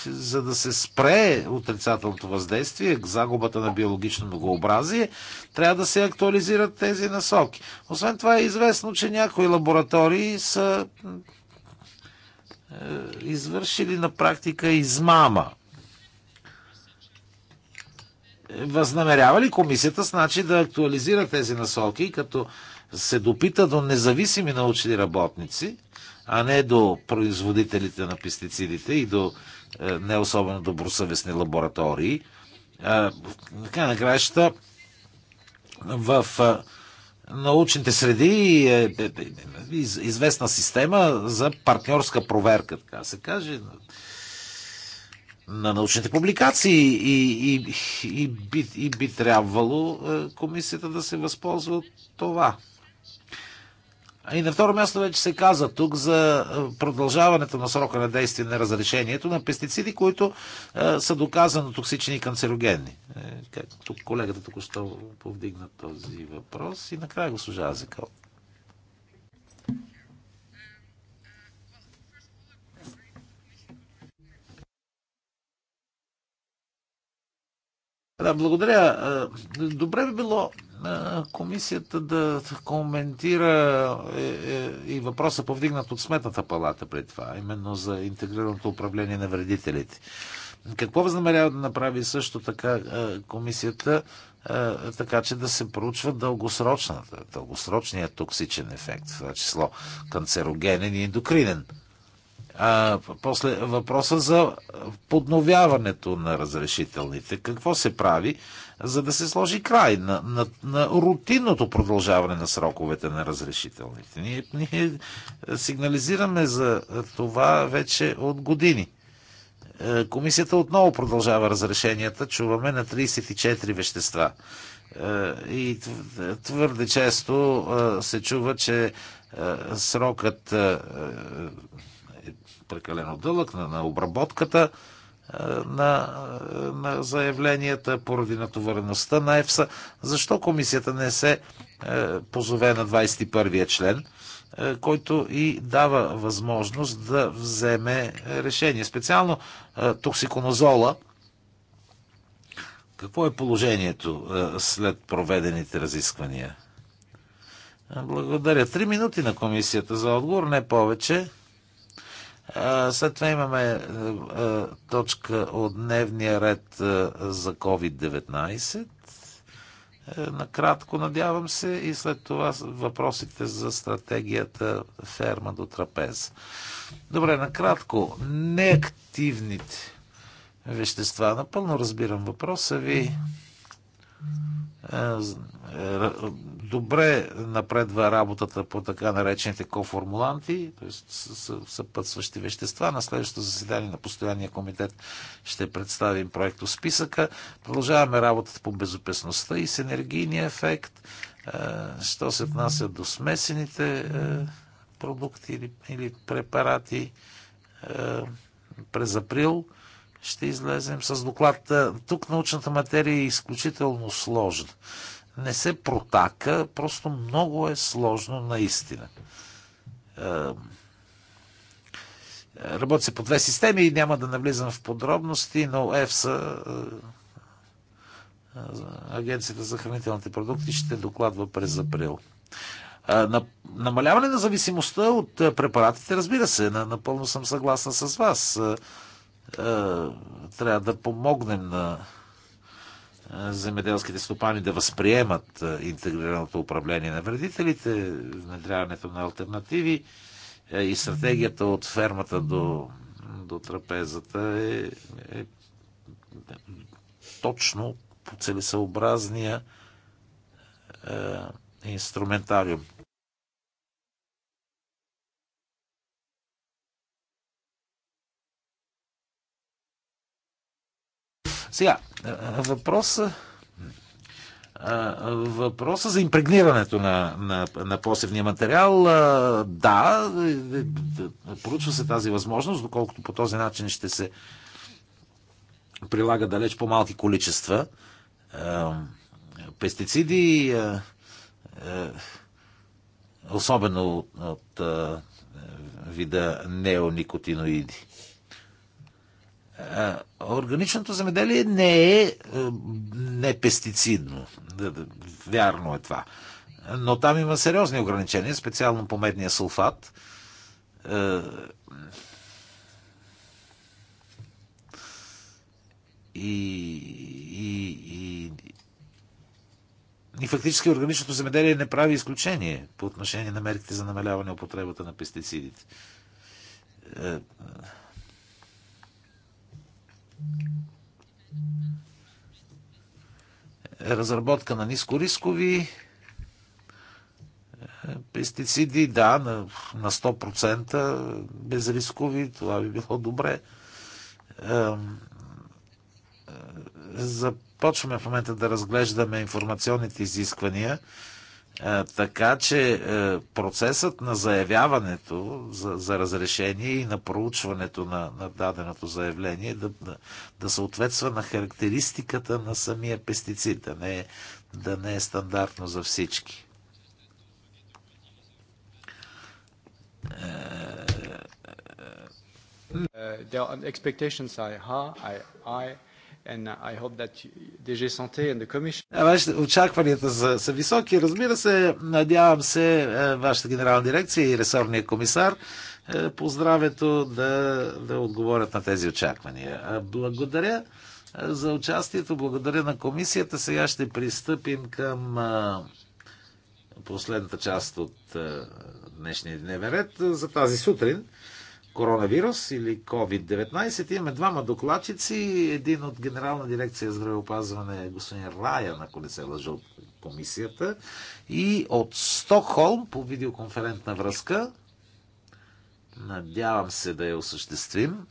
за да се спре отрицателното въздействие, загубата на биологично многообразие, трябва да се актуализират тези насоки. Освен това е известно, че някои лаборатории са е, извършили на практика измама. Възнамерява ли комисията, значи, да актуализира тези насоки, като се допита до независими научни работници – а не до производителите на пестицидите и до е, не особено добросъвестни лаборатории. Така на краища в научните среди е, е, е известна система за партньорска проверка, така се каже, на научните публикации и, и, и, би, и би трябвало комисията да се възползва от това. И на второ място вече се каза тук за продължаването на срока на действие на разрешението на пестициди, които е, са доказано токсични и канцерогенни. Е, как, тук колегата току-що повдигна този въпрос. И накрая госпожа Азикал. Да, благодаря. Добре би било комисията да коментира е, е, и въпроса повдигнат от Сметната палата при това, именно за интегрираното управление на вредителите. Какво възнамерява да направи също така комисията, така че да се проучва дългосрочната, дългосрочният токсичен ефект, в това число канцерогенен и ендокринен? А, после въпроса за подновяването на разрешителните. Какво се прави, за да се сложи край на, на, на рутинното продължаване на сроковете на разрешителните? Ние, ние сигнализираме за това вече от години. Е, комисията отново продължава разрешенията. Чуваме на 34 вещества. Е, и твърде често е, се чува, че срокът прекалено дълъг, на, на обработката е, на, е, на заявленията, поради натовареността на ЕФСА. Защо комисията не се е, позове на 21-я член, който и дава възможност да вземе решение? Специално е, токсиконозола. Какво е положението след проведените разисквания? Благодаря. Три минути на комисията за отговор, не повече. След това имаме е, е, точка от дневния ред е, за COVID-19. Накратко, надявам се, и след това въпросите за стратегията ферма до трапез. Добре, накратко, неактивните вещества. Напълно разбирам въпроса ви добре напредва работата по така наречените коформуланти, т.е. съпътстващи вещества. На следващото заседание на постоянния комитет ще представим проекто списъка. Продължаваме работата по безопасността и с енергийния ефект. Е, що се отнася до смесените е, продукти или, препарати е, през април ще излезем с доклад. Тук научната материя е изключително сложна не се протака, просто много е сложно наистина. Е, е, работи се по две системи и няма да навлизам в подробности, но ЕФСА, е, Агенцията за хранителните продукти, ще докладва през април. На, намаляване на зависимостта от препаратите, разбира се, напълно съм съгласна с вас. Трябва да помогнем на земеделските стопани да възприемат интегрираното управление на вредителите, внедряването на альтернативи е, и стратегията от фермата до, до трапезата е, е точно по целесъобразния е, инструментариум. Сега, въпроса въпроса за импрегнирането на, на, на посевния материал, да, е, е, е, поручва се тази възможност, доколкото по този начин ще се прилага далеч по-малки количества пестициди, особено от вида неоникотиноиди органичното земеделие не е, е непестицидно. Е вярно е това. Но там има сериозни ограничения, специално по медния сулфат. Е, и, и, и, и фактически органичното земеделие не прави изключение по отношение на мерките за намаляване употребата на пестицидите. Е разработка на нискорискови е, пестициди, да, на, 100% безрискови, това би било добре. Е, започваме в момента да разглеждаме информационните изисквания така че процесът на заявяването за, за разрешение и на проучването на, на даденото заявление да, да, да съответства на характеристиката на самия пестицид, да не е, да не е стандартно за всички. Uh, the expectations are high. I, I е, очакванията са, са високи. Разбира се, надявам се е, вашата генерална дирекция и ресорния комисар е, по здравето да, да отговорят на тези очаквания. Благодаря за участието, благодаря на комисията. Сега ще пристъпим към последната част от днешния дневен ред за тази сутрин коронавирус или COVID-19. Имаме двама докладчици, един от Генерална дирекция здравеопазване, е господин Рая, на колесе се лъжа от комисията, и от Стокхолм по видеоконферентна връзка. Надявам се да я осъществим.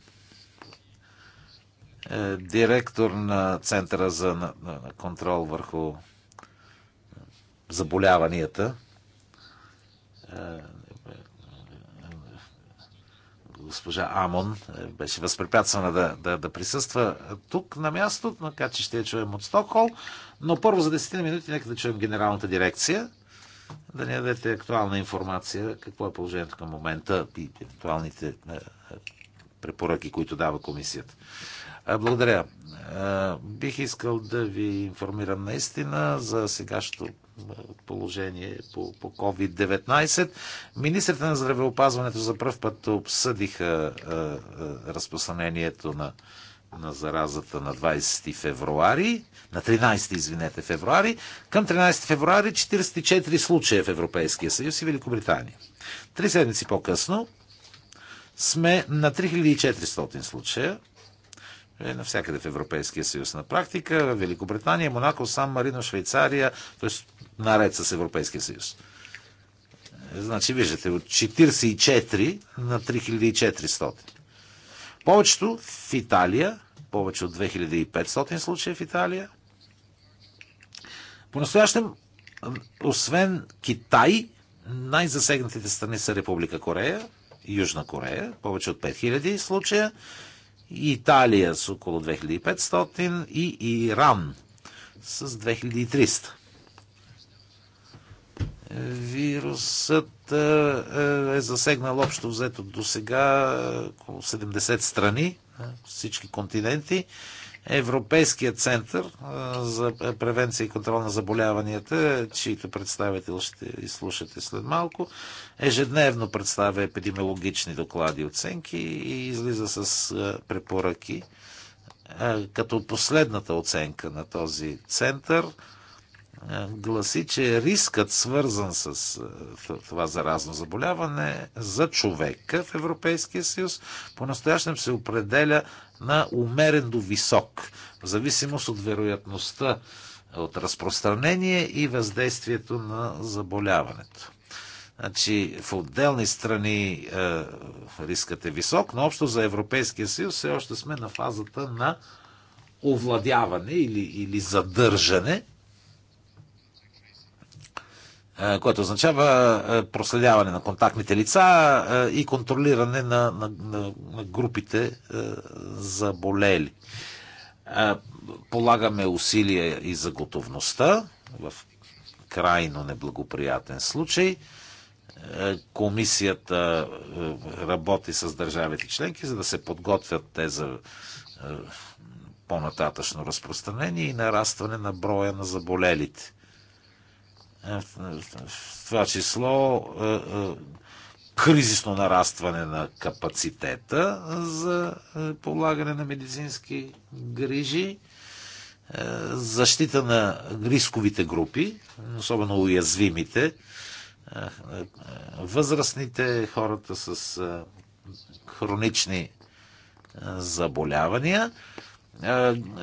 Е, директор на Центъра за контрол върху е, заболяванията госпожа Амон е, беше възпрепятствана да, да, да присъства тук на място, така че ще я чуем от Стокхол. Но първо за 10 минути нека да чуем генералната дирекция, да ни дадете актуална информация, какво е положението към момента и евентуалните е, е, препоръки, които дава комисията. Благодаря. Бих искал да ви информирам наистина за сегашното положение по, по COVID-19. Министрите на здравеопазването за първ път обсъдиха а, а, разпространението на, на заразата на 20 февруари, на 13 извинете февруари. Към 13 февруари 44 случая в Европейския съюз и Великобритания. Три седмици по-късно сме на 3400 случая е навсякъде в Европейския съюз. На практика Великобритания, Монако, Сан Марино, Швейцария, т.е. наред с Европейския съюз. Е, значи, виждате, от 44 на 3400. Повечето в Италия, повече от 2500 случая в Италия. По-настоящем, освен Китай, най-засегнатите страни са Република Корея, Южна Корея, повече от 5000 случая, Италия с около 2500 и Иран с 2300. Вирусът е, е, е засегнал общо взето до сега около 70 страни, е, всички континенти Европейския център за превенция и контрол на заболяванията, чийто представител ще изслушате след малко, ежедневно представя епидемиологични доклади и оценки и излиза с препоръки. Като последната оценка на този център – е, гласи, че рискът свързан с е, това заразно заболяване за човека в Европейския съюз по-настоящем се определя на умерен до висок, в зависимост от вероятността от разпространение и въздействието на заболяването. Значи в отделни страни е, рискът е висок, но общо за Европейския съюз все още сме на фазата на овладяване или, или задържане което означава проследяване на контактните лица и контролиране на, на, на групите заболели. Полагаме усилия и за готовността в крайно неблагоприятен случай. Комисията работи с държавите членки, за да се подготвят те за по-нататъчно разпространение и нарастване на броя на заболелите е, в това число е, е, кризисно нарастване на капацитета за полагане на медицински грижи, защита на рисковите групи, особено уязвимите, възрастните, хората с хронични заболявания – е,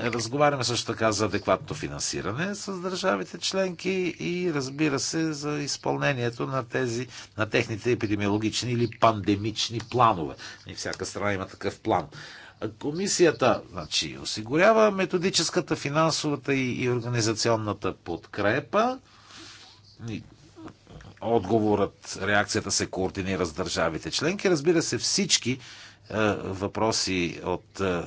разговаряме също така за адекватно финансиране с държавите членки и разбира се за изпълнението на тези, на техните епидемиологични или пандемични планове. И всяка страна има такъв план. Комисията значи, осигурява методическата, финансовата и, и организационната подкрепа. И отговорът, реакцията се координира с държавите членки. Разбира се, всички е, въпроси от е,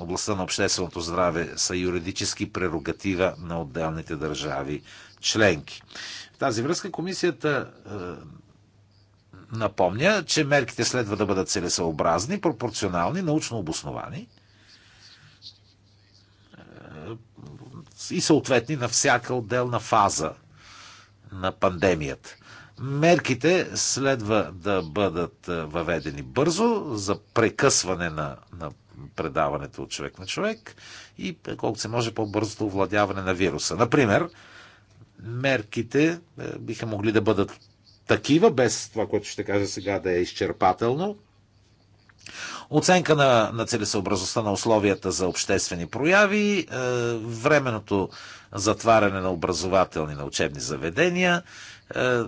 областта на общественото здраве са юридически прерогатива на отделните държави членки. В тази връзка комисията е, напомня, че мерките следва да бъдат целесъобразни, пропорционални, научно обосновани е, и съответни на всяка отделна фаза на пандемията. Мерките следва да бъдат е, въведени бързо за прекъсване на, на предаването от човек на човек и колкото се може по-бързото овладяване на вируса. Например, мерките е, биха могли да бъдат такива, без това, което ще кажа сега да е изчерпателно. Оценка на, на целесъобразността на условията за обществени прояви, е, временното затваряне на образователни на учебни заведения, е, е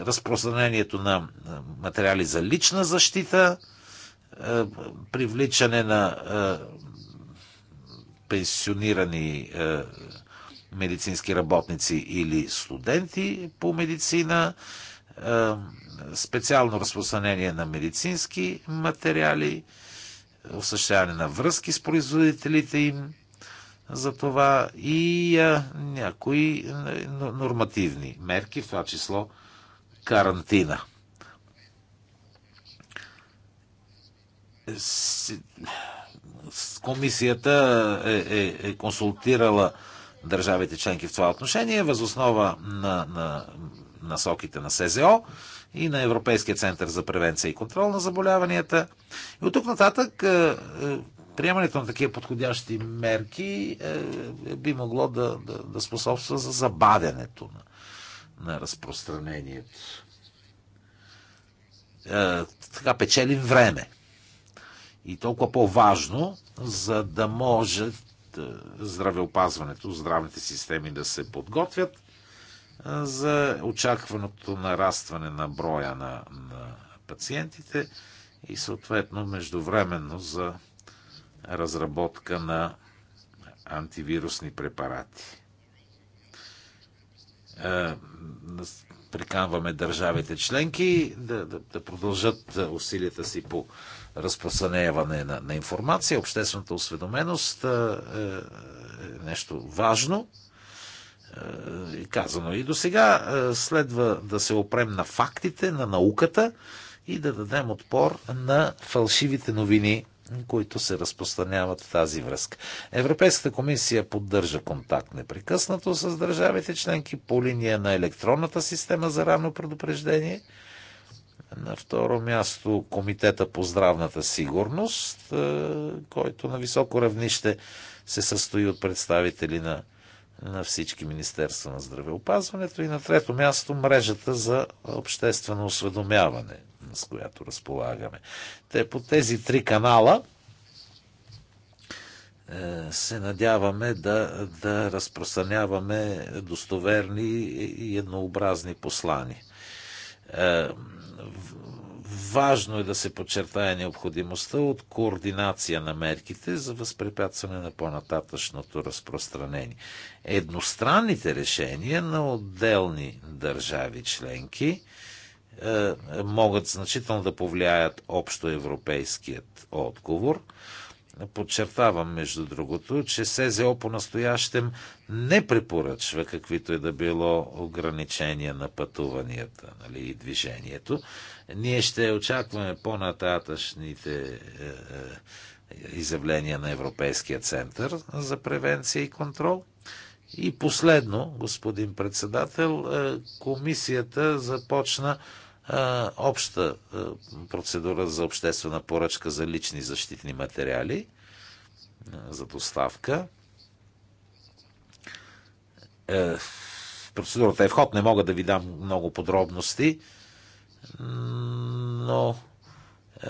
разпространението на материали за лична защита, е, е, привличане на е, пенсионирани е, медицински работници или студенти по медицина, специално разпространение на медицински материали, осъществяване на връзки с производителите им за това и а, някои нормативни мерки, в това число карантина. комисията е, е, е консултирала държавите членки в това отношение, възоснова на, на насоките на СЗО и на Европейския център за превенция и контрол на заболяванията. И от тук нататък е, е, приемането на такива подходящи мерки е, би могло да, да, да способства за забавянето на, на разпространението. Така печелим време. И толкова по-важно, за да може е, здравеопазването, здравните системи да се подготвят е, за очакваното нарастване на броя на, на пациентите и съответно междувременно за разработка на антивирусни препарати. Е, приканваме държавите членки да, да, да продължат усилията си по разпространяване на, на информация, обществената осведоменост е, е нещо важно. Е, казано и до сега е, следва да се опрем на фактите, на науката и да дадем отпор на фалшивите новини, които се разпространяват в тази връзка. Европейската комисия поддържа контакт непрекъснато с държавите членки по линия на електронната система за ранно предупреждение – на второ място Комитета по здравната сигурност, е, който на високо равнище се състои от представители на, на всички Министерства на здравеопазването. И на трето място мрежата за обществено осведомяване, с която разполагаме. Те по тези три канала е, се надяваме да, да разпространяваме достоверни и еднообразни послания. Е, важно е да се подчертае необходимостта от координация на мерките за възпрепятстване на по-нататъчното разпространение. Едностранните решения на отделни държави членки е, могат значително да повлияят общо европейският отговор. Подчертавам, между другото, че СЗО по-настоящем не препоръчва каквито е да било ограничения на пътуванията нали, и движението. Ние ще очакваме по-нататъчните е, е, изявления на Европейския център за превенция и контрол. И последно, господин председател, е, комисията започна обща процедура за обществена поръчка за лични защитни материали за доставка. Е, процедурата е вход, не мога да ви дам много подробности, но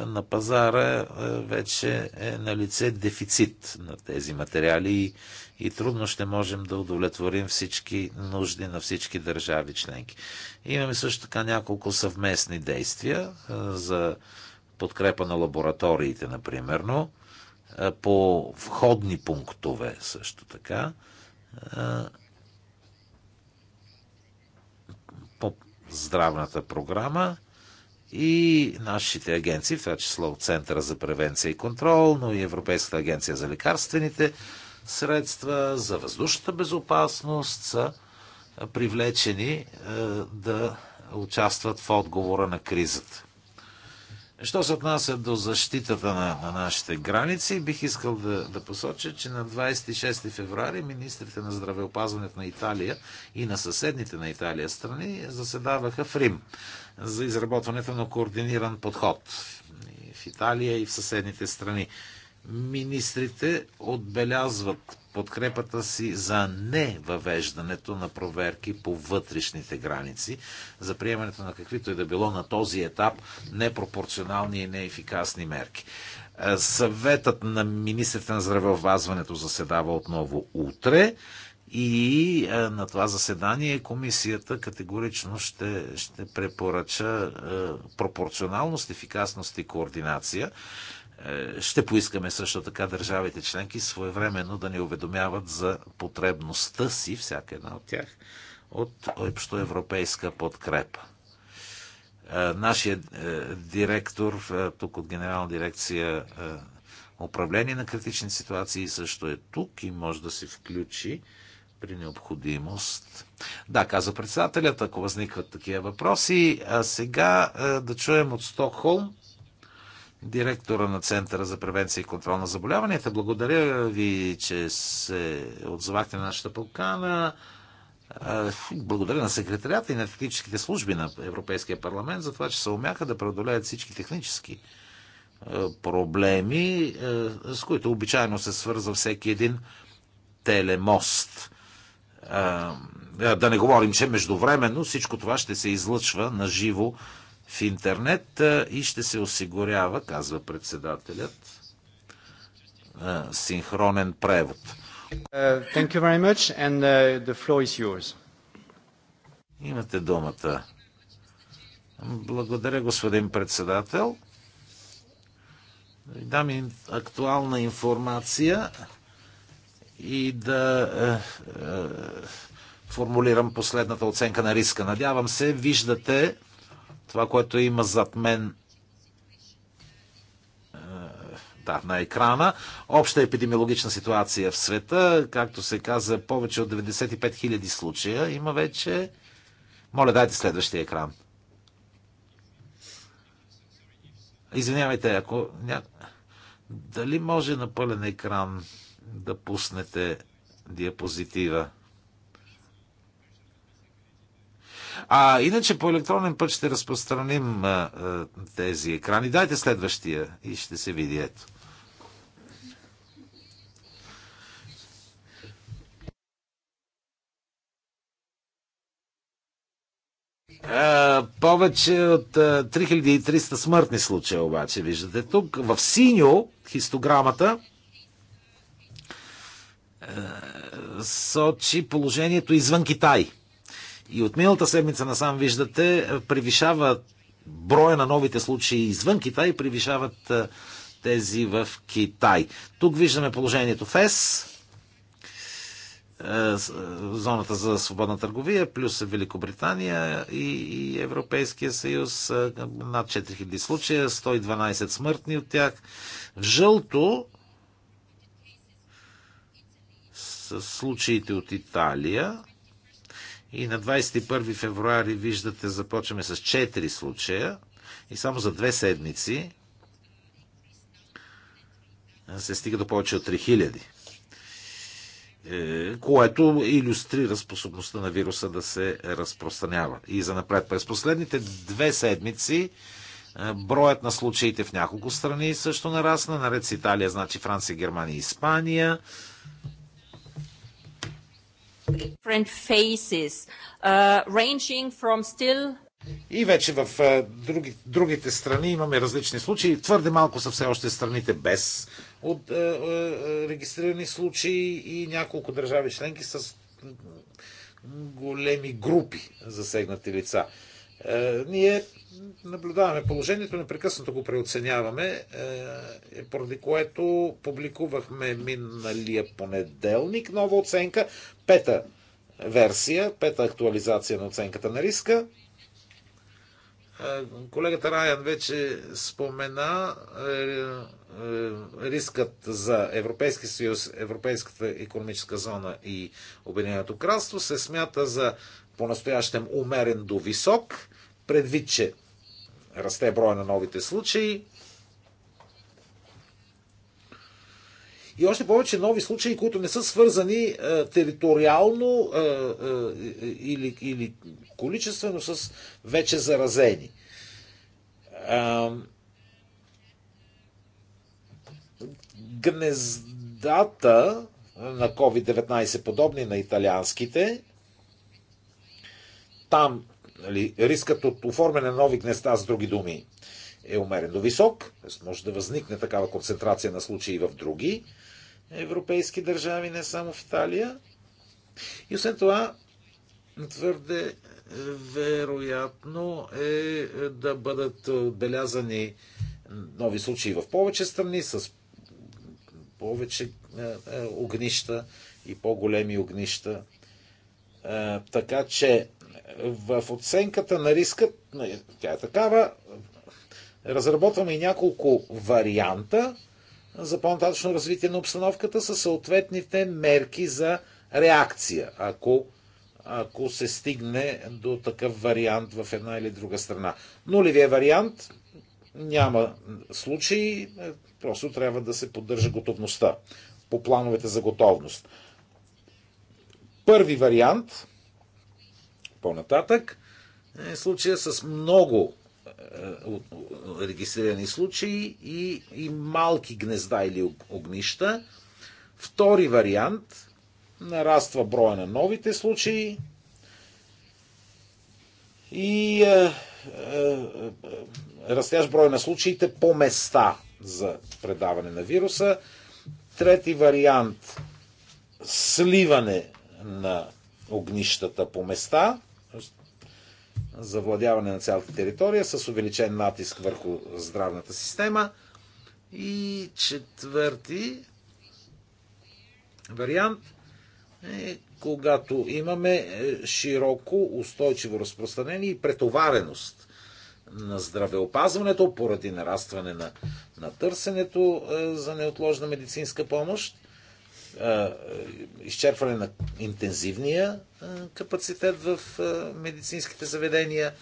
е, на пазара е, вече е на лице дефицит на тези материали и трудно ще можем да удовлетворим всички нужди на всички държави членки. Имаме също така няколко съвместни действия за подкрепа на лабораториите, например, по входни пунктове също така. По здравната програма и нашите агенции, в това число от Центъра за превенция и контрол, но и Европейската агенция за лекарствените средства за въздушната безопасност са привлечени е, да участват в отговора на кризата. Що се отнася до защитата на, на нашите граници, бих искал да, да посоча, че на 26 феврари министрите на здравеопазването на Италия и на съседните на Италия страни заседаваха в Рим за изработването на координиран подход в Италия и в съседните страни. Министрите отбелязват подкрепата си за не въвеждането на проверки по вътрешните граници, за приемането на каквито и е да било на този етап непропорционални и неефикасни мерки. Е, съветът на министрите на здравеопазването заседава отново утре и е, на това заседание комисията категорично ще, ще препоръча е, пропорционалност, ефикасност и координация е, ще поискаме също така държавите членки своевременно да ни уведомяват за потребността си, всяка една от тях, от общоевропейска подкрепа. Е, Нашия е, директор, тук от Генерална дирекция управление на критични ситуации, също е тук и може да се включи при необходимост. Да, каза председателят, ако възникват такива въпроси. А сега да чуем от Стокхолм директора на Центъра за превенция и контрол на заболяванията. Благодаря ви, че се отзовахте на нашата покана. Благодаря на секретарията и на техническите служби на Европейския парламент за това, че се умяха да преодолеят всички технически проблеми, с които обичайно се свързва всеки един телемост. Да не говорим, че междувременно всичко това ще се излъчва на живо в интернет и ще се осигурява, казва председателят, синхронен превод. Uh, uh, Имате думата. Благодаря, господин председател. Дам актуална информация и да е, е, формулирам последната оценка на риска. Надявам се, виждате това, което има зад мен е, да, на екрана. Обща епидемиологична ситуация в света, както се каза, повече от 95 000 случая има вече. Моля, дайте следващия екран. Извинявайте, ако... Ня... Дали може на пълен екран да пуснете диапозитива? А иначе по електронен път ще разпространим а, а, тези екрани. Дайте следващия и ще се види ето. Uh, повече от uh, 3300 смъртни случая обаче, виждате тук. В синьо хистограмата uh, сочи положението извън Китай и от миналата седмица насам виждате, превишава броя на новите случаи извън Китай и превишават тези в Китай. Тук виждаме положението в ЕС, зоната за свободна търговия, плюс Великобритания и Европейския съюз, над 4000 случая, 112 смъртни от тях. В жълто с случаите от Италия, и на 21 февруари, виждате, започваме с 4 случая. И само за две седмици се стига до повече от 3000. Е, което иллюстрира способността на вируса да се разпространява. И за напред, през последните две седмици е, броят на случаите в няколко страни също нарасна. Наред с Италия, значи Франция, Германия и Испания different uh, ranging from still и вече в е, други, другите страни имаме различни случаи. Твърде малко са все още страните без от е, е, регистрирани случаи и няколко държави членки с големи групи засегнати лица. Е, ние наблюдаваме положението, непрекъснато го преоценяваме, е, поради което публикувахме миналия понеделник нова оценка, пета версия, пета актуализация на оценката на риска. Е, колегата Раян вече спомена рискът за Европейски съюз, Европейската економическа зона и Обединеното кралство се смята за по-настоящем умерен до висок предвид, че расте броя на новите случаи. И още повече нови случаи, които не са свързани е, териториално е, е, или, или количествено с вече заразени. Е, гнездата на COVID-19, подобни на италианските, там Нали, рискът от оформяне на нови гнезда, с други думи, е умерено висок, т.е. може да възникне такава концентрация на случаи в други европейски държави, не само в Италия. И освен това, твърде е, вероятно е, е да бъдат отбелязани нови случаи в повече страни, с повече е, огнища и по-големи огнища. Така че в оценката на риска, тя е такава, разработваме и няколко варианта за по-нататъчно развитие на обстановката със съответните мерки за реакция, ако, ако се стигне до такъв вариант в една или друга страна. Нулевия вариант няма случаи, е, просто трябва да се поддържа готовността по плановете за готовност. Първи вариант – по-нататък. Е случая с много е, е, регистрирани случаи и, и малки гнезда или огнища. Втори вариант нараства броя на новите случаи и е, е, е, растящ брой на случаите по места за предаване на вируса. Трети вариант сливане на огнищата по места – завладяване на цялата територия с увеличен натиск върху здравната система. И четвърти вариант е когато имаме е, широко устойчиво разпространение и претовареност на здравеопазването поради нарастване на, на търсенето е, за неотложна медицинска помощ изчерпване на интензивния капацитет в медицинските заведения,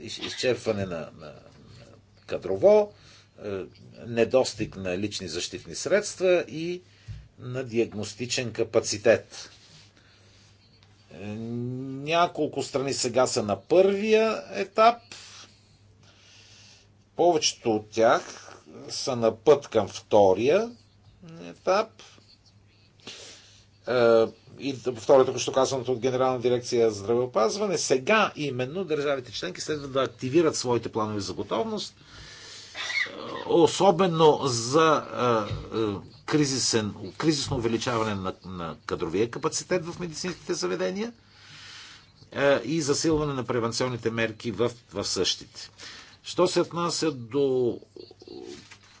изчерпване на, на кадрово, недостиг на лични защитни средства и на диагностичен капацитет. Няколко страни сега са на първия етап. Повечето от тях са на път към втория етап. Е, и второто, което казваното от Генерална дирекция за здравеопазване, сега именно държавите членки следва да активират своите планове за готовност, е, особено за е, кризисен, кризисно увеличаване на, на кадровия капацитет в медицинските заведения и засилване на превенционните мерки в, в същите. Що се отнася до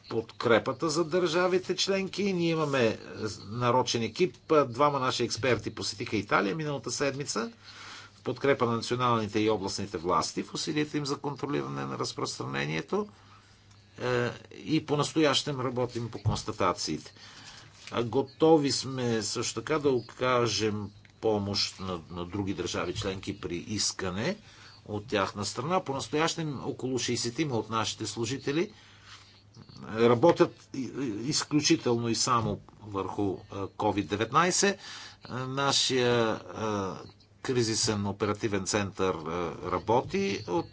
подкрепата за държавите членки. Ние имаме е, нарочен екип. Двама наши експерти посетиха Италия миналата седмица в подкрепа на националните и областните власти в усилията им за контролиране на разпространението. Е, и по-настоящем работим по констатациите. Готови сме също така да окажем помощ на, на други държави членки при искане от тяхна страна. По-настоящем около 60 от нашите служители – работят изключително и само върху COVID-19. Нашия кризисен оперативен център работи от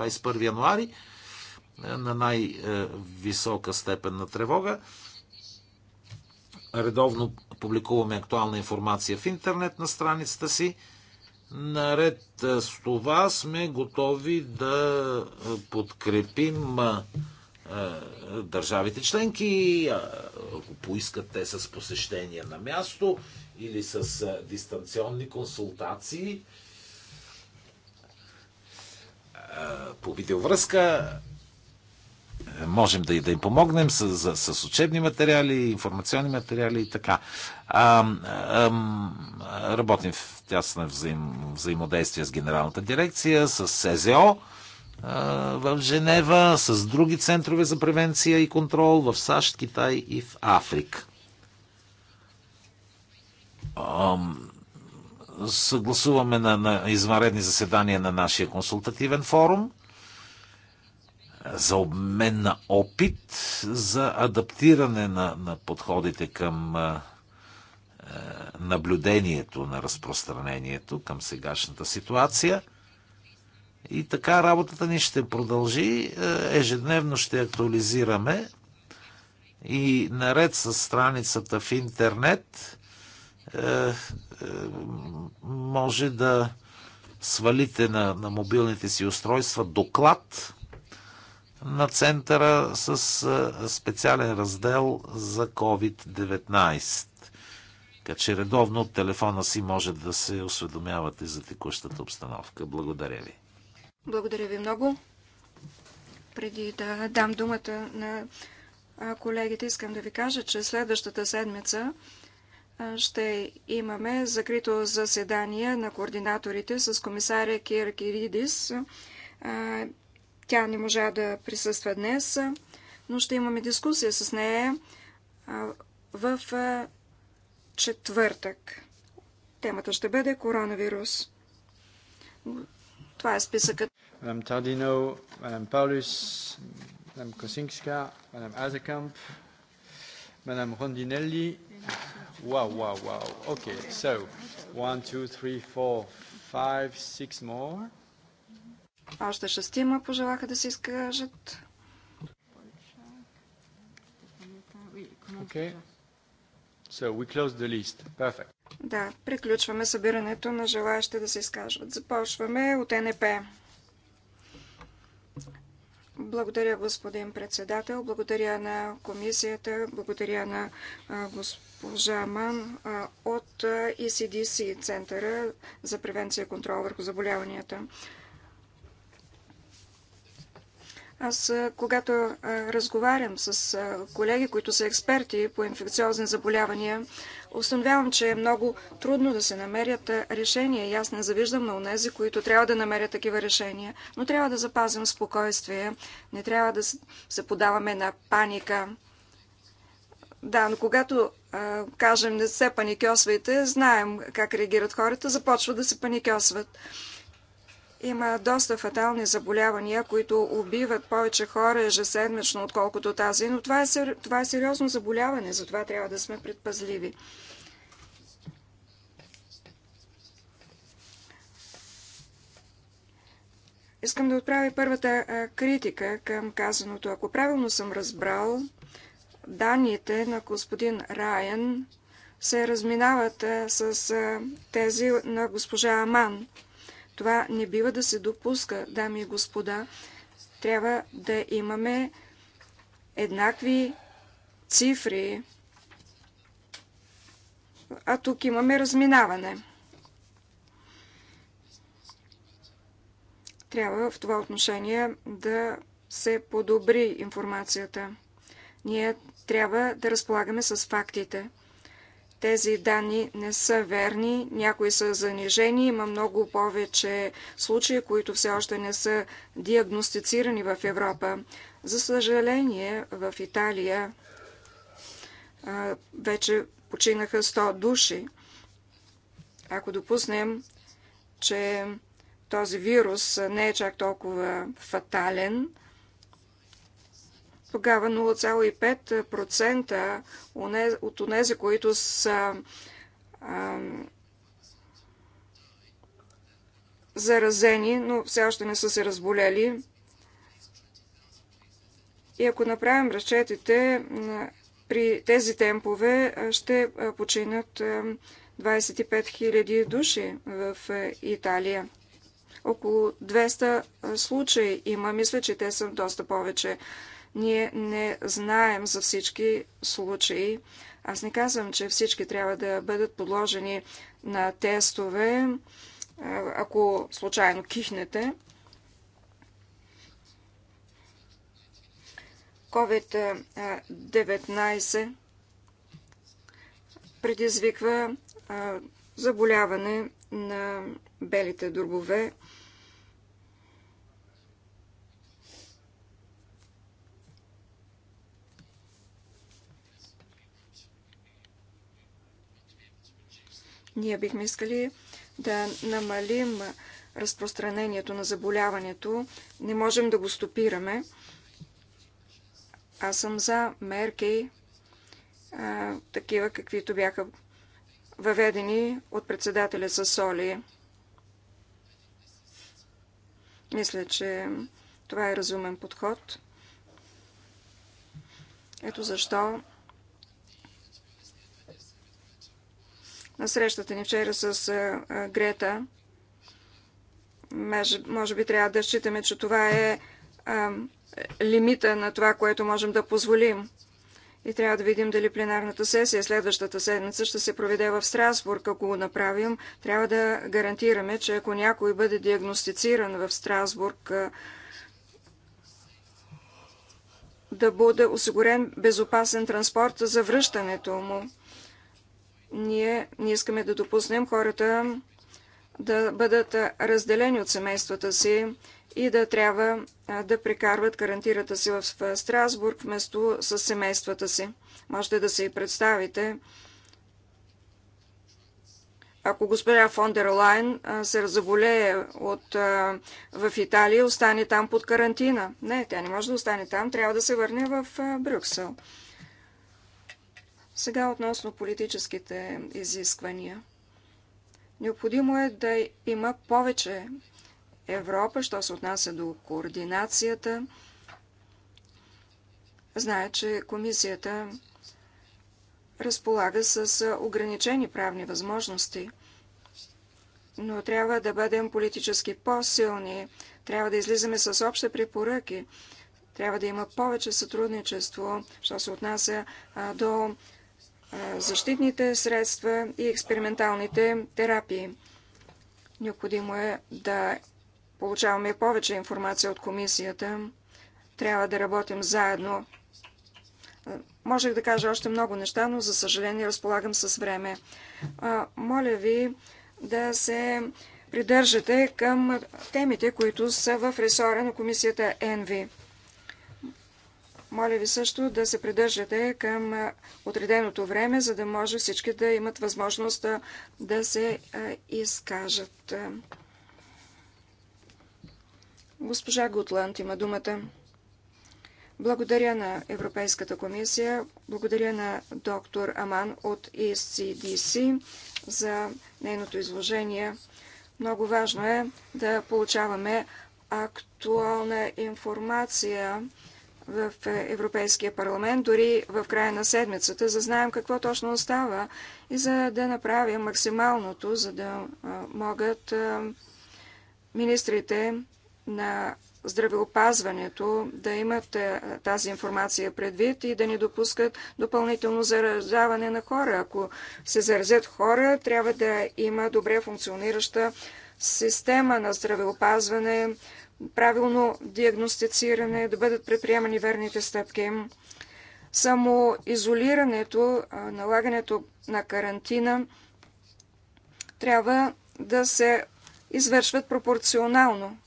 21 януари на най-висока степен на тревога. Редовно публикуваме актуална информация в интернет на страницата си. Наред с това сме готови да подкрепим държавите членки, ако поискат те с посещения на място или с дистанционни консултации по видеовръзка, можем да, да им помогнем с, с, учебни материали, информационни материали и така. А, а, работим в тясна взаим, взаимодействие с Генералната дирекция, с СЗО в Женева, с други центрове за превенция и контрол в САЩ, Китай и в Африка. Съгласуваме на, на извънредни заседания на нашия консултативен форум за обмен на опит, за адаптиране на, на подходите към наблюдението на разпространението, към сегашната ситуация – и така работата ни ще продължи. Е, ежедневно ще актуализираме и наред с страницата в интернет е, е, може да свалите на, на мобилните си устройства доклад на центъра с специален раздел за COVID-19. Така че редовно от телефона си може да се осведомявате за текущата обстановка. Благодаря ви. Благодаря ви много. Преди да дам думата на колегите, искам да ви кажа, че следващата седмица ще имаме закрито заседание на координаторите с комисаря Кир Киридис. Тя не можа да присъства днес, но ще имаме дискусия с нея в четвъртък. Темата ще бъде коронавирус. Това е списъкът. Madame Tardino, Madame Paulus, Madame Kosinska, Madame Azekamp, Madame Rondinelli. Wow, wow, wow. Okay, so one, two, three, four, five, six more. Още шестима пожелаха да се изкажат. Okay. So we close the list. Perfect. Да, приключваме събирането на желаящите да се изкажат. Започваме от НП. Благодаря, господин председател. Благодаря на комисията. Благодаря на госпожа Ман от ECDC, Центъра за превенция и контрол върху заболяванията. Аз, когато разговарям с колеги, които са експерти по инфекциозни заболявания, Установявам, че е много трудно да се намерят решения и аз не завиждам на унези, които трябва да намерят такива решения, но трябва да запазим спокойствие, не трябва да се подаваме на паника. Да, но когато а, кажем не се паникьосвайте, знаем как реагират хората, започват да се паникьосват. Има доста фатални заболявания, които убиват повече хора ежеседмично, отколкото тази, но това е, това е сериозно заболяване, затова трябва да сме предпазливи. Искам да отправя първата критика към казаното. Ако правилно съм разбрал, данните на господин Райан се разминават с тези на госпожа Аман. Това не бива да се допуска, дами и господа. Трябва да имаме еднакви цифри, а тук имаме разминаване. Трябва в това отношение да се подобри информацията. Ние трябва да разполагаме с фактите. Тези данни не са верни, някои са занижени, има много повече случаи, които все още не са диагностицирани в Европа. За съжаление, в Италия вече починаха 100 души. Ако допуснем, че този вирус не е чак толкова фатален, тогава 0,5% от тези, които са заразени, но все още не са се разболели. И ако направим разчетите, при тези темпове ще починат 25 000 души в Италия. Около 200 случаи има. Мисля, че те са доста повече ние не знаем за всички случаи. Аз не казвам, че всички трябва да бъдат подложени на тестове, ако случайно кихнете. COVID-19 предизвиква заболяване на белите дробове Ние бихме искали да намалим разпространението на заболяването. Не можем да го стопираме. Аз съм за мерки, а, такива каквито бяха въведени от председателя соли. Мисля, че това е разумен подход. Ето защо на срещата ни вчера с Грета. Може би трябва да считаме, че това е лимита на това, което можем да позволим. И трябва да видим дали пленарната сесия следващата седмица ще се проведе в Страсбург. Ако го направим, трябва да гарантираме, че ако някой бъде диагностициран в Страсбург, да бъде осигурен безопасен транспорт за връщането му ние не искаме да допуснем хората да бъдат разделени от семействата си и да трябва да прекарват карантирата си в Страсбург вместо с семействата си. Можете да се и представите. Ако госпожа фон Лайн се заболее от, в Италия, остане там под карантина. Не, тя не може да остане там, трябва да се върне в Брюксел. Сега относно политическите изисквания. Необходимо е да има повече Европа, що се отнася до координацията. Знае, че комисията разполага с ограничени правни възможности, но трябва да бъдем политически по-силни, трябва да излизаме с общи препоръки, трябва да има повече сътрудничество, що се отнася до защитните средства и експерименталните терапии. Необходимо е да получаваме повече информация от комисията. Трябва да работим заедно. Можех да кажа още много неща, но за съжаление разполагам с време. Моля ви да се придържате към темите, които са в ресора на комисията ЕНВИ. Моля ви също да се придържате към отреденото време, за да може всички да имат възможност да се изкажат. Госпожа Гутланд има думата. Благодаря на Европейската комисия, благодаря на доктор Аман от ECDC е за нейното изложение. Много важно е да получаваме актуална информация в Европейския парламент, дори в края на седмицата, за да знаем какво точно остава и за да направим максималното, за да могат министрите на здравеопазването да имат тази информация предвид и да не допускат допълнително заразяване на хора. Ако се заразят хора, трябва да има добре функционираща система на здравеопазване, правилно диагностициране, да бъдат предприемани верните стъпки. Само изолирането, налагането на карантина трябва да се извършват пропорционално.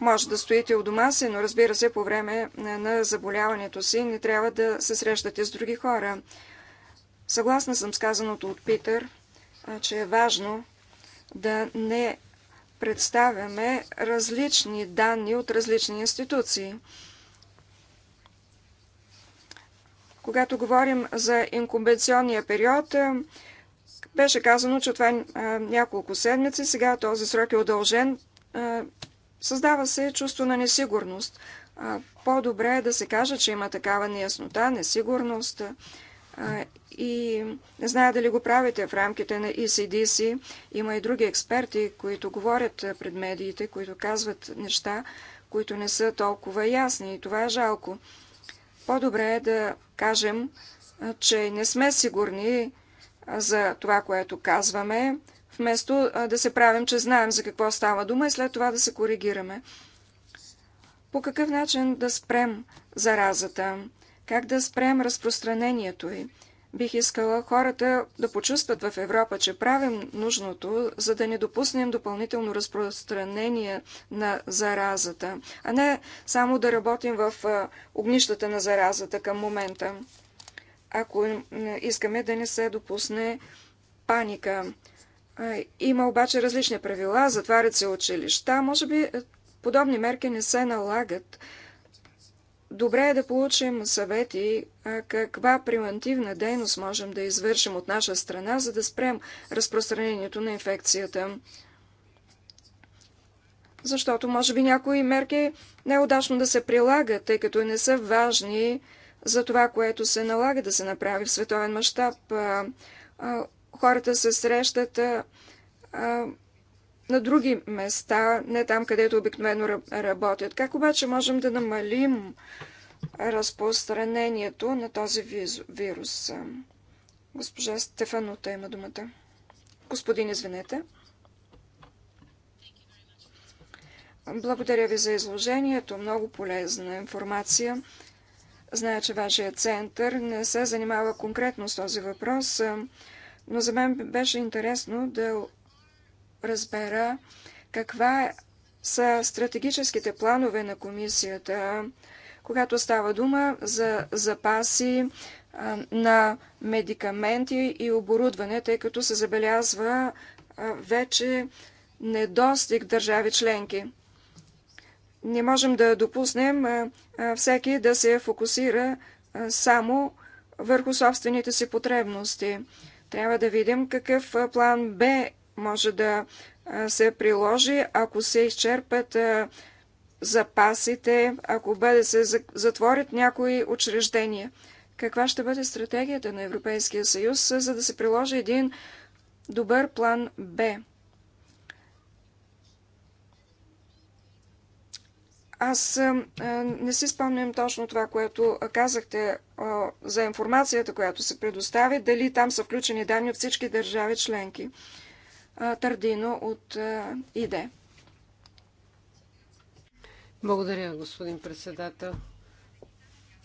Може да стоите у дома си, но разбира се, по време на заболяването си не трябва да се срещате с други хора. Съгласна съм с казаното от Питър – че значи е важно да не представяме различни данни от различни институции. Когато говорим за инкубационния период, е, беше казано, че това е, е няколко седмици, сега този срок е удължен. Е, създава се чувство на несигурност. По-добре е да се каже, че има такава неяснота, несигурност и не зная дали го правите в рамките на ECDC. Има и други експерти, които говорят пред медиите, които казват неща, които не са толкова ясни и това е жалко. По-добре е да кажем, че не сме сигурни за това, което казваме, вместо да се правим, че знаем за какво става дума и след това да се коригираме. По какъв начин да спрем заразата? как да спрем разпространението й. Бих искала хората да почувстват в Европа, че правим нужното, за да не допуснем допълнително разпространение на заразата, а не само да работим в огнищата на заразата към момента, ако искаме да не се допусне паника. Има обаче различни правила, затварят се училища, може би е, подобни мерки не се налагат добре е да получим съвети каква превентивна дейност можем да извършим от наша страна, за да спрем разпространението на инфекцията. Защото може би някои мерки не е удачно да се прилагат, тъй като не са важни за това, което се налага да се направи в световен мащаб. Хората се срещат на други места, не там, където обикновено работят. Как обаче можем да намалим разпространението на този вирус? Госпожа Стефанута има думата. Господин, извинете. Благодаря ви за изложението. Много полезна информация. Зная, че вашия център не се занимава конкретно с този въпрос, но за мен беше интересно да разбера каква са стратегическите планове на комисията, когато става дума за запаси на медикаменти и оборудване, тъй като се забелязва вече недостиг държави членки. Не можем да допуснем всеки да се фокусира само върху собствените си потребности. Трябва да видим какъв план Б може да се приложи, ако се изчерпат запасите, ако бъде се затворят някои учреждения. Каква ще бъде стратегията на Европейския съюз, за да се приложи един добър план Б? Аз не си спомням точно това, което казахте за информацията, която се предостави, дали там са включени данни от всички държави членки. Тардино от ИД. Благодаря, господин председател.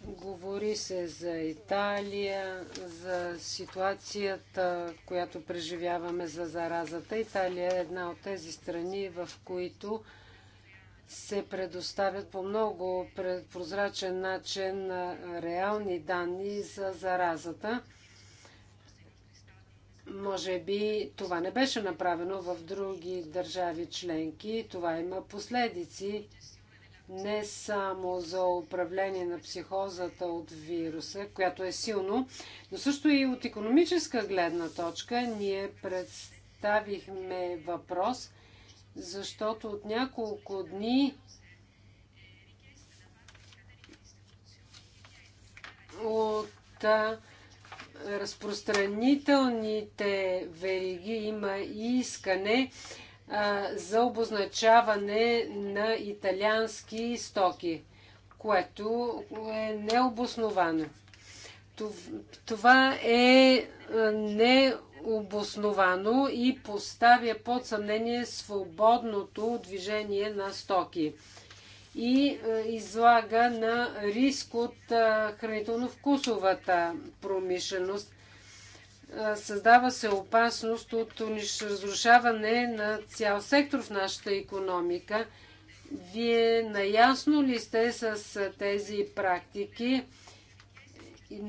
Говори се за Италия, за ситуацията, която преживяваме за заразата. Италия е една от тези страни, в които се предоставят по много прозрачен начин реални данни за заразата. Може би това не беше направено в други държави членки. Това има последици не само за управление на психозата от вируса, която е силно, но също и от економическа гледна точка. Ние представихме въпрос, защото от няколко дни от разпространителните вериги има искане а, за обозначаване на италиански стоки, което е необосновано. Това е необосновано и поставя под съмнение свободното движение на стоки и е, излага на риск от е, хранително-вкусовата промишленост. Е, създава се опасност от разрушаване на цял сектор в нашата економика. Вие наясно ли сте с тези практики?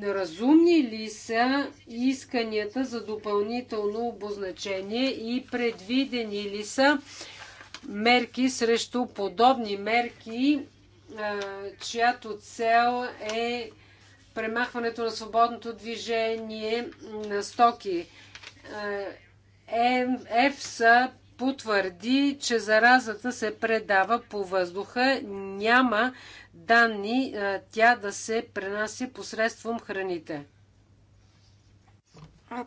Разумни ли са исканията за допълнително обозначение и предвидени ли са мерки срещу подобни мерки, чиято цел е премахването на свободното движение на стоки. ЕФСА потвърди, че заразата се предава по въздуха. Няма данни тя да се пренася посредством храните.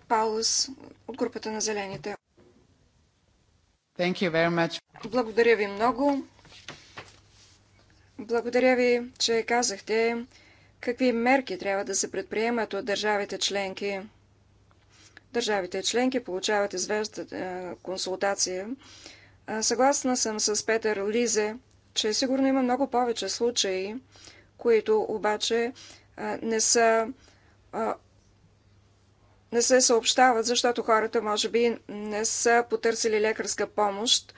Паулус от групата на зелените. Thank you very much. Благодаря ви много. Благодаря ви, че казахте какви мерки трябва да се предприемат от държавите членки. Държавите членки получават известна консултация. Съгласна съм с Петър Лизе, че сигурно има много повече случаи, които обаче не са не се съобщават, защото хората може би не са потърсили лекарска помощ.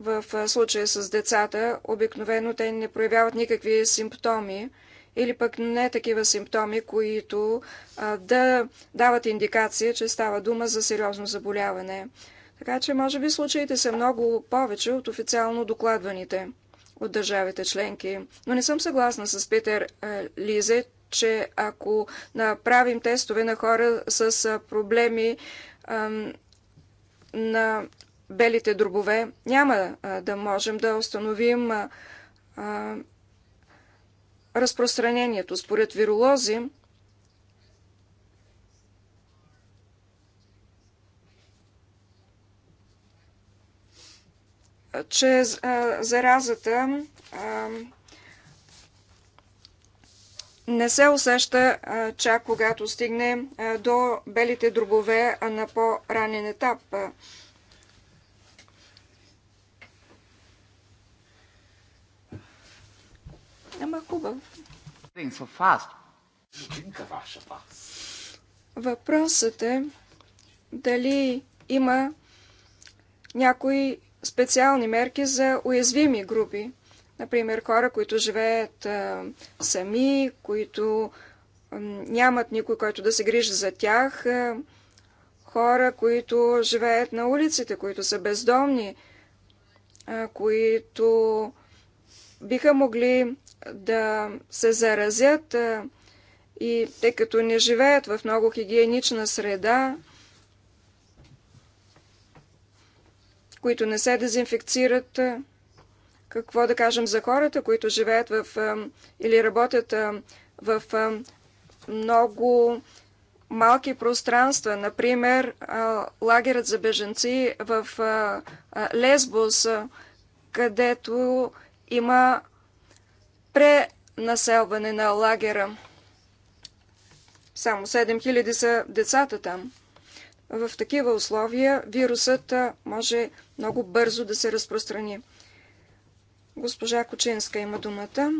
В случая с децата обикновено те не проявяват никакви симптоми или пък не такива симптоми, които а, да дават индикация, че става дума за сериозно заболяване. Така че, може би, случаите са много повече от официално докладваните от държавите членки. Но не съм съгласна с Питер Лизе, че ако направим тестове на хора с проблеми на белите дробове, няма да можем да установим разпространението. Според виролози, че заразата не се усеща чак когато стигне до белите дробове на по-ранен етап. Ама хубаво. Въпросът е дали има някои специални мерки за уязвими групи. Например, хора, които живеят а, сами, които а, нямат никой, който да се грижи за тях, а, хора, които живеят на улиците, които са бездомни, а, които биха могли да се заразят а, и тъй като не живеят в много хигиенична среда, които не се дезинфекцират. А, какво да кажем за хората, които живеят в или работят в много малки пространства. Например, лагерът за беженци в Лесбос, където има пренаселване на лагера. Само 7000 са децата там. В такива условия вирусът може много бързо да се разпространи. Госпожа Кочинска има думата.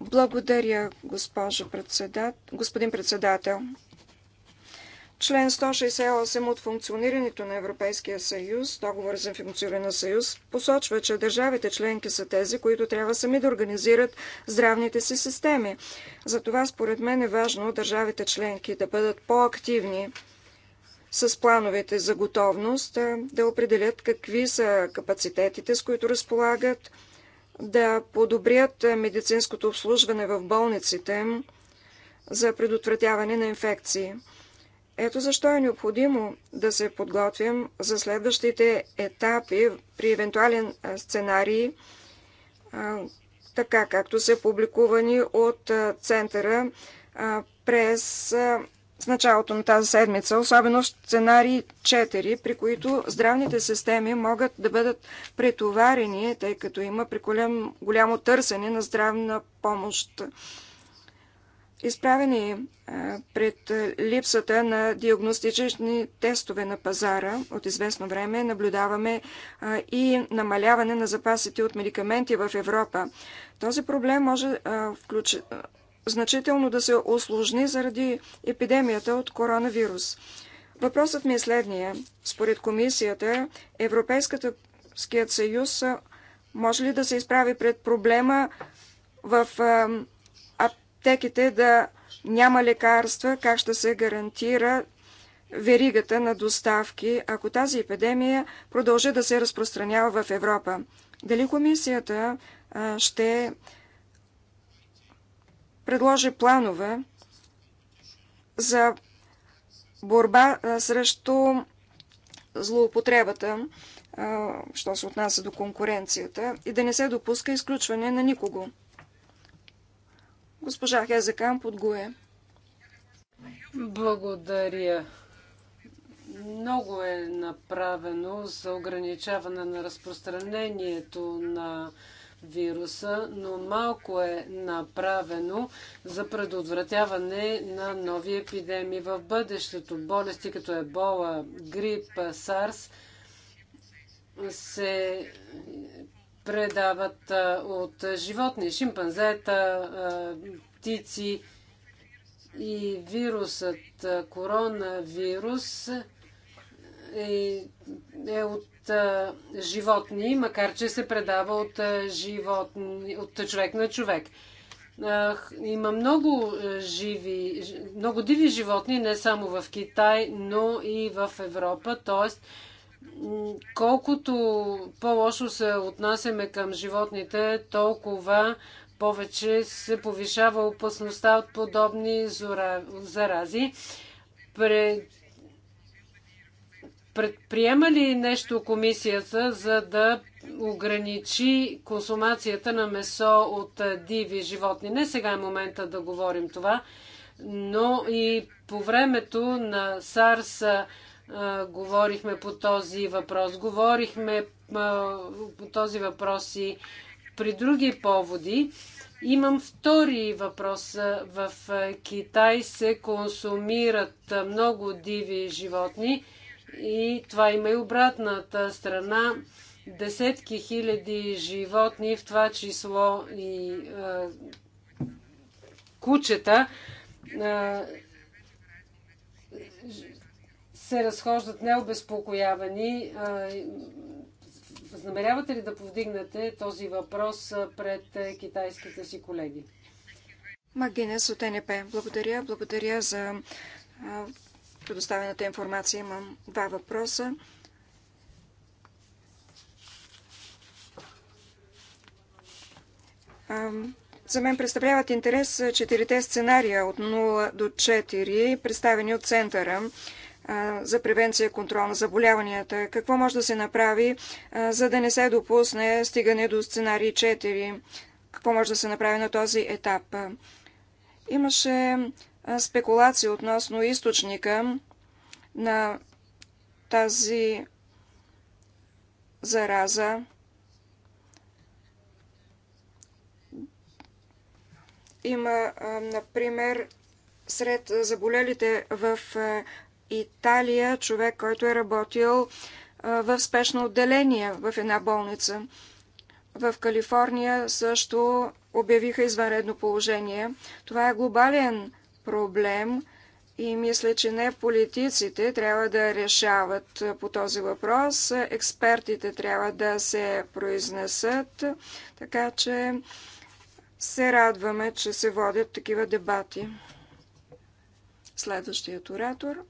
Благодаря, госпожо председат... господин председател. Член 168 от функционирането на Европейския съюз, договор за функциониране на съюз, посочва, че държавите членки са тези, които трябва сами да организират здравните си системи. Затова, според мен, е важно държавите членки да бъдат по-активни с плановете за готовност, да определят какви са капацитетите, с които разполагат, да подобрят медицинското обслужване в болниците за предотвратяване на инфекции. Ето защо е необходимо да се подготвим за следващите етапи при евентуален сценарий, така както са публикувани от Центъра през в началото на тази седмица, особено сценарии 4, при които здравните системи могат да бъдат претоварени, тъй като има преколем голямо търсене на здравна помощ. Изправени е, пред липсата на диагностични тестове на пазара от известно време, наблюдаваме е, и намаляване на запасите от медикаменти в Европа. Този проблем може е, включително значително да се осложни заради епидемията от коронавирус. Въпросът ми е следния. Според комисията, Европейската съюз може ли да се изправи пред проблема в аптеките да няма лекарства, как ще се гарантира веригата на доставки, ако тази епидемия продължи да се разпространява в Европа. Дали комисията ще предложи планове за борба срещу злоупотребата, що се отнася до конкуренцията, и да не се допуска изключване на никого. Госпожа Хезекамп от ГУЕ. Благодаря. Много е направено за ограничаване на разпространението на вируса, но малко е направено за предотвратяване на нови епидемии в бъдещето. Болести като ебола, грип, САРС се предават от животни, шимпанзета, птици и вирусът коронавирус е, е от а, животни, макар че се предава от, а, животни, от човек на човек. А, има много живи, много диви животни, не само в Китай, но и в Европа. Тоест, колкото по-лошо се отнасяме към животните, толкова повече се повишава опасността от подобни зарази. Предприема ли нещо комисията, за да ограничи консумацията на месо от е, диви животни? Не сега е момента да говорим това, но и по времето на САРС е, говорихме по този въпрос. Говорихме а, е, по този въпрос и при други поводи. Имам втори въпрос. В Китай се консумират много диви животни и това има и обратната страна. Десетки хиляди животни, в това число и а, кучета, а, се разхождат необезпокоявани. Възнамерявате ли да повдигнете този въпрос пред китайските си колеги? Магинес от НП. Благодаря. Благодаря за предоставената информация. Имам два въпроса. За мен представляват интерес четирите сценария от 0 до 4, представени от Центъра за превенция и контрол на заболяванията. Какво може да се направи, за да не се допусне стигане до сценарий 4? Какво може да се направи на този етап? Имаше спекулации относно източника на тази зараза. Има, например, сред заболелите в Италия човек, който е работил в спешно отделение в една болница. В Калифорния също обявиха извънредно положение. Това е глобален проблем и мисля, че не политиците трябва да решават по този въпрос. Експертите трябва да се произнесат, така че се радваме, че се водят такива дебати. Следващият оратор.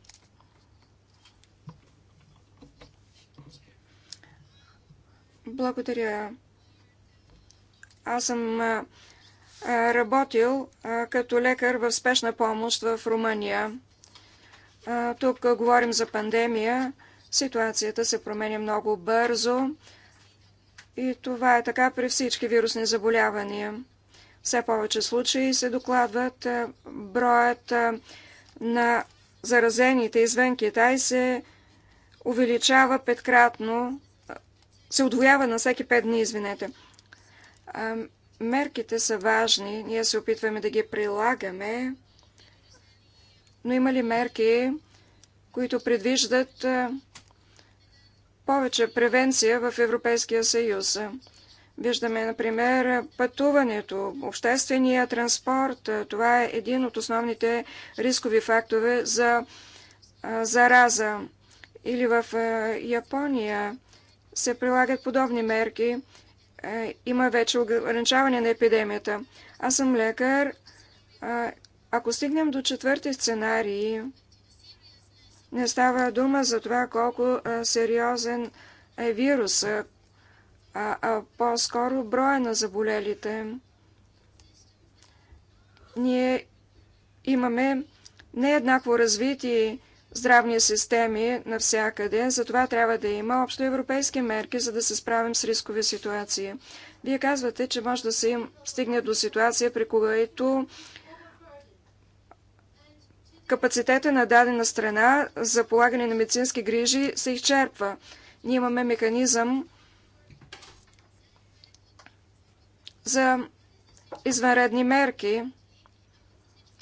Благодаря. Аз съм работил като лекар в спешна помощ в Румъния. Тук говорим за пандемия. Ситуацията се променя много бързо и това е така при всички вирусни заболявания. Все повече случаи се докладват. Броят на заразените извън Китай се увеличава петкратно, се удвоява на всеки пет дни, извинете. Мерките са важни, ние се опитваме да ги прилагаме, но има ли мерки, които предвиждат повече превенция в Европейския съюз? Виждаме, например, пътуването, обществения транспорт. Това е един от основните рискови фактове за зараза. Или в Япония се прилагат подобни мерки. Е, има вече ограничаване на епидемията. Аз съм лекар. Ако стигнем до четвърти сценарий, не става дума за това колко сериозен е вируса, а по-скоро броя на заболелите. Ние имаме не еднакво развитие здравни системи навсякъде, затова трябва да има общо европейски мерки, за да се справим с рискови ситуации. Вие казвате, че може да се им стигне до ситуация, при когато капацитета на дадена страна за полагане на медицински грижи се изчерпва. Ние имаме механизъм за извънредни мерки,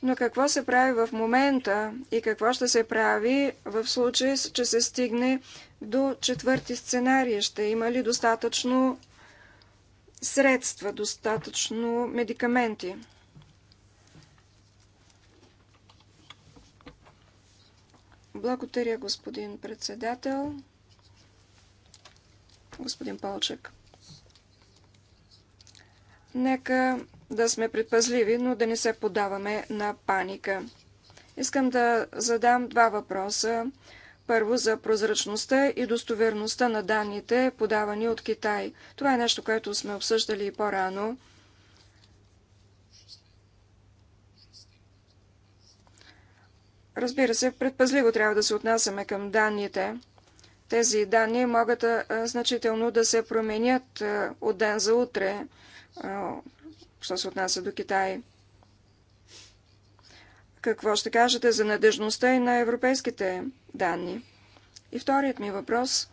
но какво се прави в момента и какво ще се прави в случай, че се стигне до четвърти сценарий? Ще има ли достатъчно средства, достатъчно медикаменти? Благодаря, господин председател. Господин Палчек, Нека да сме предпазливи, но да не се подаваме на паника. Искам да задам два въпроса. Първо за прозрачността и достоверността на данните, подавани от Китай. Това е нещо, което сме обсъждали и по-рано. Разбира се, предпазливо трябва да се отнасяме към данните. Тези данни могат значително да се променят от ден за утре що се отнася до Китай. Какво ще кажете за надежността и на европейските данни? И вторият ми въпрос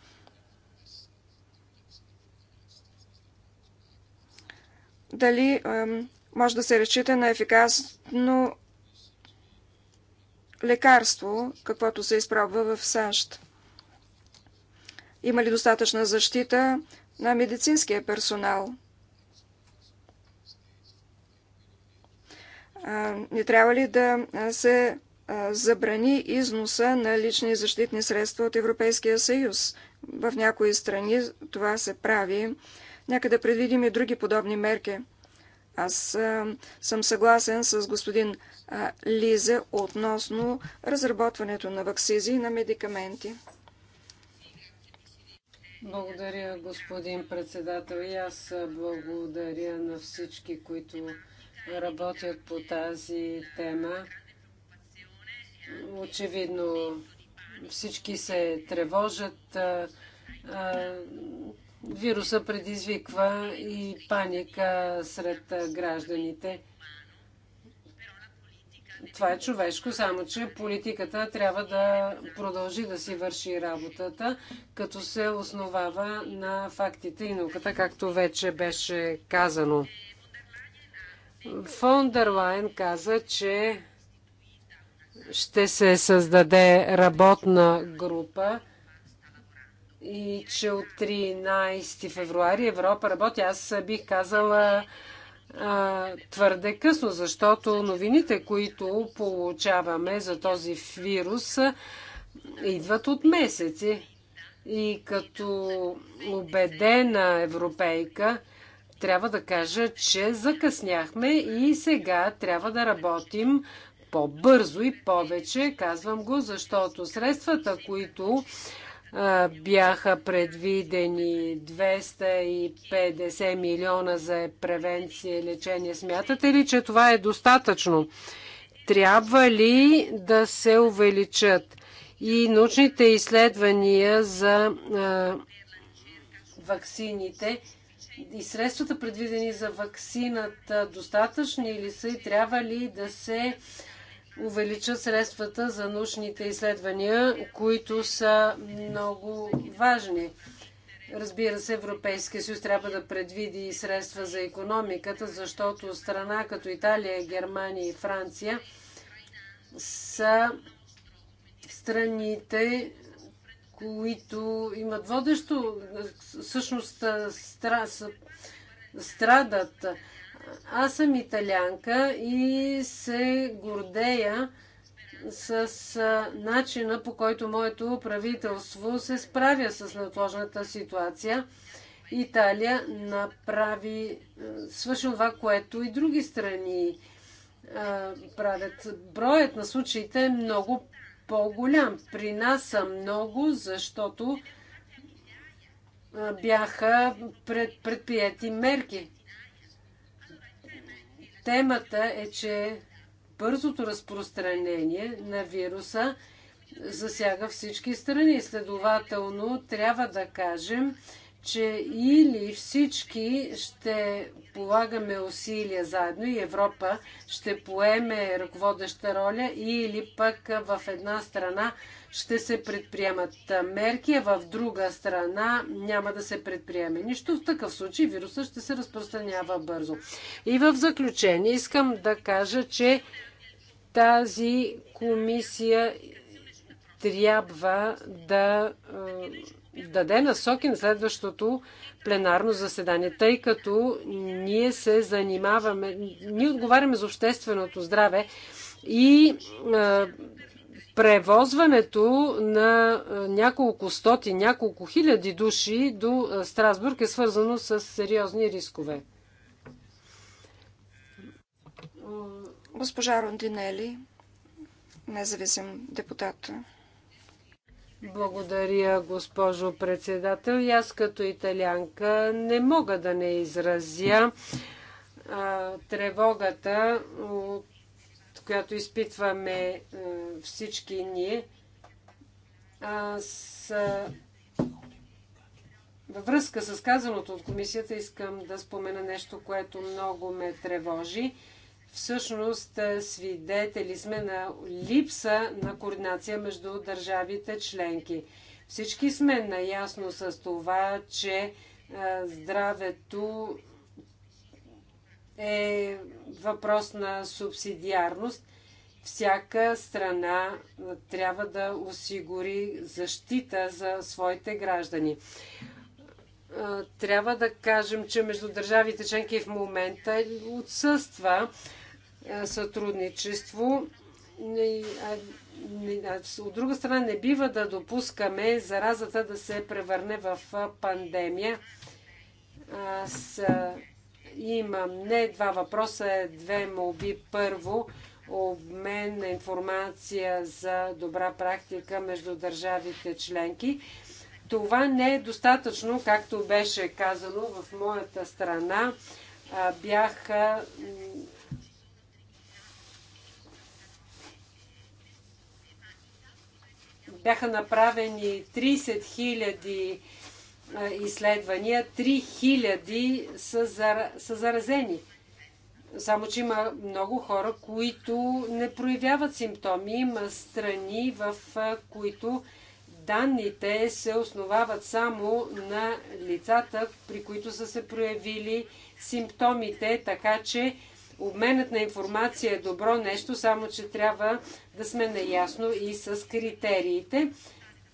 дали ем, може да се речите на ефикасно лекарство, каквото се изпробва в САЩ? Има ли достатъчна защита на медицинския персонал? не трябва ли да се забрани износа на лични защитни средства от Европейския съюз? В някои страни това се прави. Нека да предвидим и други подобни мерки. Аз съм съгласен с господин Лизе относно разработването на ваксизи и на медикаменти. Благодаря, господин председател. И аз благодаря на всички, които работят по тази тема. Очевидно всички се тревожат. Вируса предизвиква и паника сред гражданите. Това е човешко, само че политиката трябва да продължи да си върши работата, като се основава на фактите и науката, както вече беше казано. Фон Дерлайн каза, че ще се създаде работна група и че от 13 февруари Европа работи. Аз бих казала твърде късно, защото новините, които получаваме за този вирус, идват от месеци. И като убедена европейка, трябва да кажа, че закъсняхме и сега трябва да работим по-бързо и повече. Казвам го, защото средствата, които бяха предвидени 250 милиона за превенция и лечение. Смятате ли, че това е достатъчно? Трябва ли да се увеличат и научните изследвания за а, и средствата предвидени за вакцината, достатъчни ли са и трябва ли да се увеличат средствата за научните изследвания, които са много важни. Разбира се, Европейския съюз трябва да предвиди и средства за економиката, защото страна като Италия, Германия и Франция са страните, които имат водещо, всъщност страдат. Аз съм италянка и се гордея с начина по който моето правителство се справя с неотложната ситуация. Италия направи, свърши това, което и други страни правят. Броят на случаите е много по-голям. При нас са много, защото бяха пред, предприяти мерки. Темата е, че бързото разпространение на вируса засяга всички страни. Следователно, трябва да кажем, че или всички ще полагаме усилия заедно и Европа ще поеме ръководеща роля, или пък в една страна ще се предприемат мерки, а в друга страна няма да се предприеме нищо. В такъв случай вируса ще се разпространява бързо. И в заключение искам да кажа, че тази комисия трябва да е, даде насоки на следващото пленарно заседание, тъй като ние се занимаваме, ние отговаряме за общественото здраве и превозването на няколко стоти, няколко хиляди души до Страсбург е свързано с сериозни рискове. Госпожа Рондинели, независим депутат. Благодаря, госпожо председател. И аз като италянка не мога да не изразя а, тревогата, от която изпитваме а, е, всички ние. с а, във връзка с казаното от комисията искам да спомена нещо, което много ме тревожи всъщност е, свидетели сме на липса на координация между държавите членки. Всички сме наясно с това, че е, здравето е въпрос на субсидиарност. Всяка страна е, трябва да осигури защита за своите граждани. Трябва да кажем, че между държавите членки в момента отсъства сътрудничество. От друга страна, не бива да допускаме заразата да се превърне в пандемия. Аз имам не два въпроса, две молби. Първо, обмен на информация за добра практика между държавите членки. Това не е достатъчно, както беше казано в моята страна. Бяха бяха направени 30 000 изследвания, 3000 са, са заразени. Само, че има много хора, които не проявяват симптоми. Има страни, в които данните се основават само на лицата, при които са се проявили симптомите, така че Обменът на информация е добро нещо, само че трябва да сме наясно и с критериите,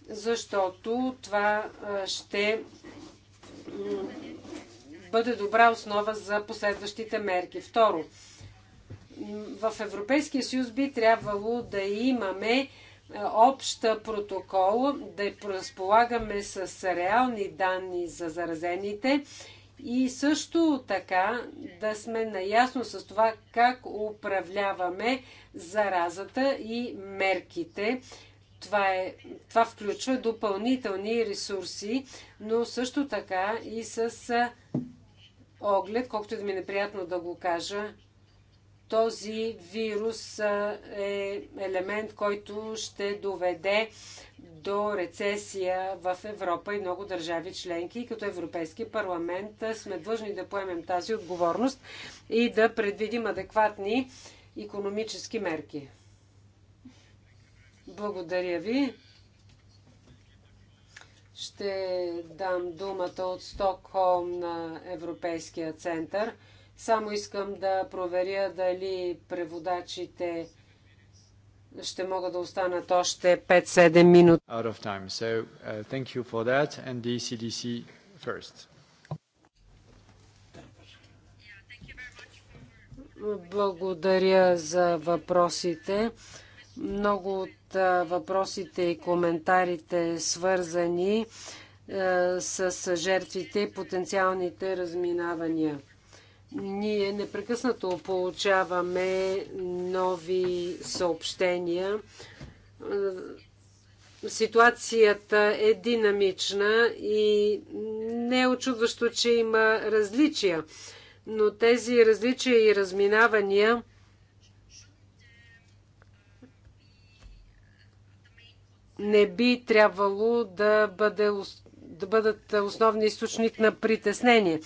защото това ще бъде добра основа за последващите мерки. Второ, в Европейския съюз би трябвало да имаме обща протокол, да разполагаме с реални данни за заразените и също така да сме наясно с това как управляваме заразата и мерките. Това, е, това включва допълнителни ресурси, но също така и с оглед, колкото и да ми е неприятно да го кажа, този вирус е елемент, който ще доведе до рецесия в Европа и много държави членки. И като Европейски парламент сме длъжни да поемем тази отговорност и да предвидим адекватни економически мерки. Благодаря ви. Ще дам думата от Стокхолм на Европейския център. Само искам да проверя дали преводачите ще мога да останат още 5-7 минути. Out of time. So, uh, thank you for that and the CDC e first. Благодаря за въпросите. Много от въпросите и коментарите свързани с жертвите и потенциалните разминавания. Ние непрекъснато получаваме нови съобщения. Ситуацията е динамична и не е очудващо, че има различия. Но тези различия и разминавания не би трябвало да, бъде, да бъдат основни източник на притеснение.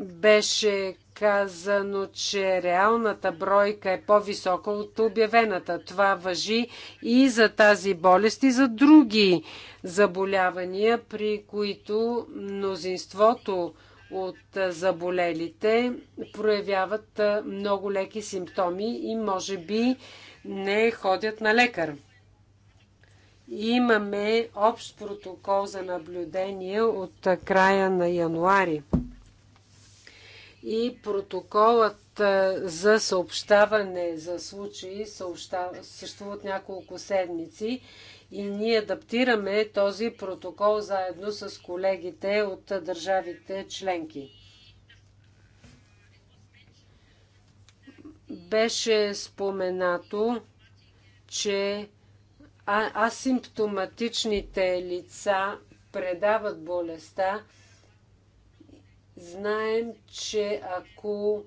Беше казано, че реалната бройка е по-висока от обявената. Това въжи и за тази болест и за други заболявания, при които мнозинството от заболелите проявяват много леки симптоми и може би не ходят на лекар. Имаме общ протокол за наблюдение от края на януари и протоколът за съобщаване за случаи съществуват няколко седмици и ние адаптираме този протокол заедно с колегите от държавите членки. Беше споменато, че асимптоматичните лица предават болестта Знаем, че ако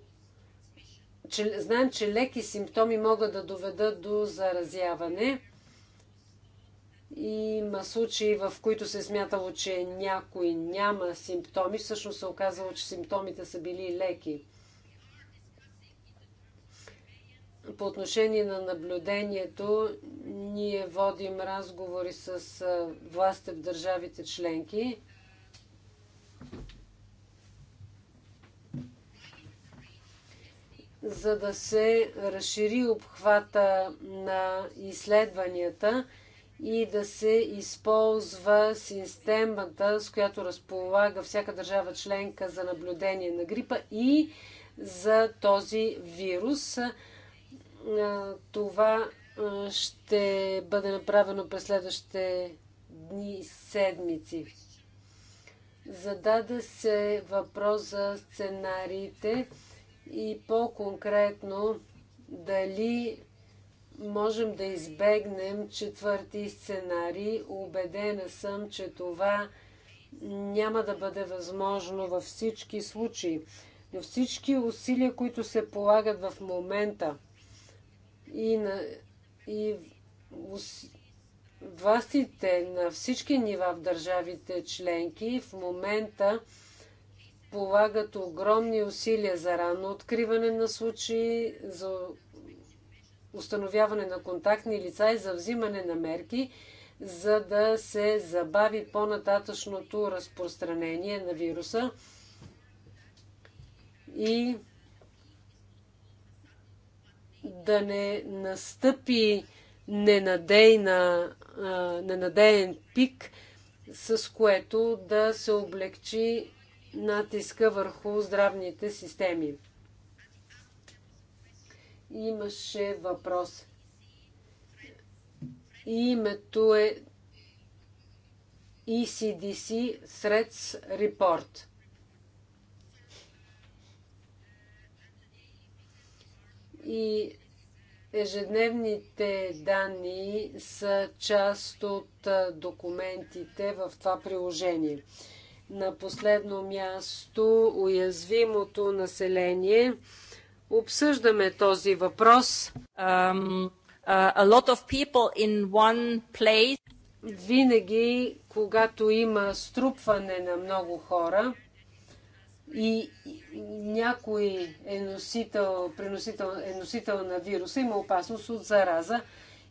че, знаем, че леки симптоми могат да доведат до заразяване. Има случаи, в които се е смятало, че някой няма симптоми. Всъщност се е оказало, че симптомите са били леки. По отношение на наблюдението, ние водим разговори с властите в държавите членки. за да се разшири обхвата на изследванията и да се използва системата, с която разполага всяка държава членка за наблюдение на грипа и за този вирус. Това ще бъде направено през следващите дни и седмици. Зададе се въпрос за сценариите и по-конкретно дали можем да избегнем четвърти сценарий. Убедена съм, че това няма да бъде възможно във всички случаи. Но всички усилия, които се полагат в момента и, на, и ус, властите на всички нива в държавите членки в момента полагат огромни усилия за ранно откриване на случаи, за установяване на контактни лица и за взимане на мерки, за да се забави по-нататъчното разпространение на вируса и да не настъпи ненадейна, ненадеен пик, с което да се облегчи натиска върху здравните системи. Имаше въпрос. Името е ECDC Threats Report. И ежедневните данни са част от документите в това приложение. На последно място уязвимото население. Обсъждаме този въпрос. Um, uh, Винаги, когато има струпване на много хора, и някой е носител, преносител, е носител на вируса, има опасност от зараза.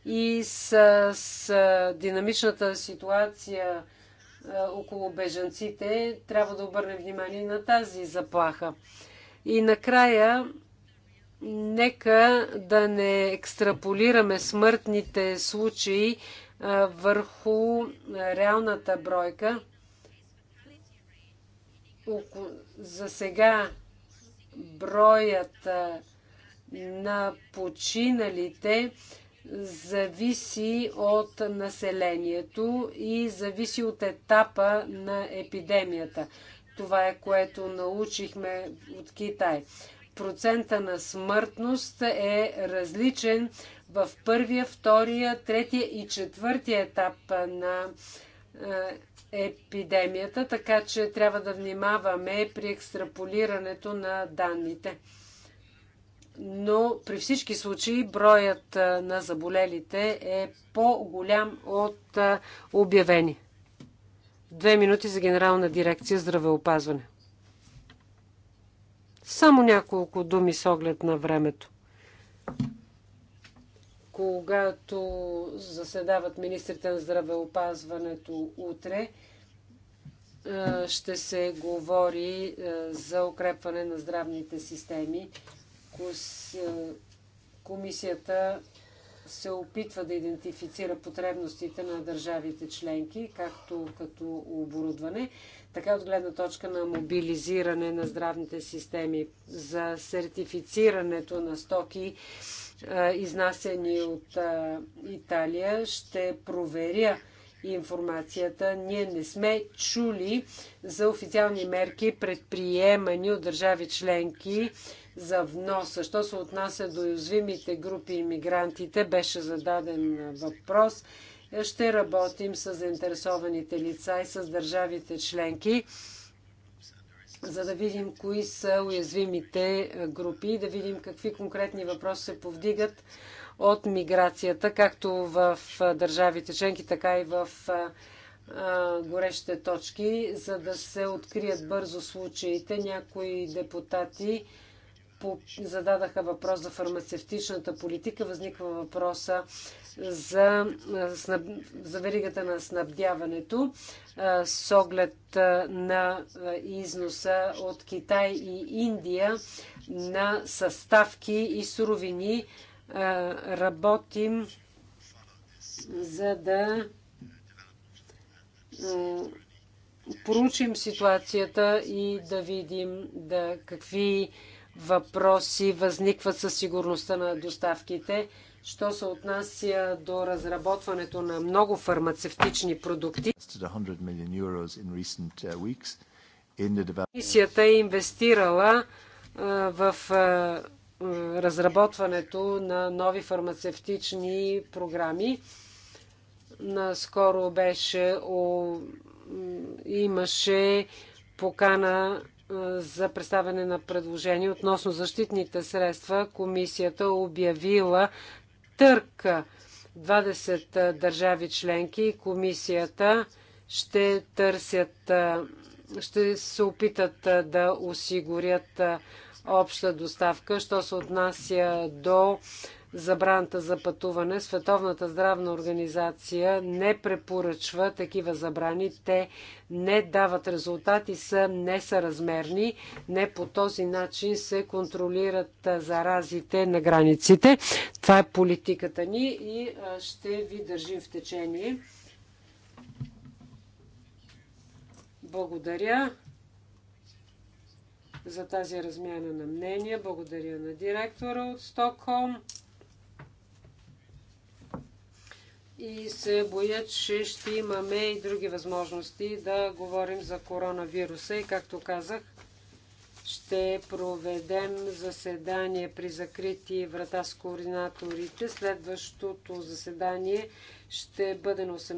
И с, с динамичната ситуация около бежанците, трябва да обърнем внимание на тази заплаха. И накрая, нека да не екстраполираме смъртните случаи върху реалната бройка. За сега броят на починалите зависи от населението и зависи от етапа на епидемията. Това е което научихме от Китай. Процента на смъртност е различен в първия, втория, третия и четвъртия етап на е, епидемията, така че трябва да внимаваме при екстраполирането на данните но при всички случаи броят на заболелите е по-голям от обявени. Две минути за Генерална дирекция здравеопазване. Само няколко думи с оглед на времето. Когато заседават министрите на здравеопазването утре, ще се говори за укрепване на здравните системи е, комисията се опитва да идентифицира потребностите на държавите членки, както като оборудване, така от гледна точка на мобилизиране на здравните системи за сертифицирането на стоки, е, изнасяни от е, Италия. Ще проверя информацията. Ние не сме чули за официални мерки, предприемани от държави членки за вноса. Що се отнася до уязвимите групи иммигрантите, беше зададен въпрос. Ще работим с заинтересованите лица и с държавите членки, за да видим кои са уязвимите групи и да видим какви конкретни въпроси се повдигат от миграцията, както в държавите членки, така и в горещите точки, за да се открият бързо случаите. Някои депутати зададаха въпрос за фармацевтичната политика, възниква въпроса за, за веригата на снабдяването с оглед на износа от Китай и Индия на съставки и суровини. Работим за да проучим ситуацията и да видим да, какви въпроси възникват със сигурността на доставките. Що се отнася до разработването на много фармацевтични продукти, uh, комисията е инвестирала в разработването на нови фармацевтични програми. Наскоро беше имаше покана за представяне на предложение относно защитните средства. Комисията обявила търк 20 държави членки. Комисията ще търсят, ще се опитат да осигурят обща доставка, що се отнася до забраната за пътуване. Световната здравна организация не препоръчва такива забрани. Те не дават резултати, са несъразмерни. Не по този начин се контролират заразите на границите. Това е политиката ни и ще ви държим в течение. Благодаря за тази размяна на мнения. Благодаря на директора от Стокхолм. и се боя, че ще имаме и други възможности да говорим за коронавируса. И както казах, ще проведем заседание при закрити врата с координаторите. Следващото заседание ще бъде на 18.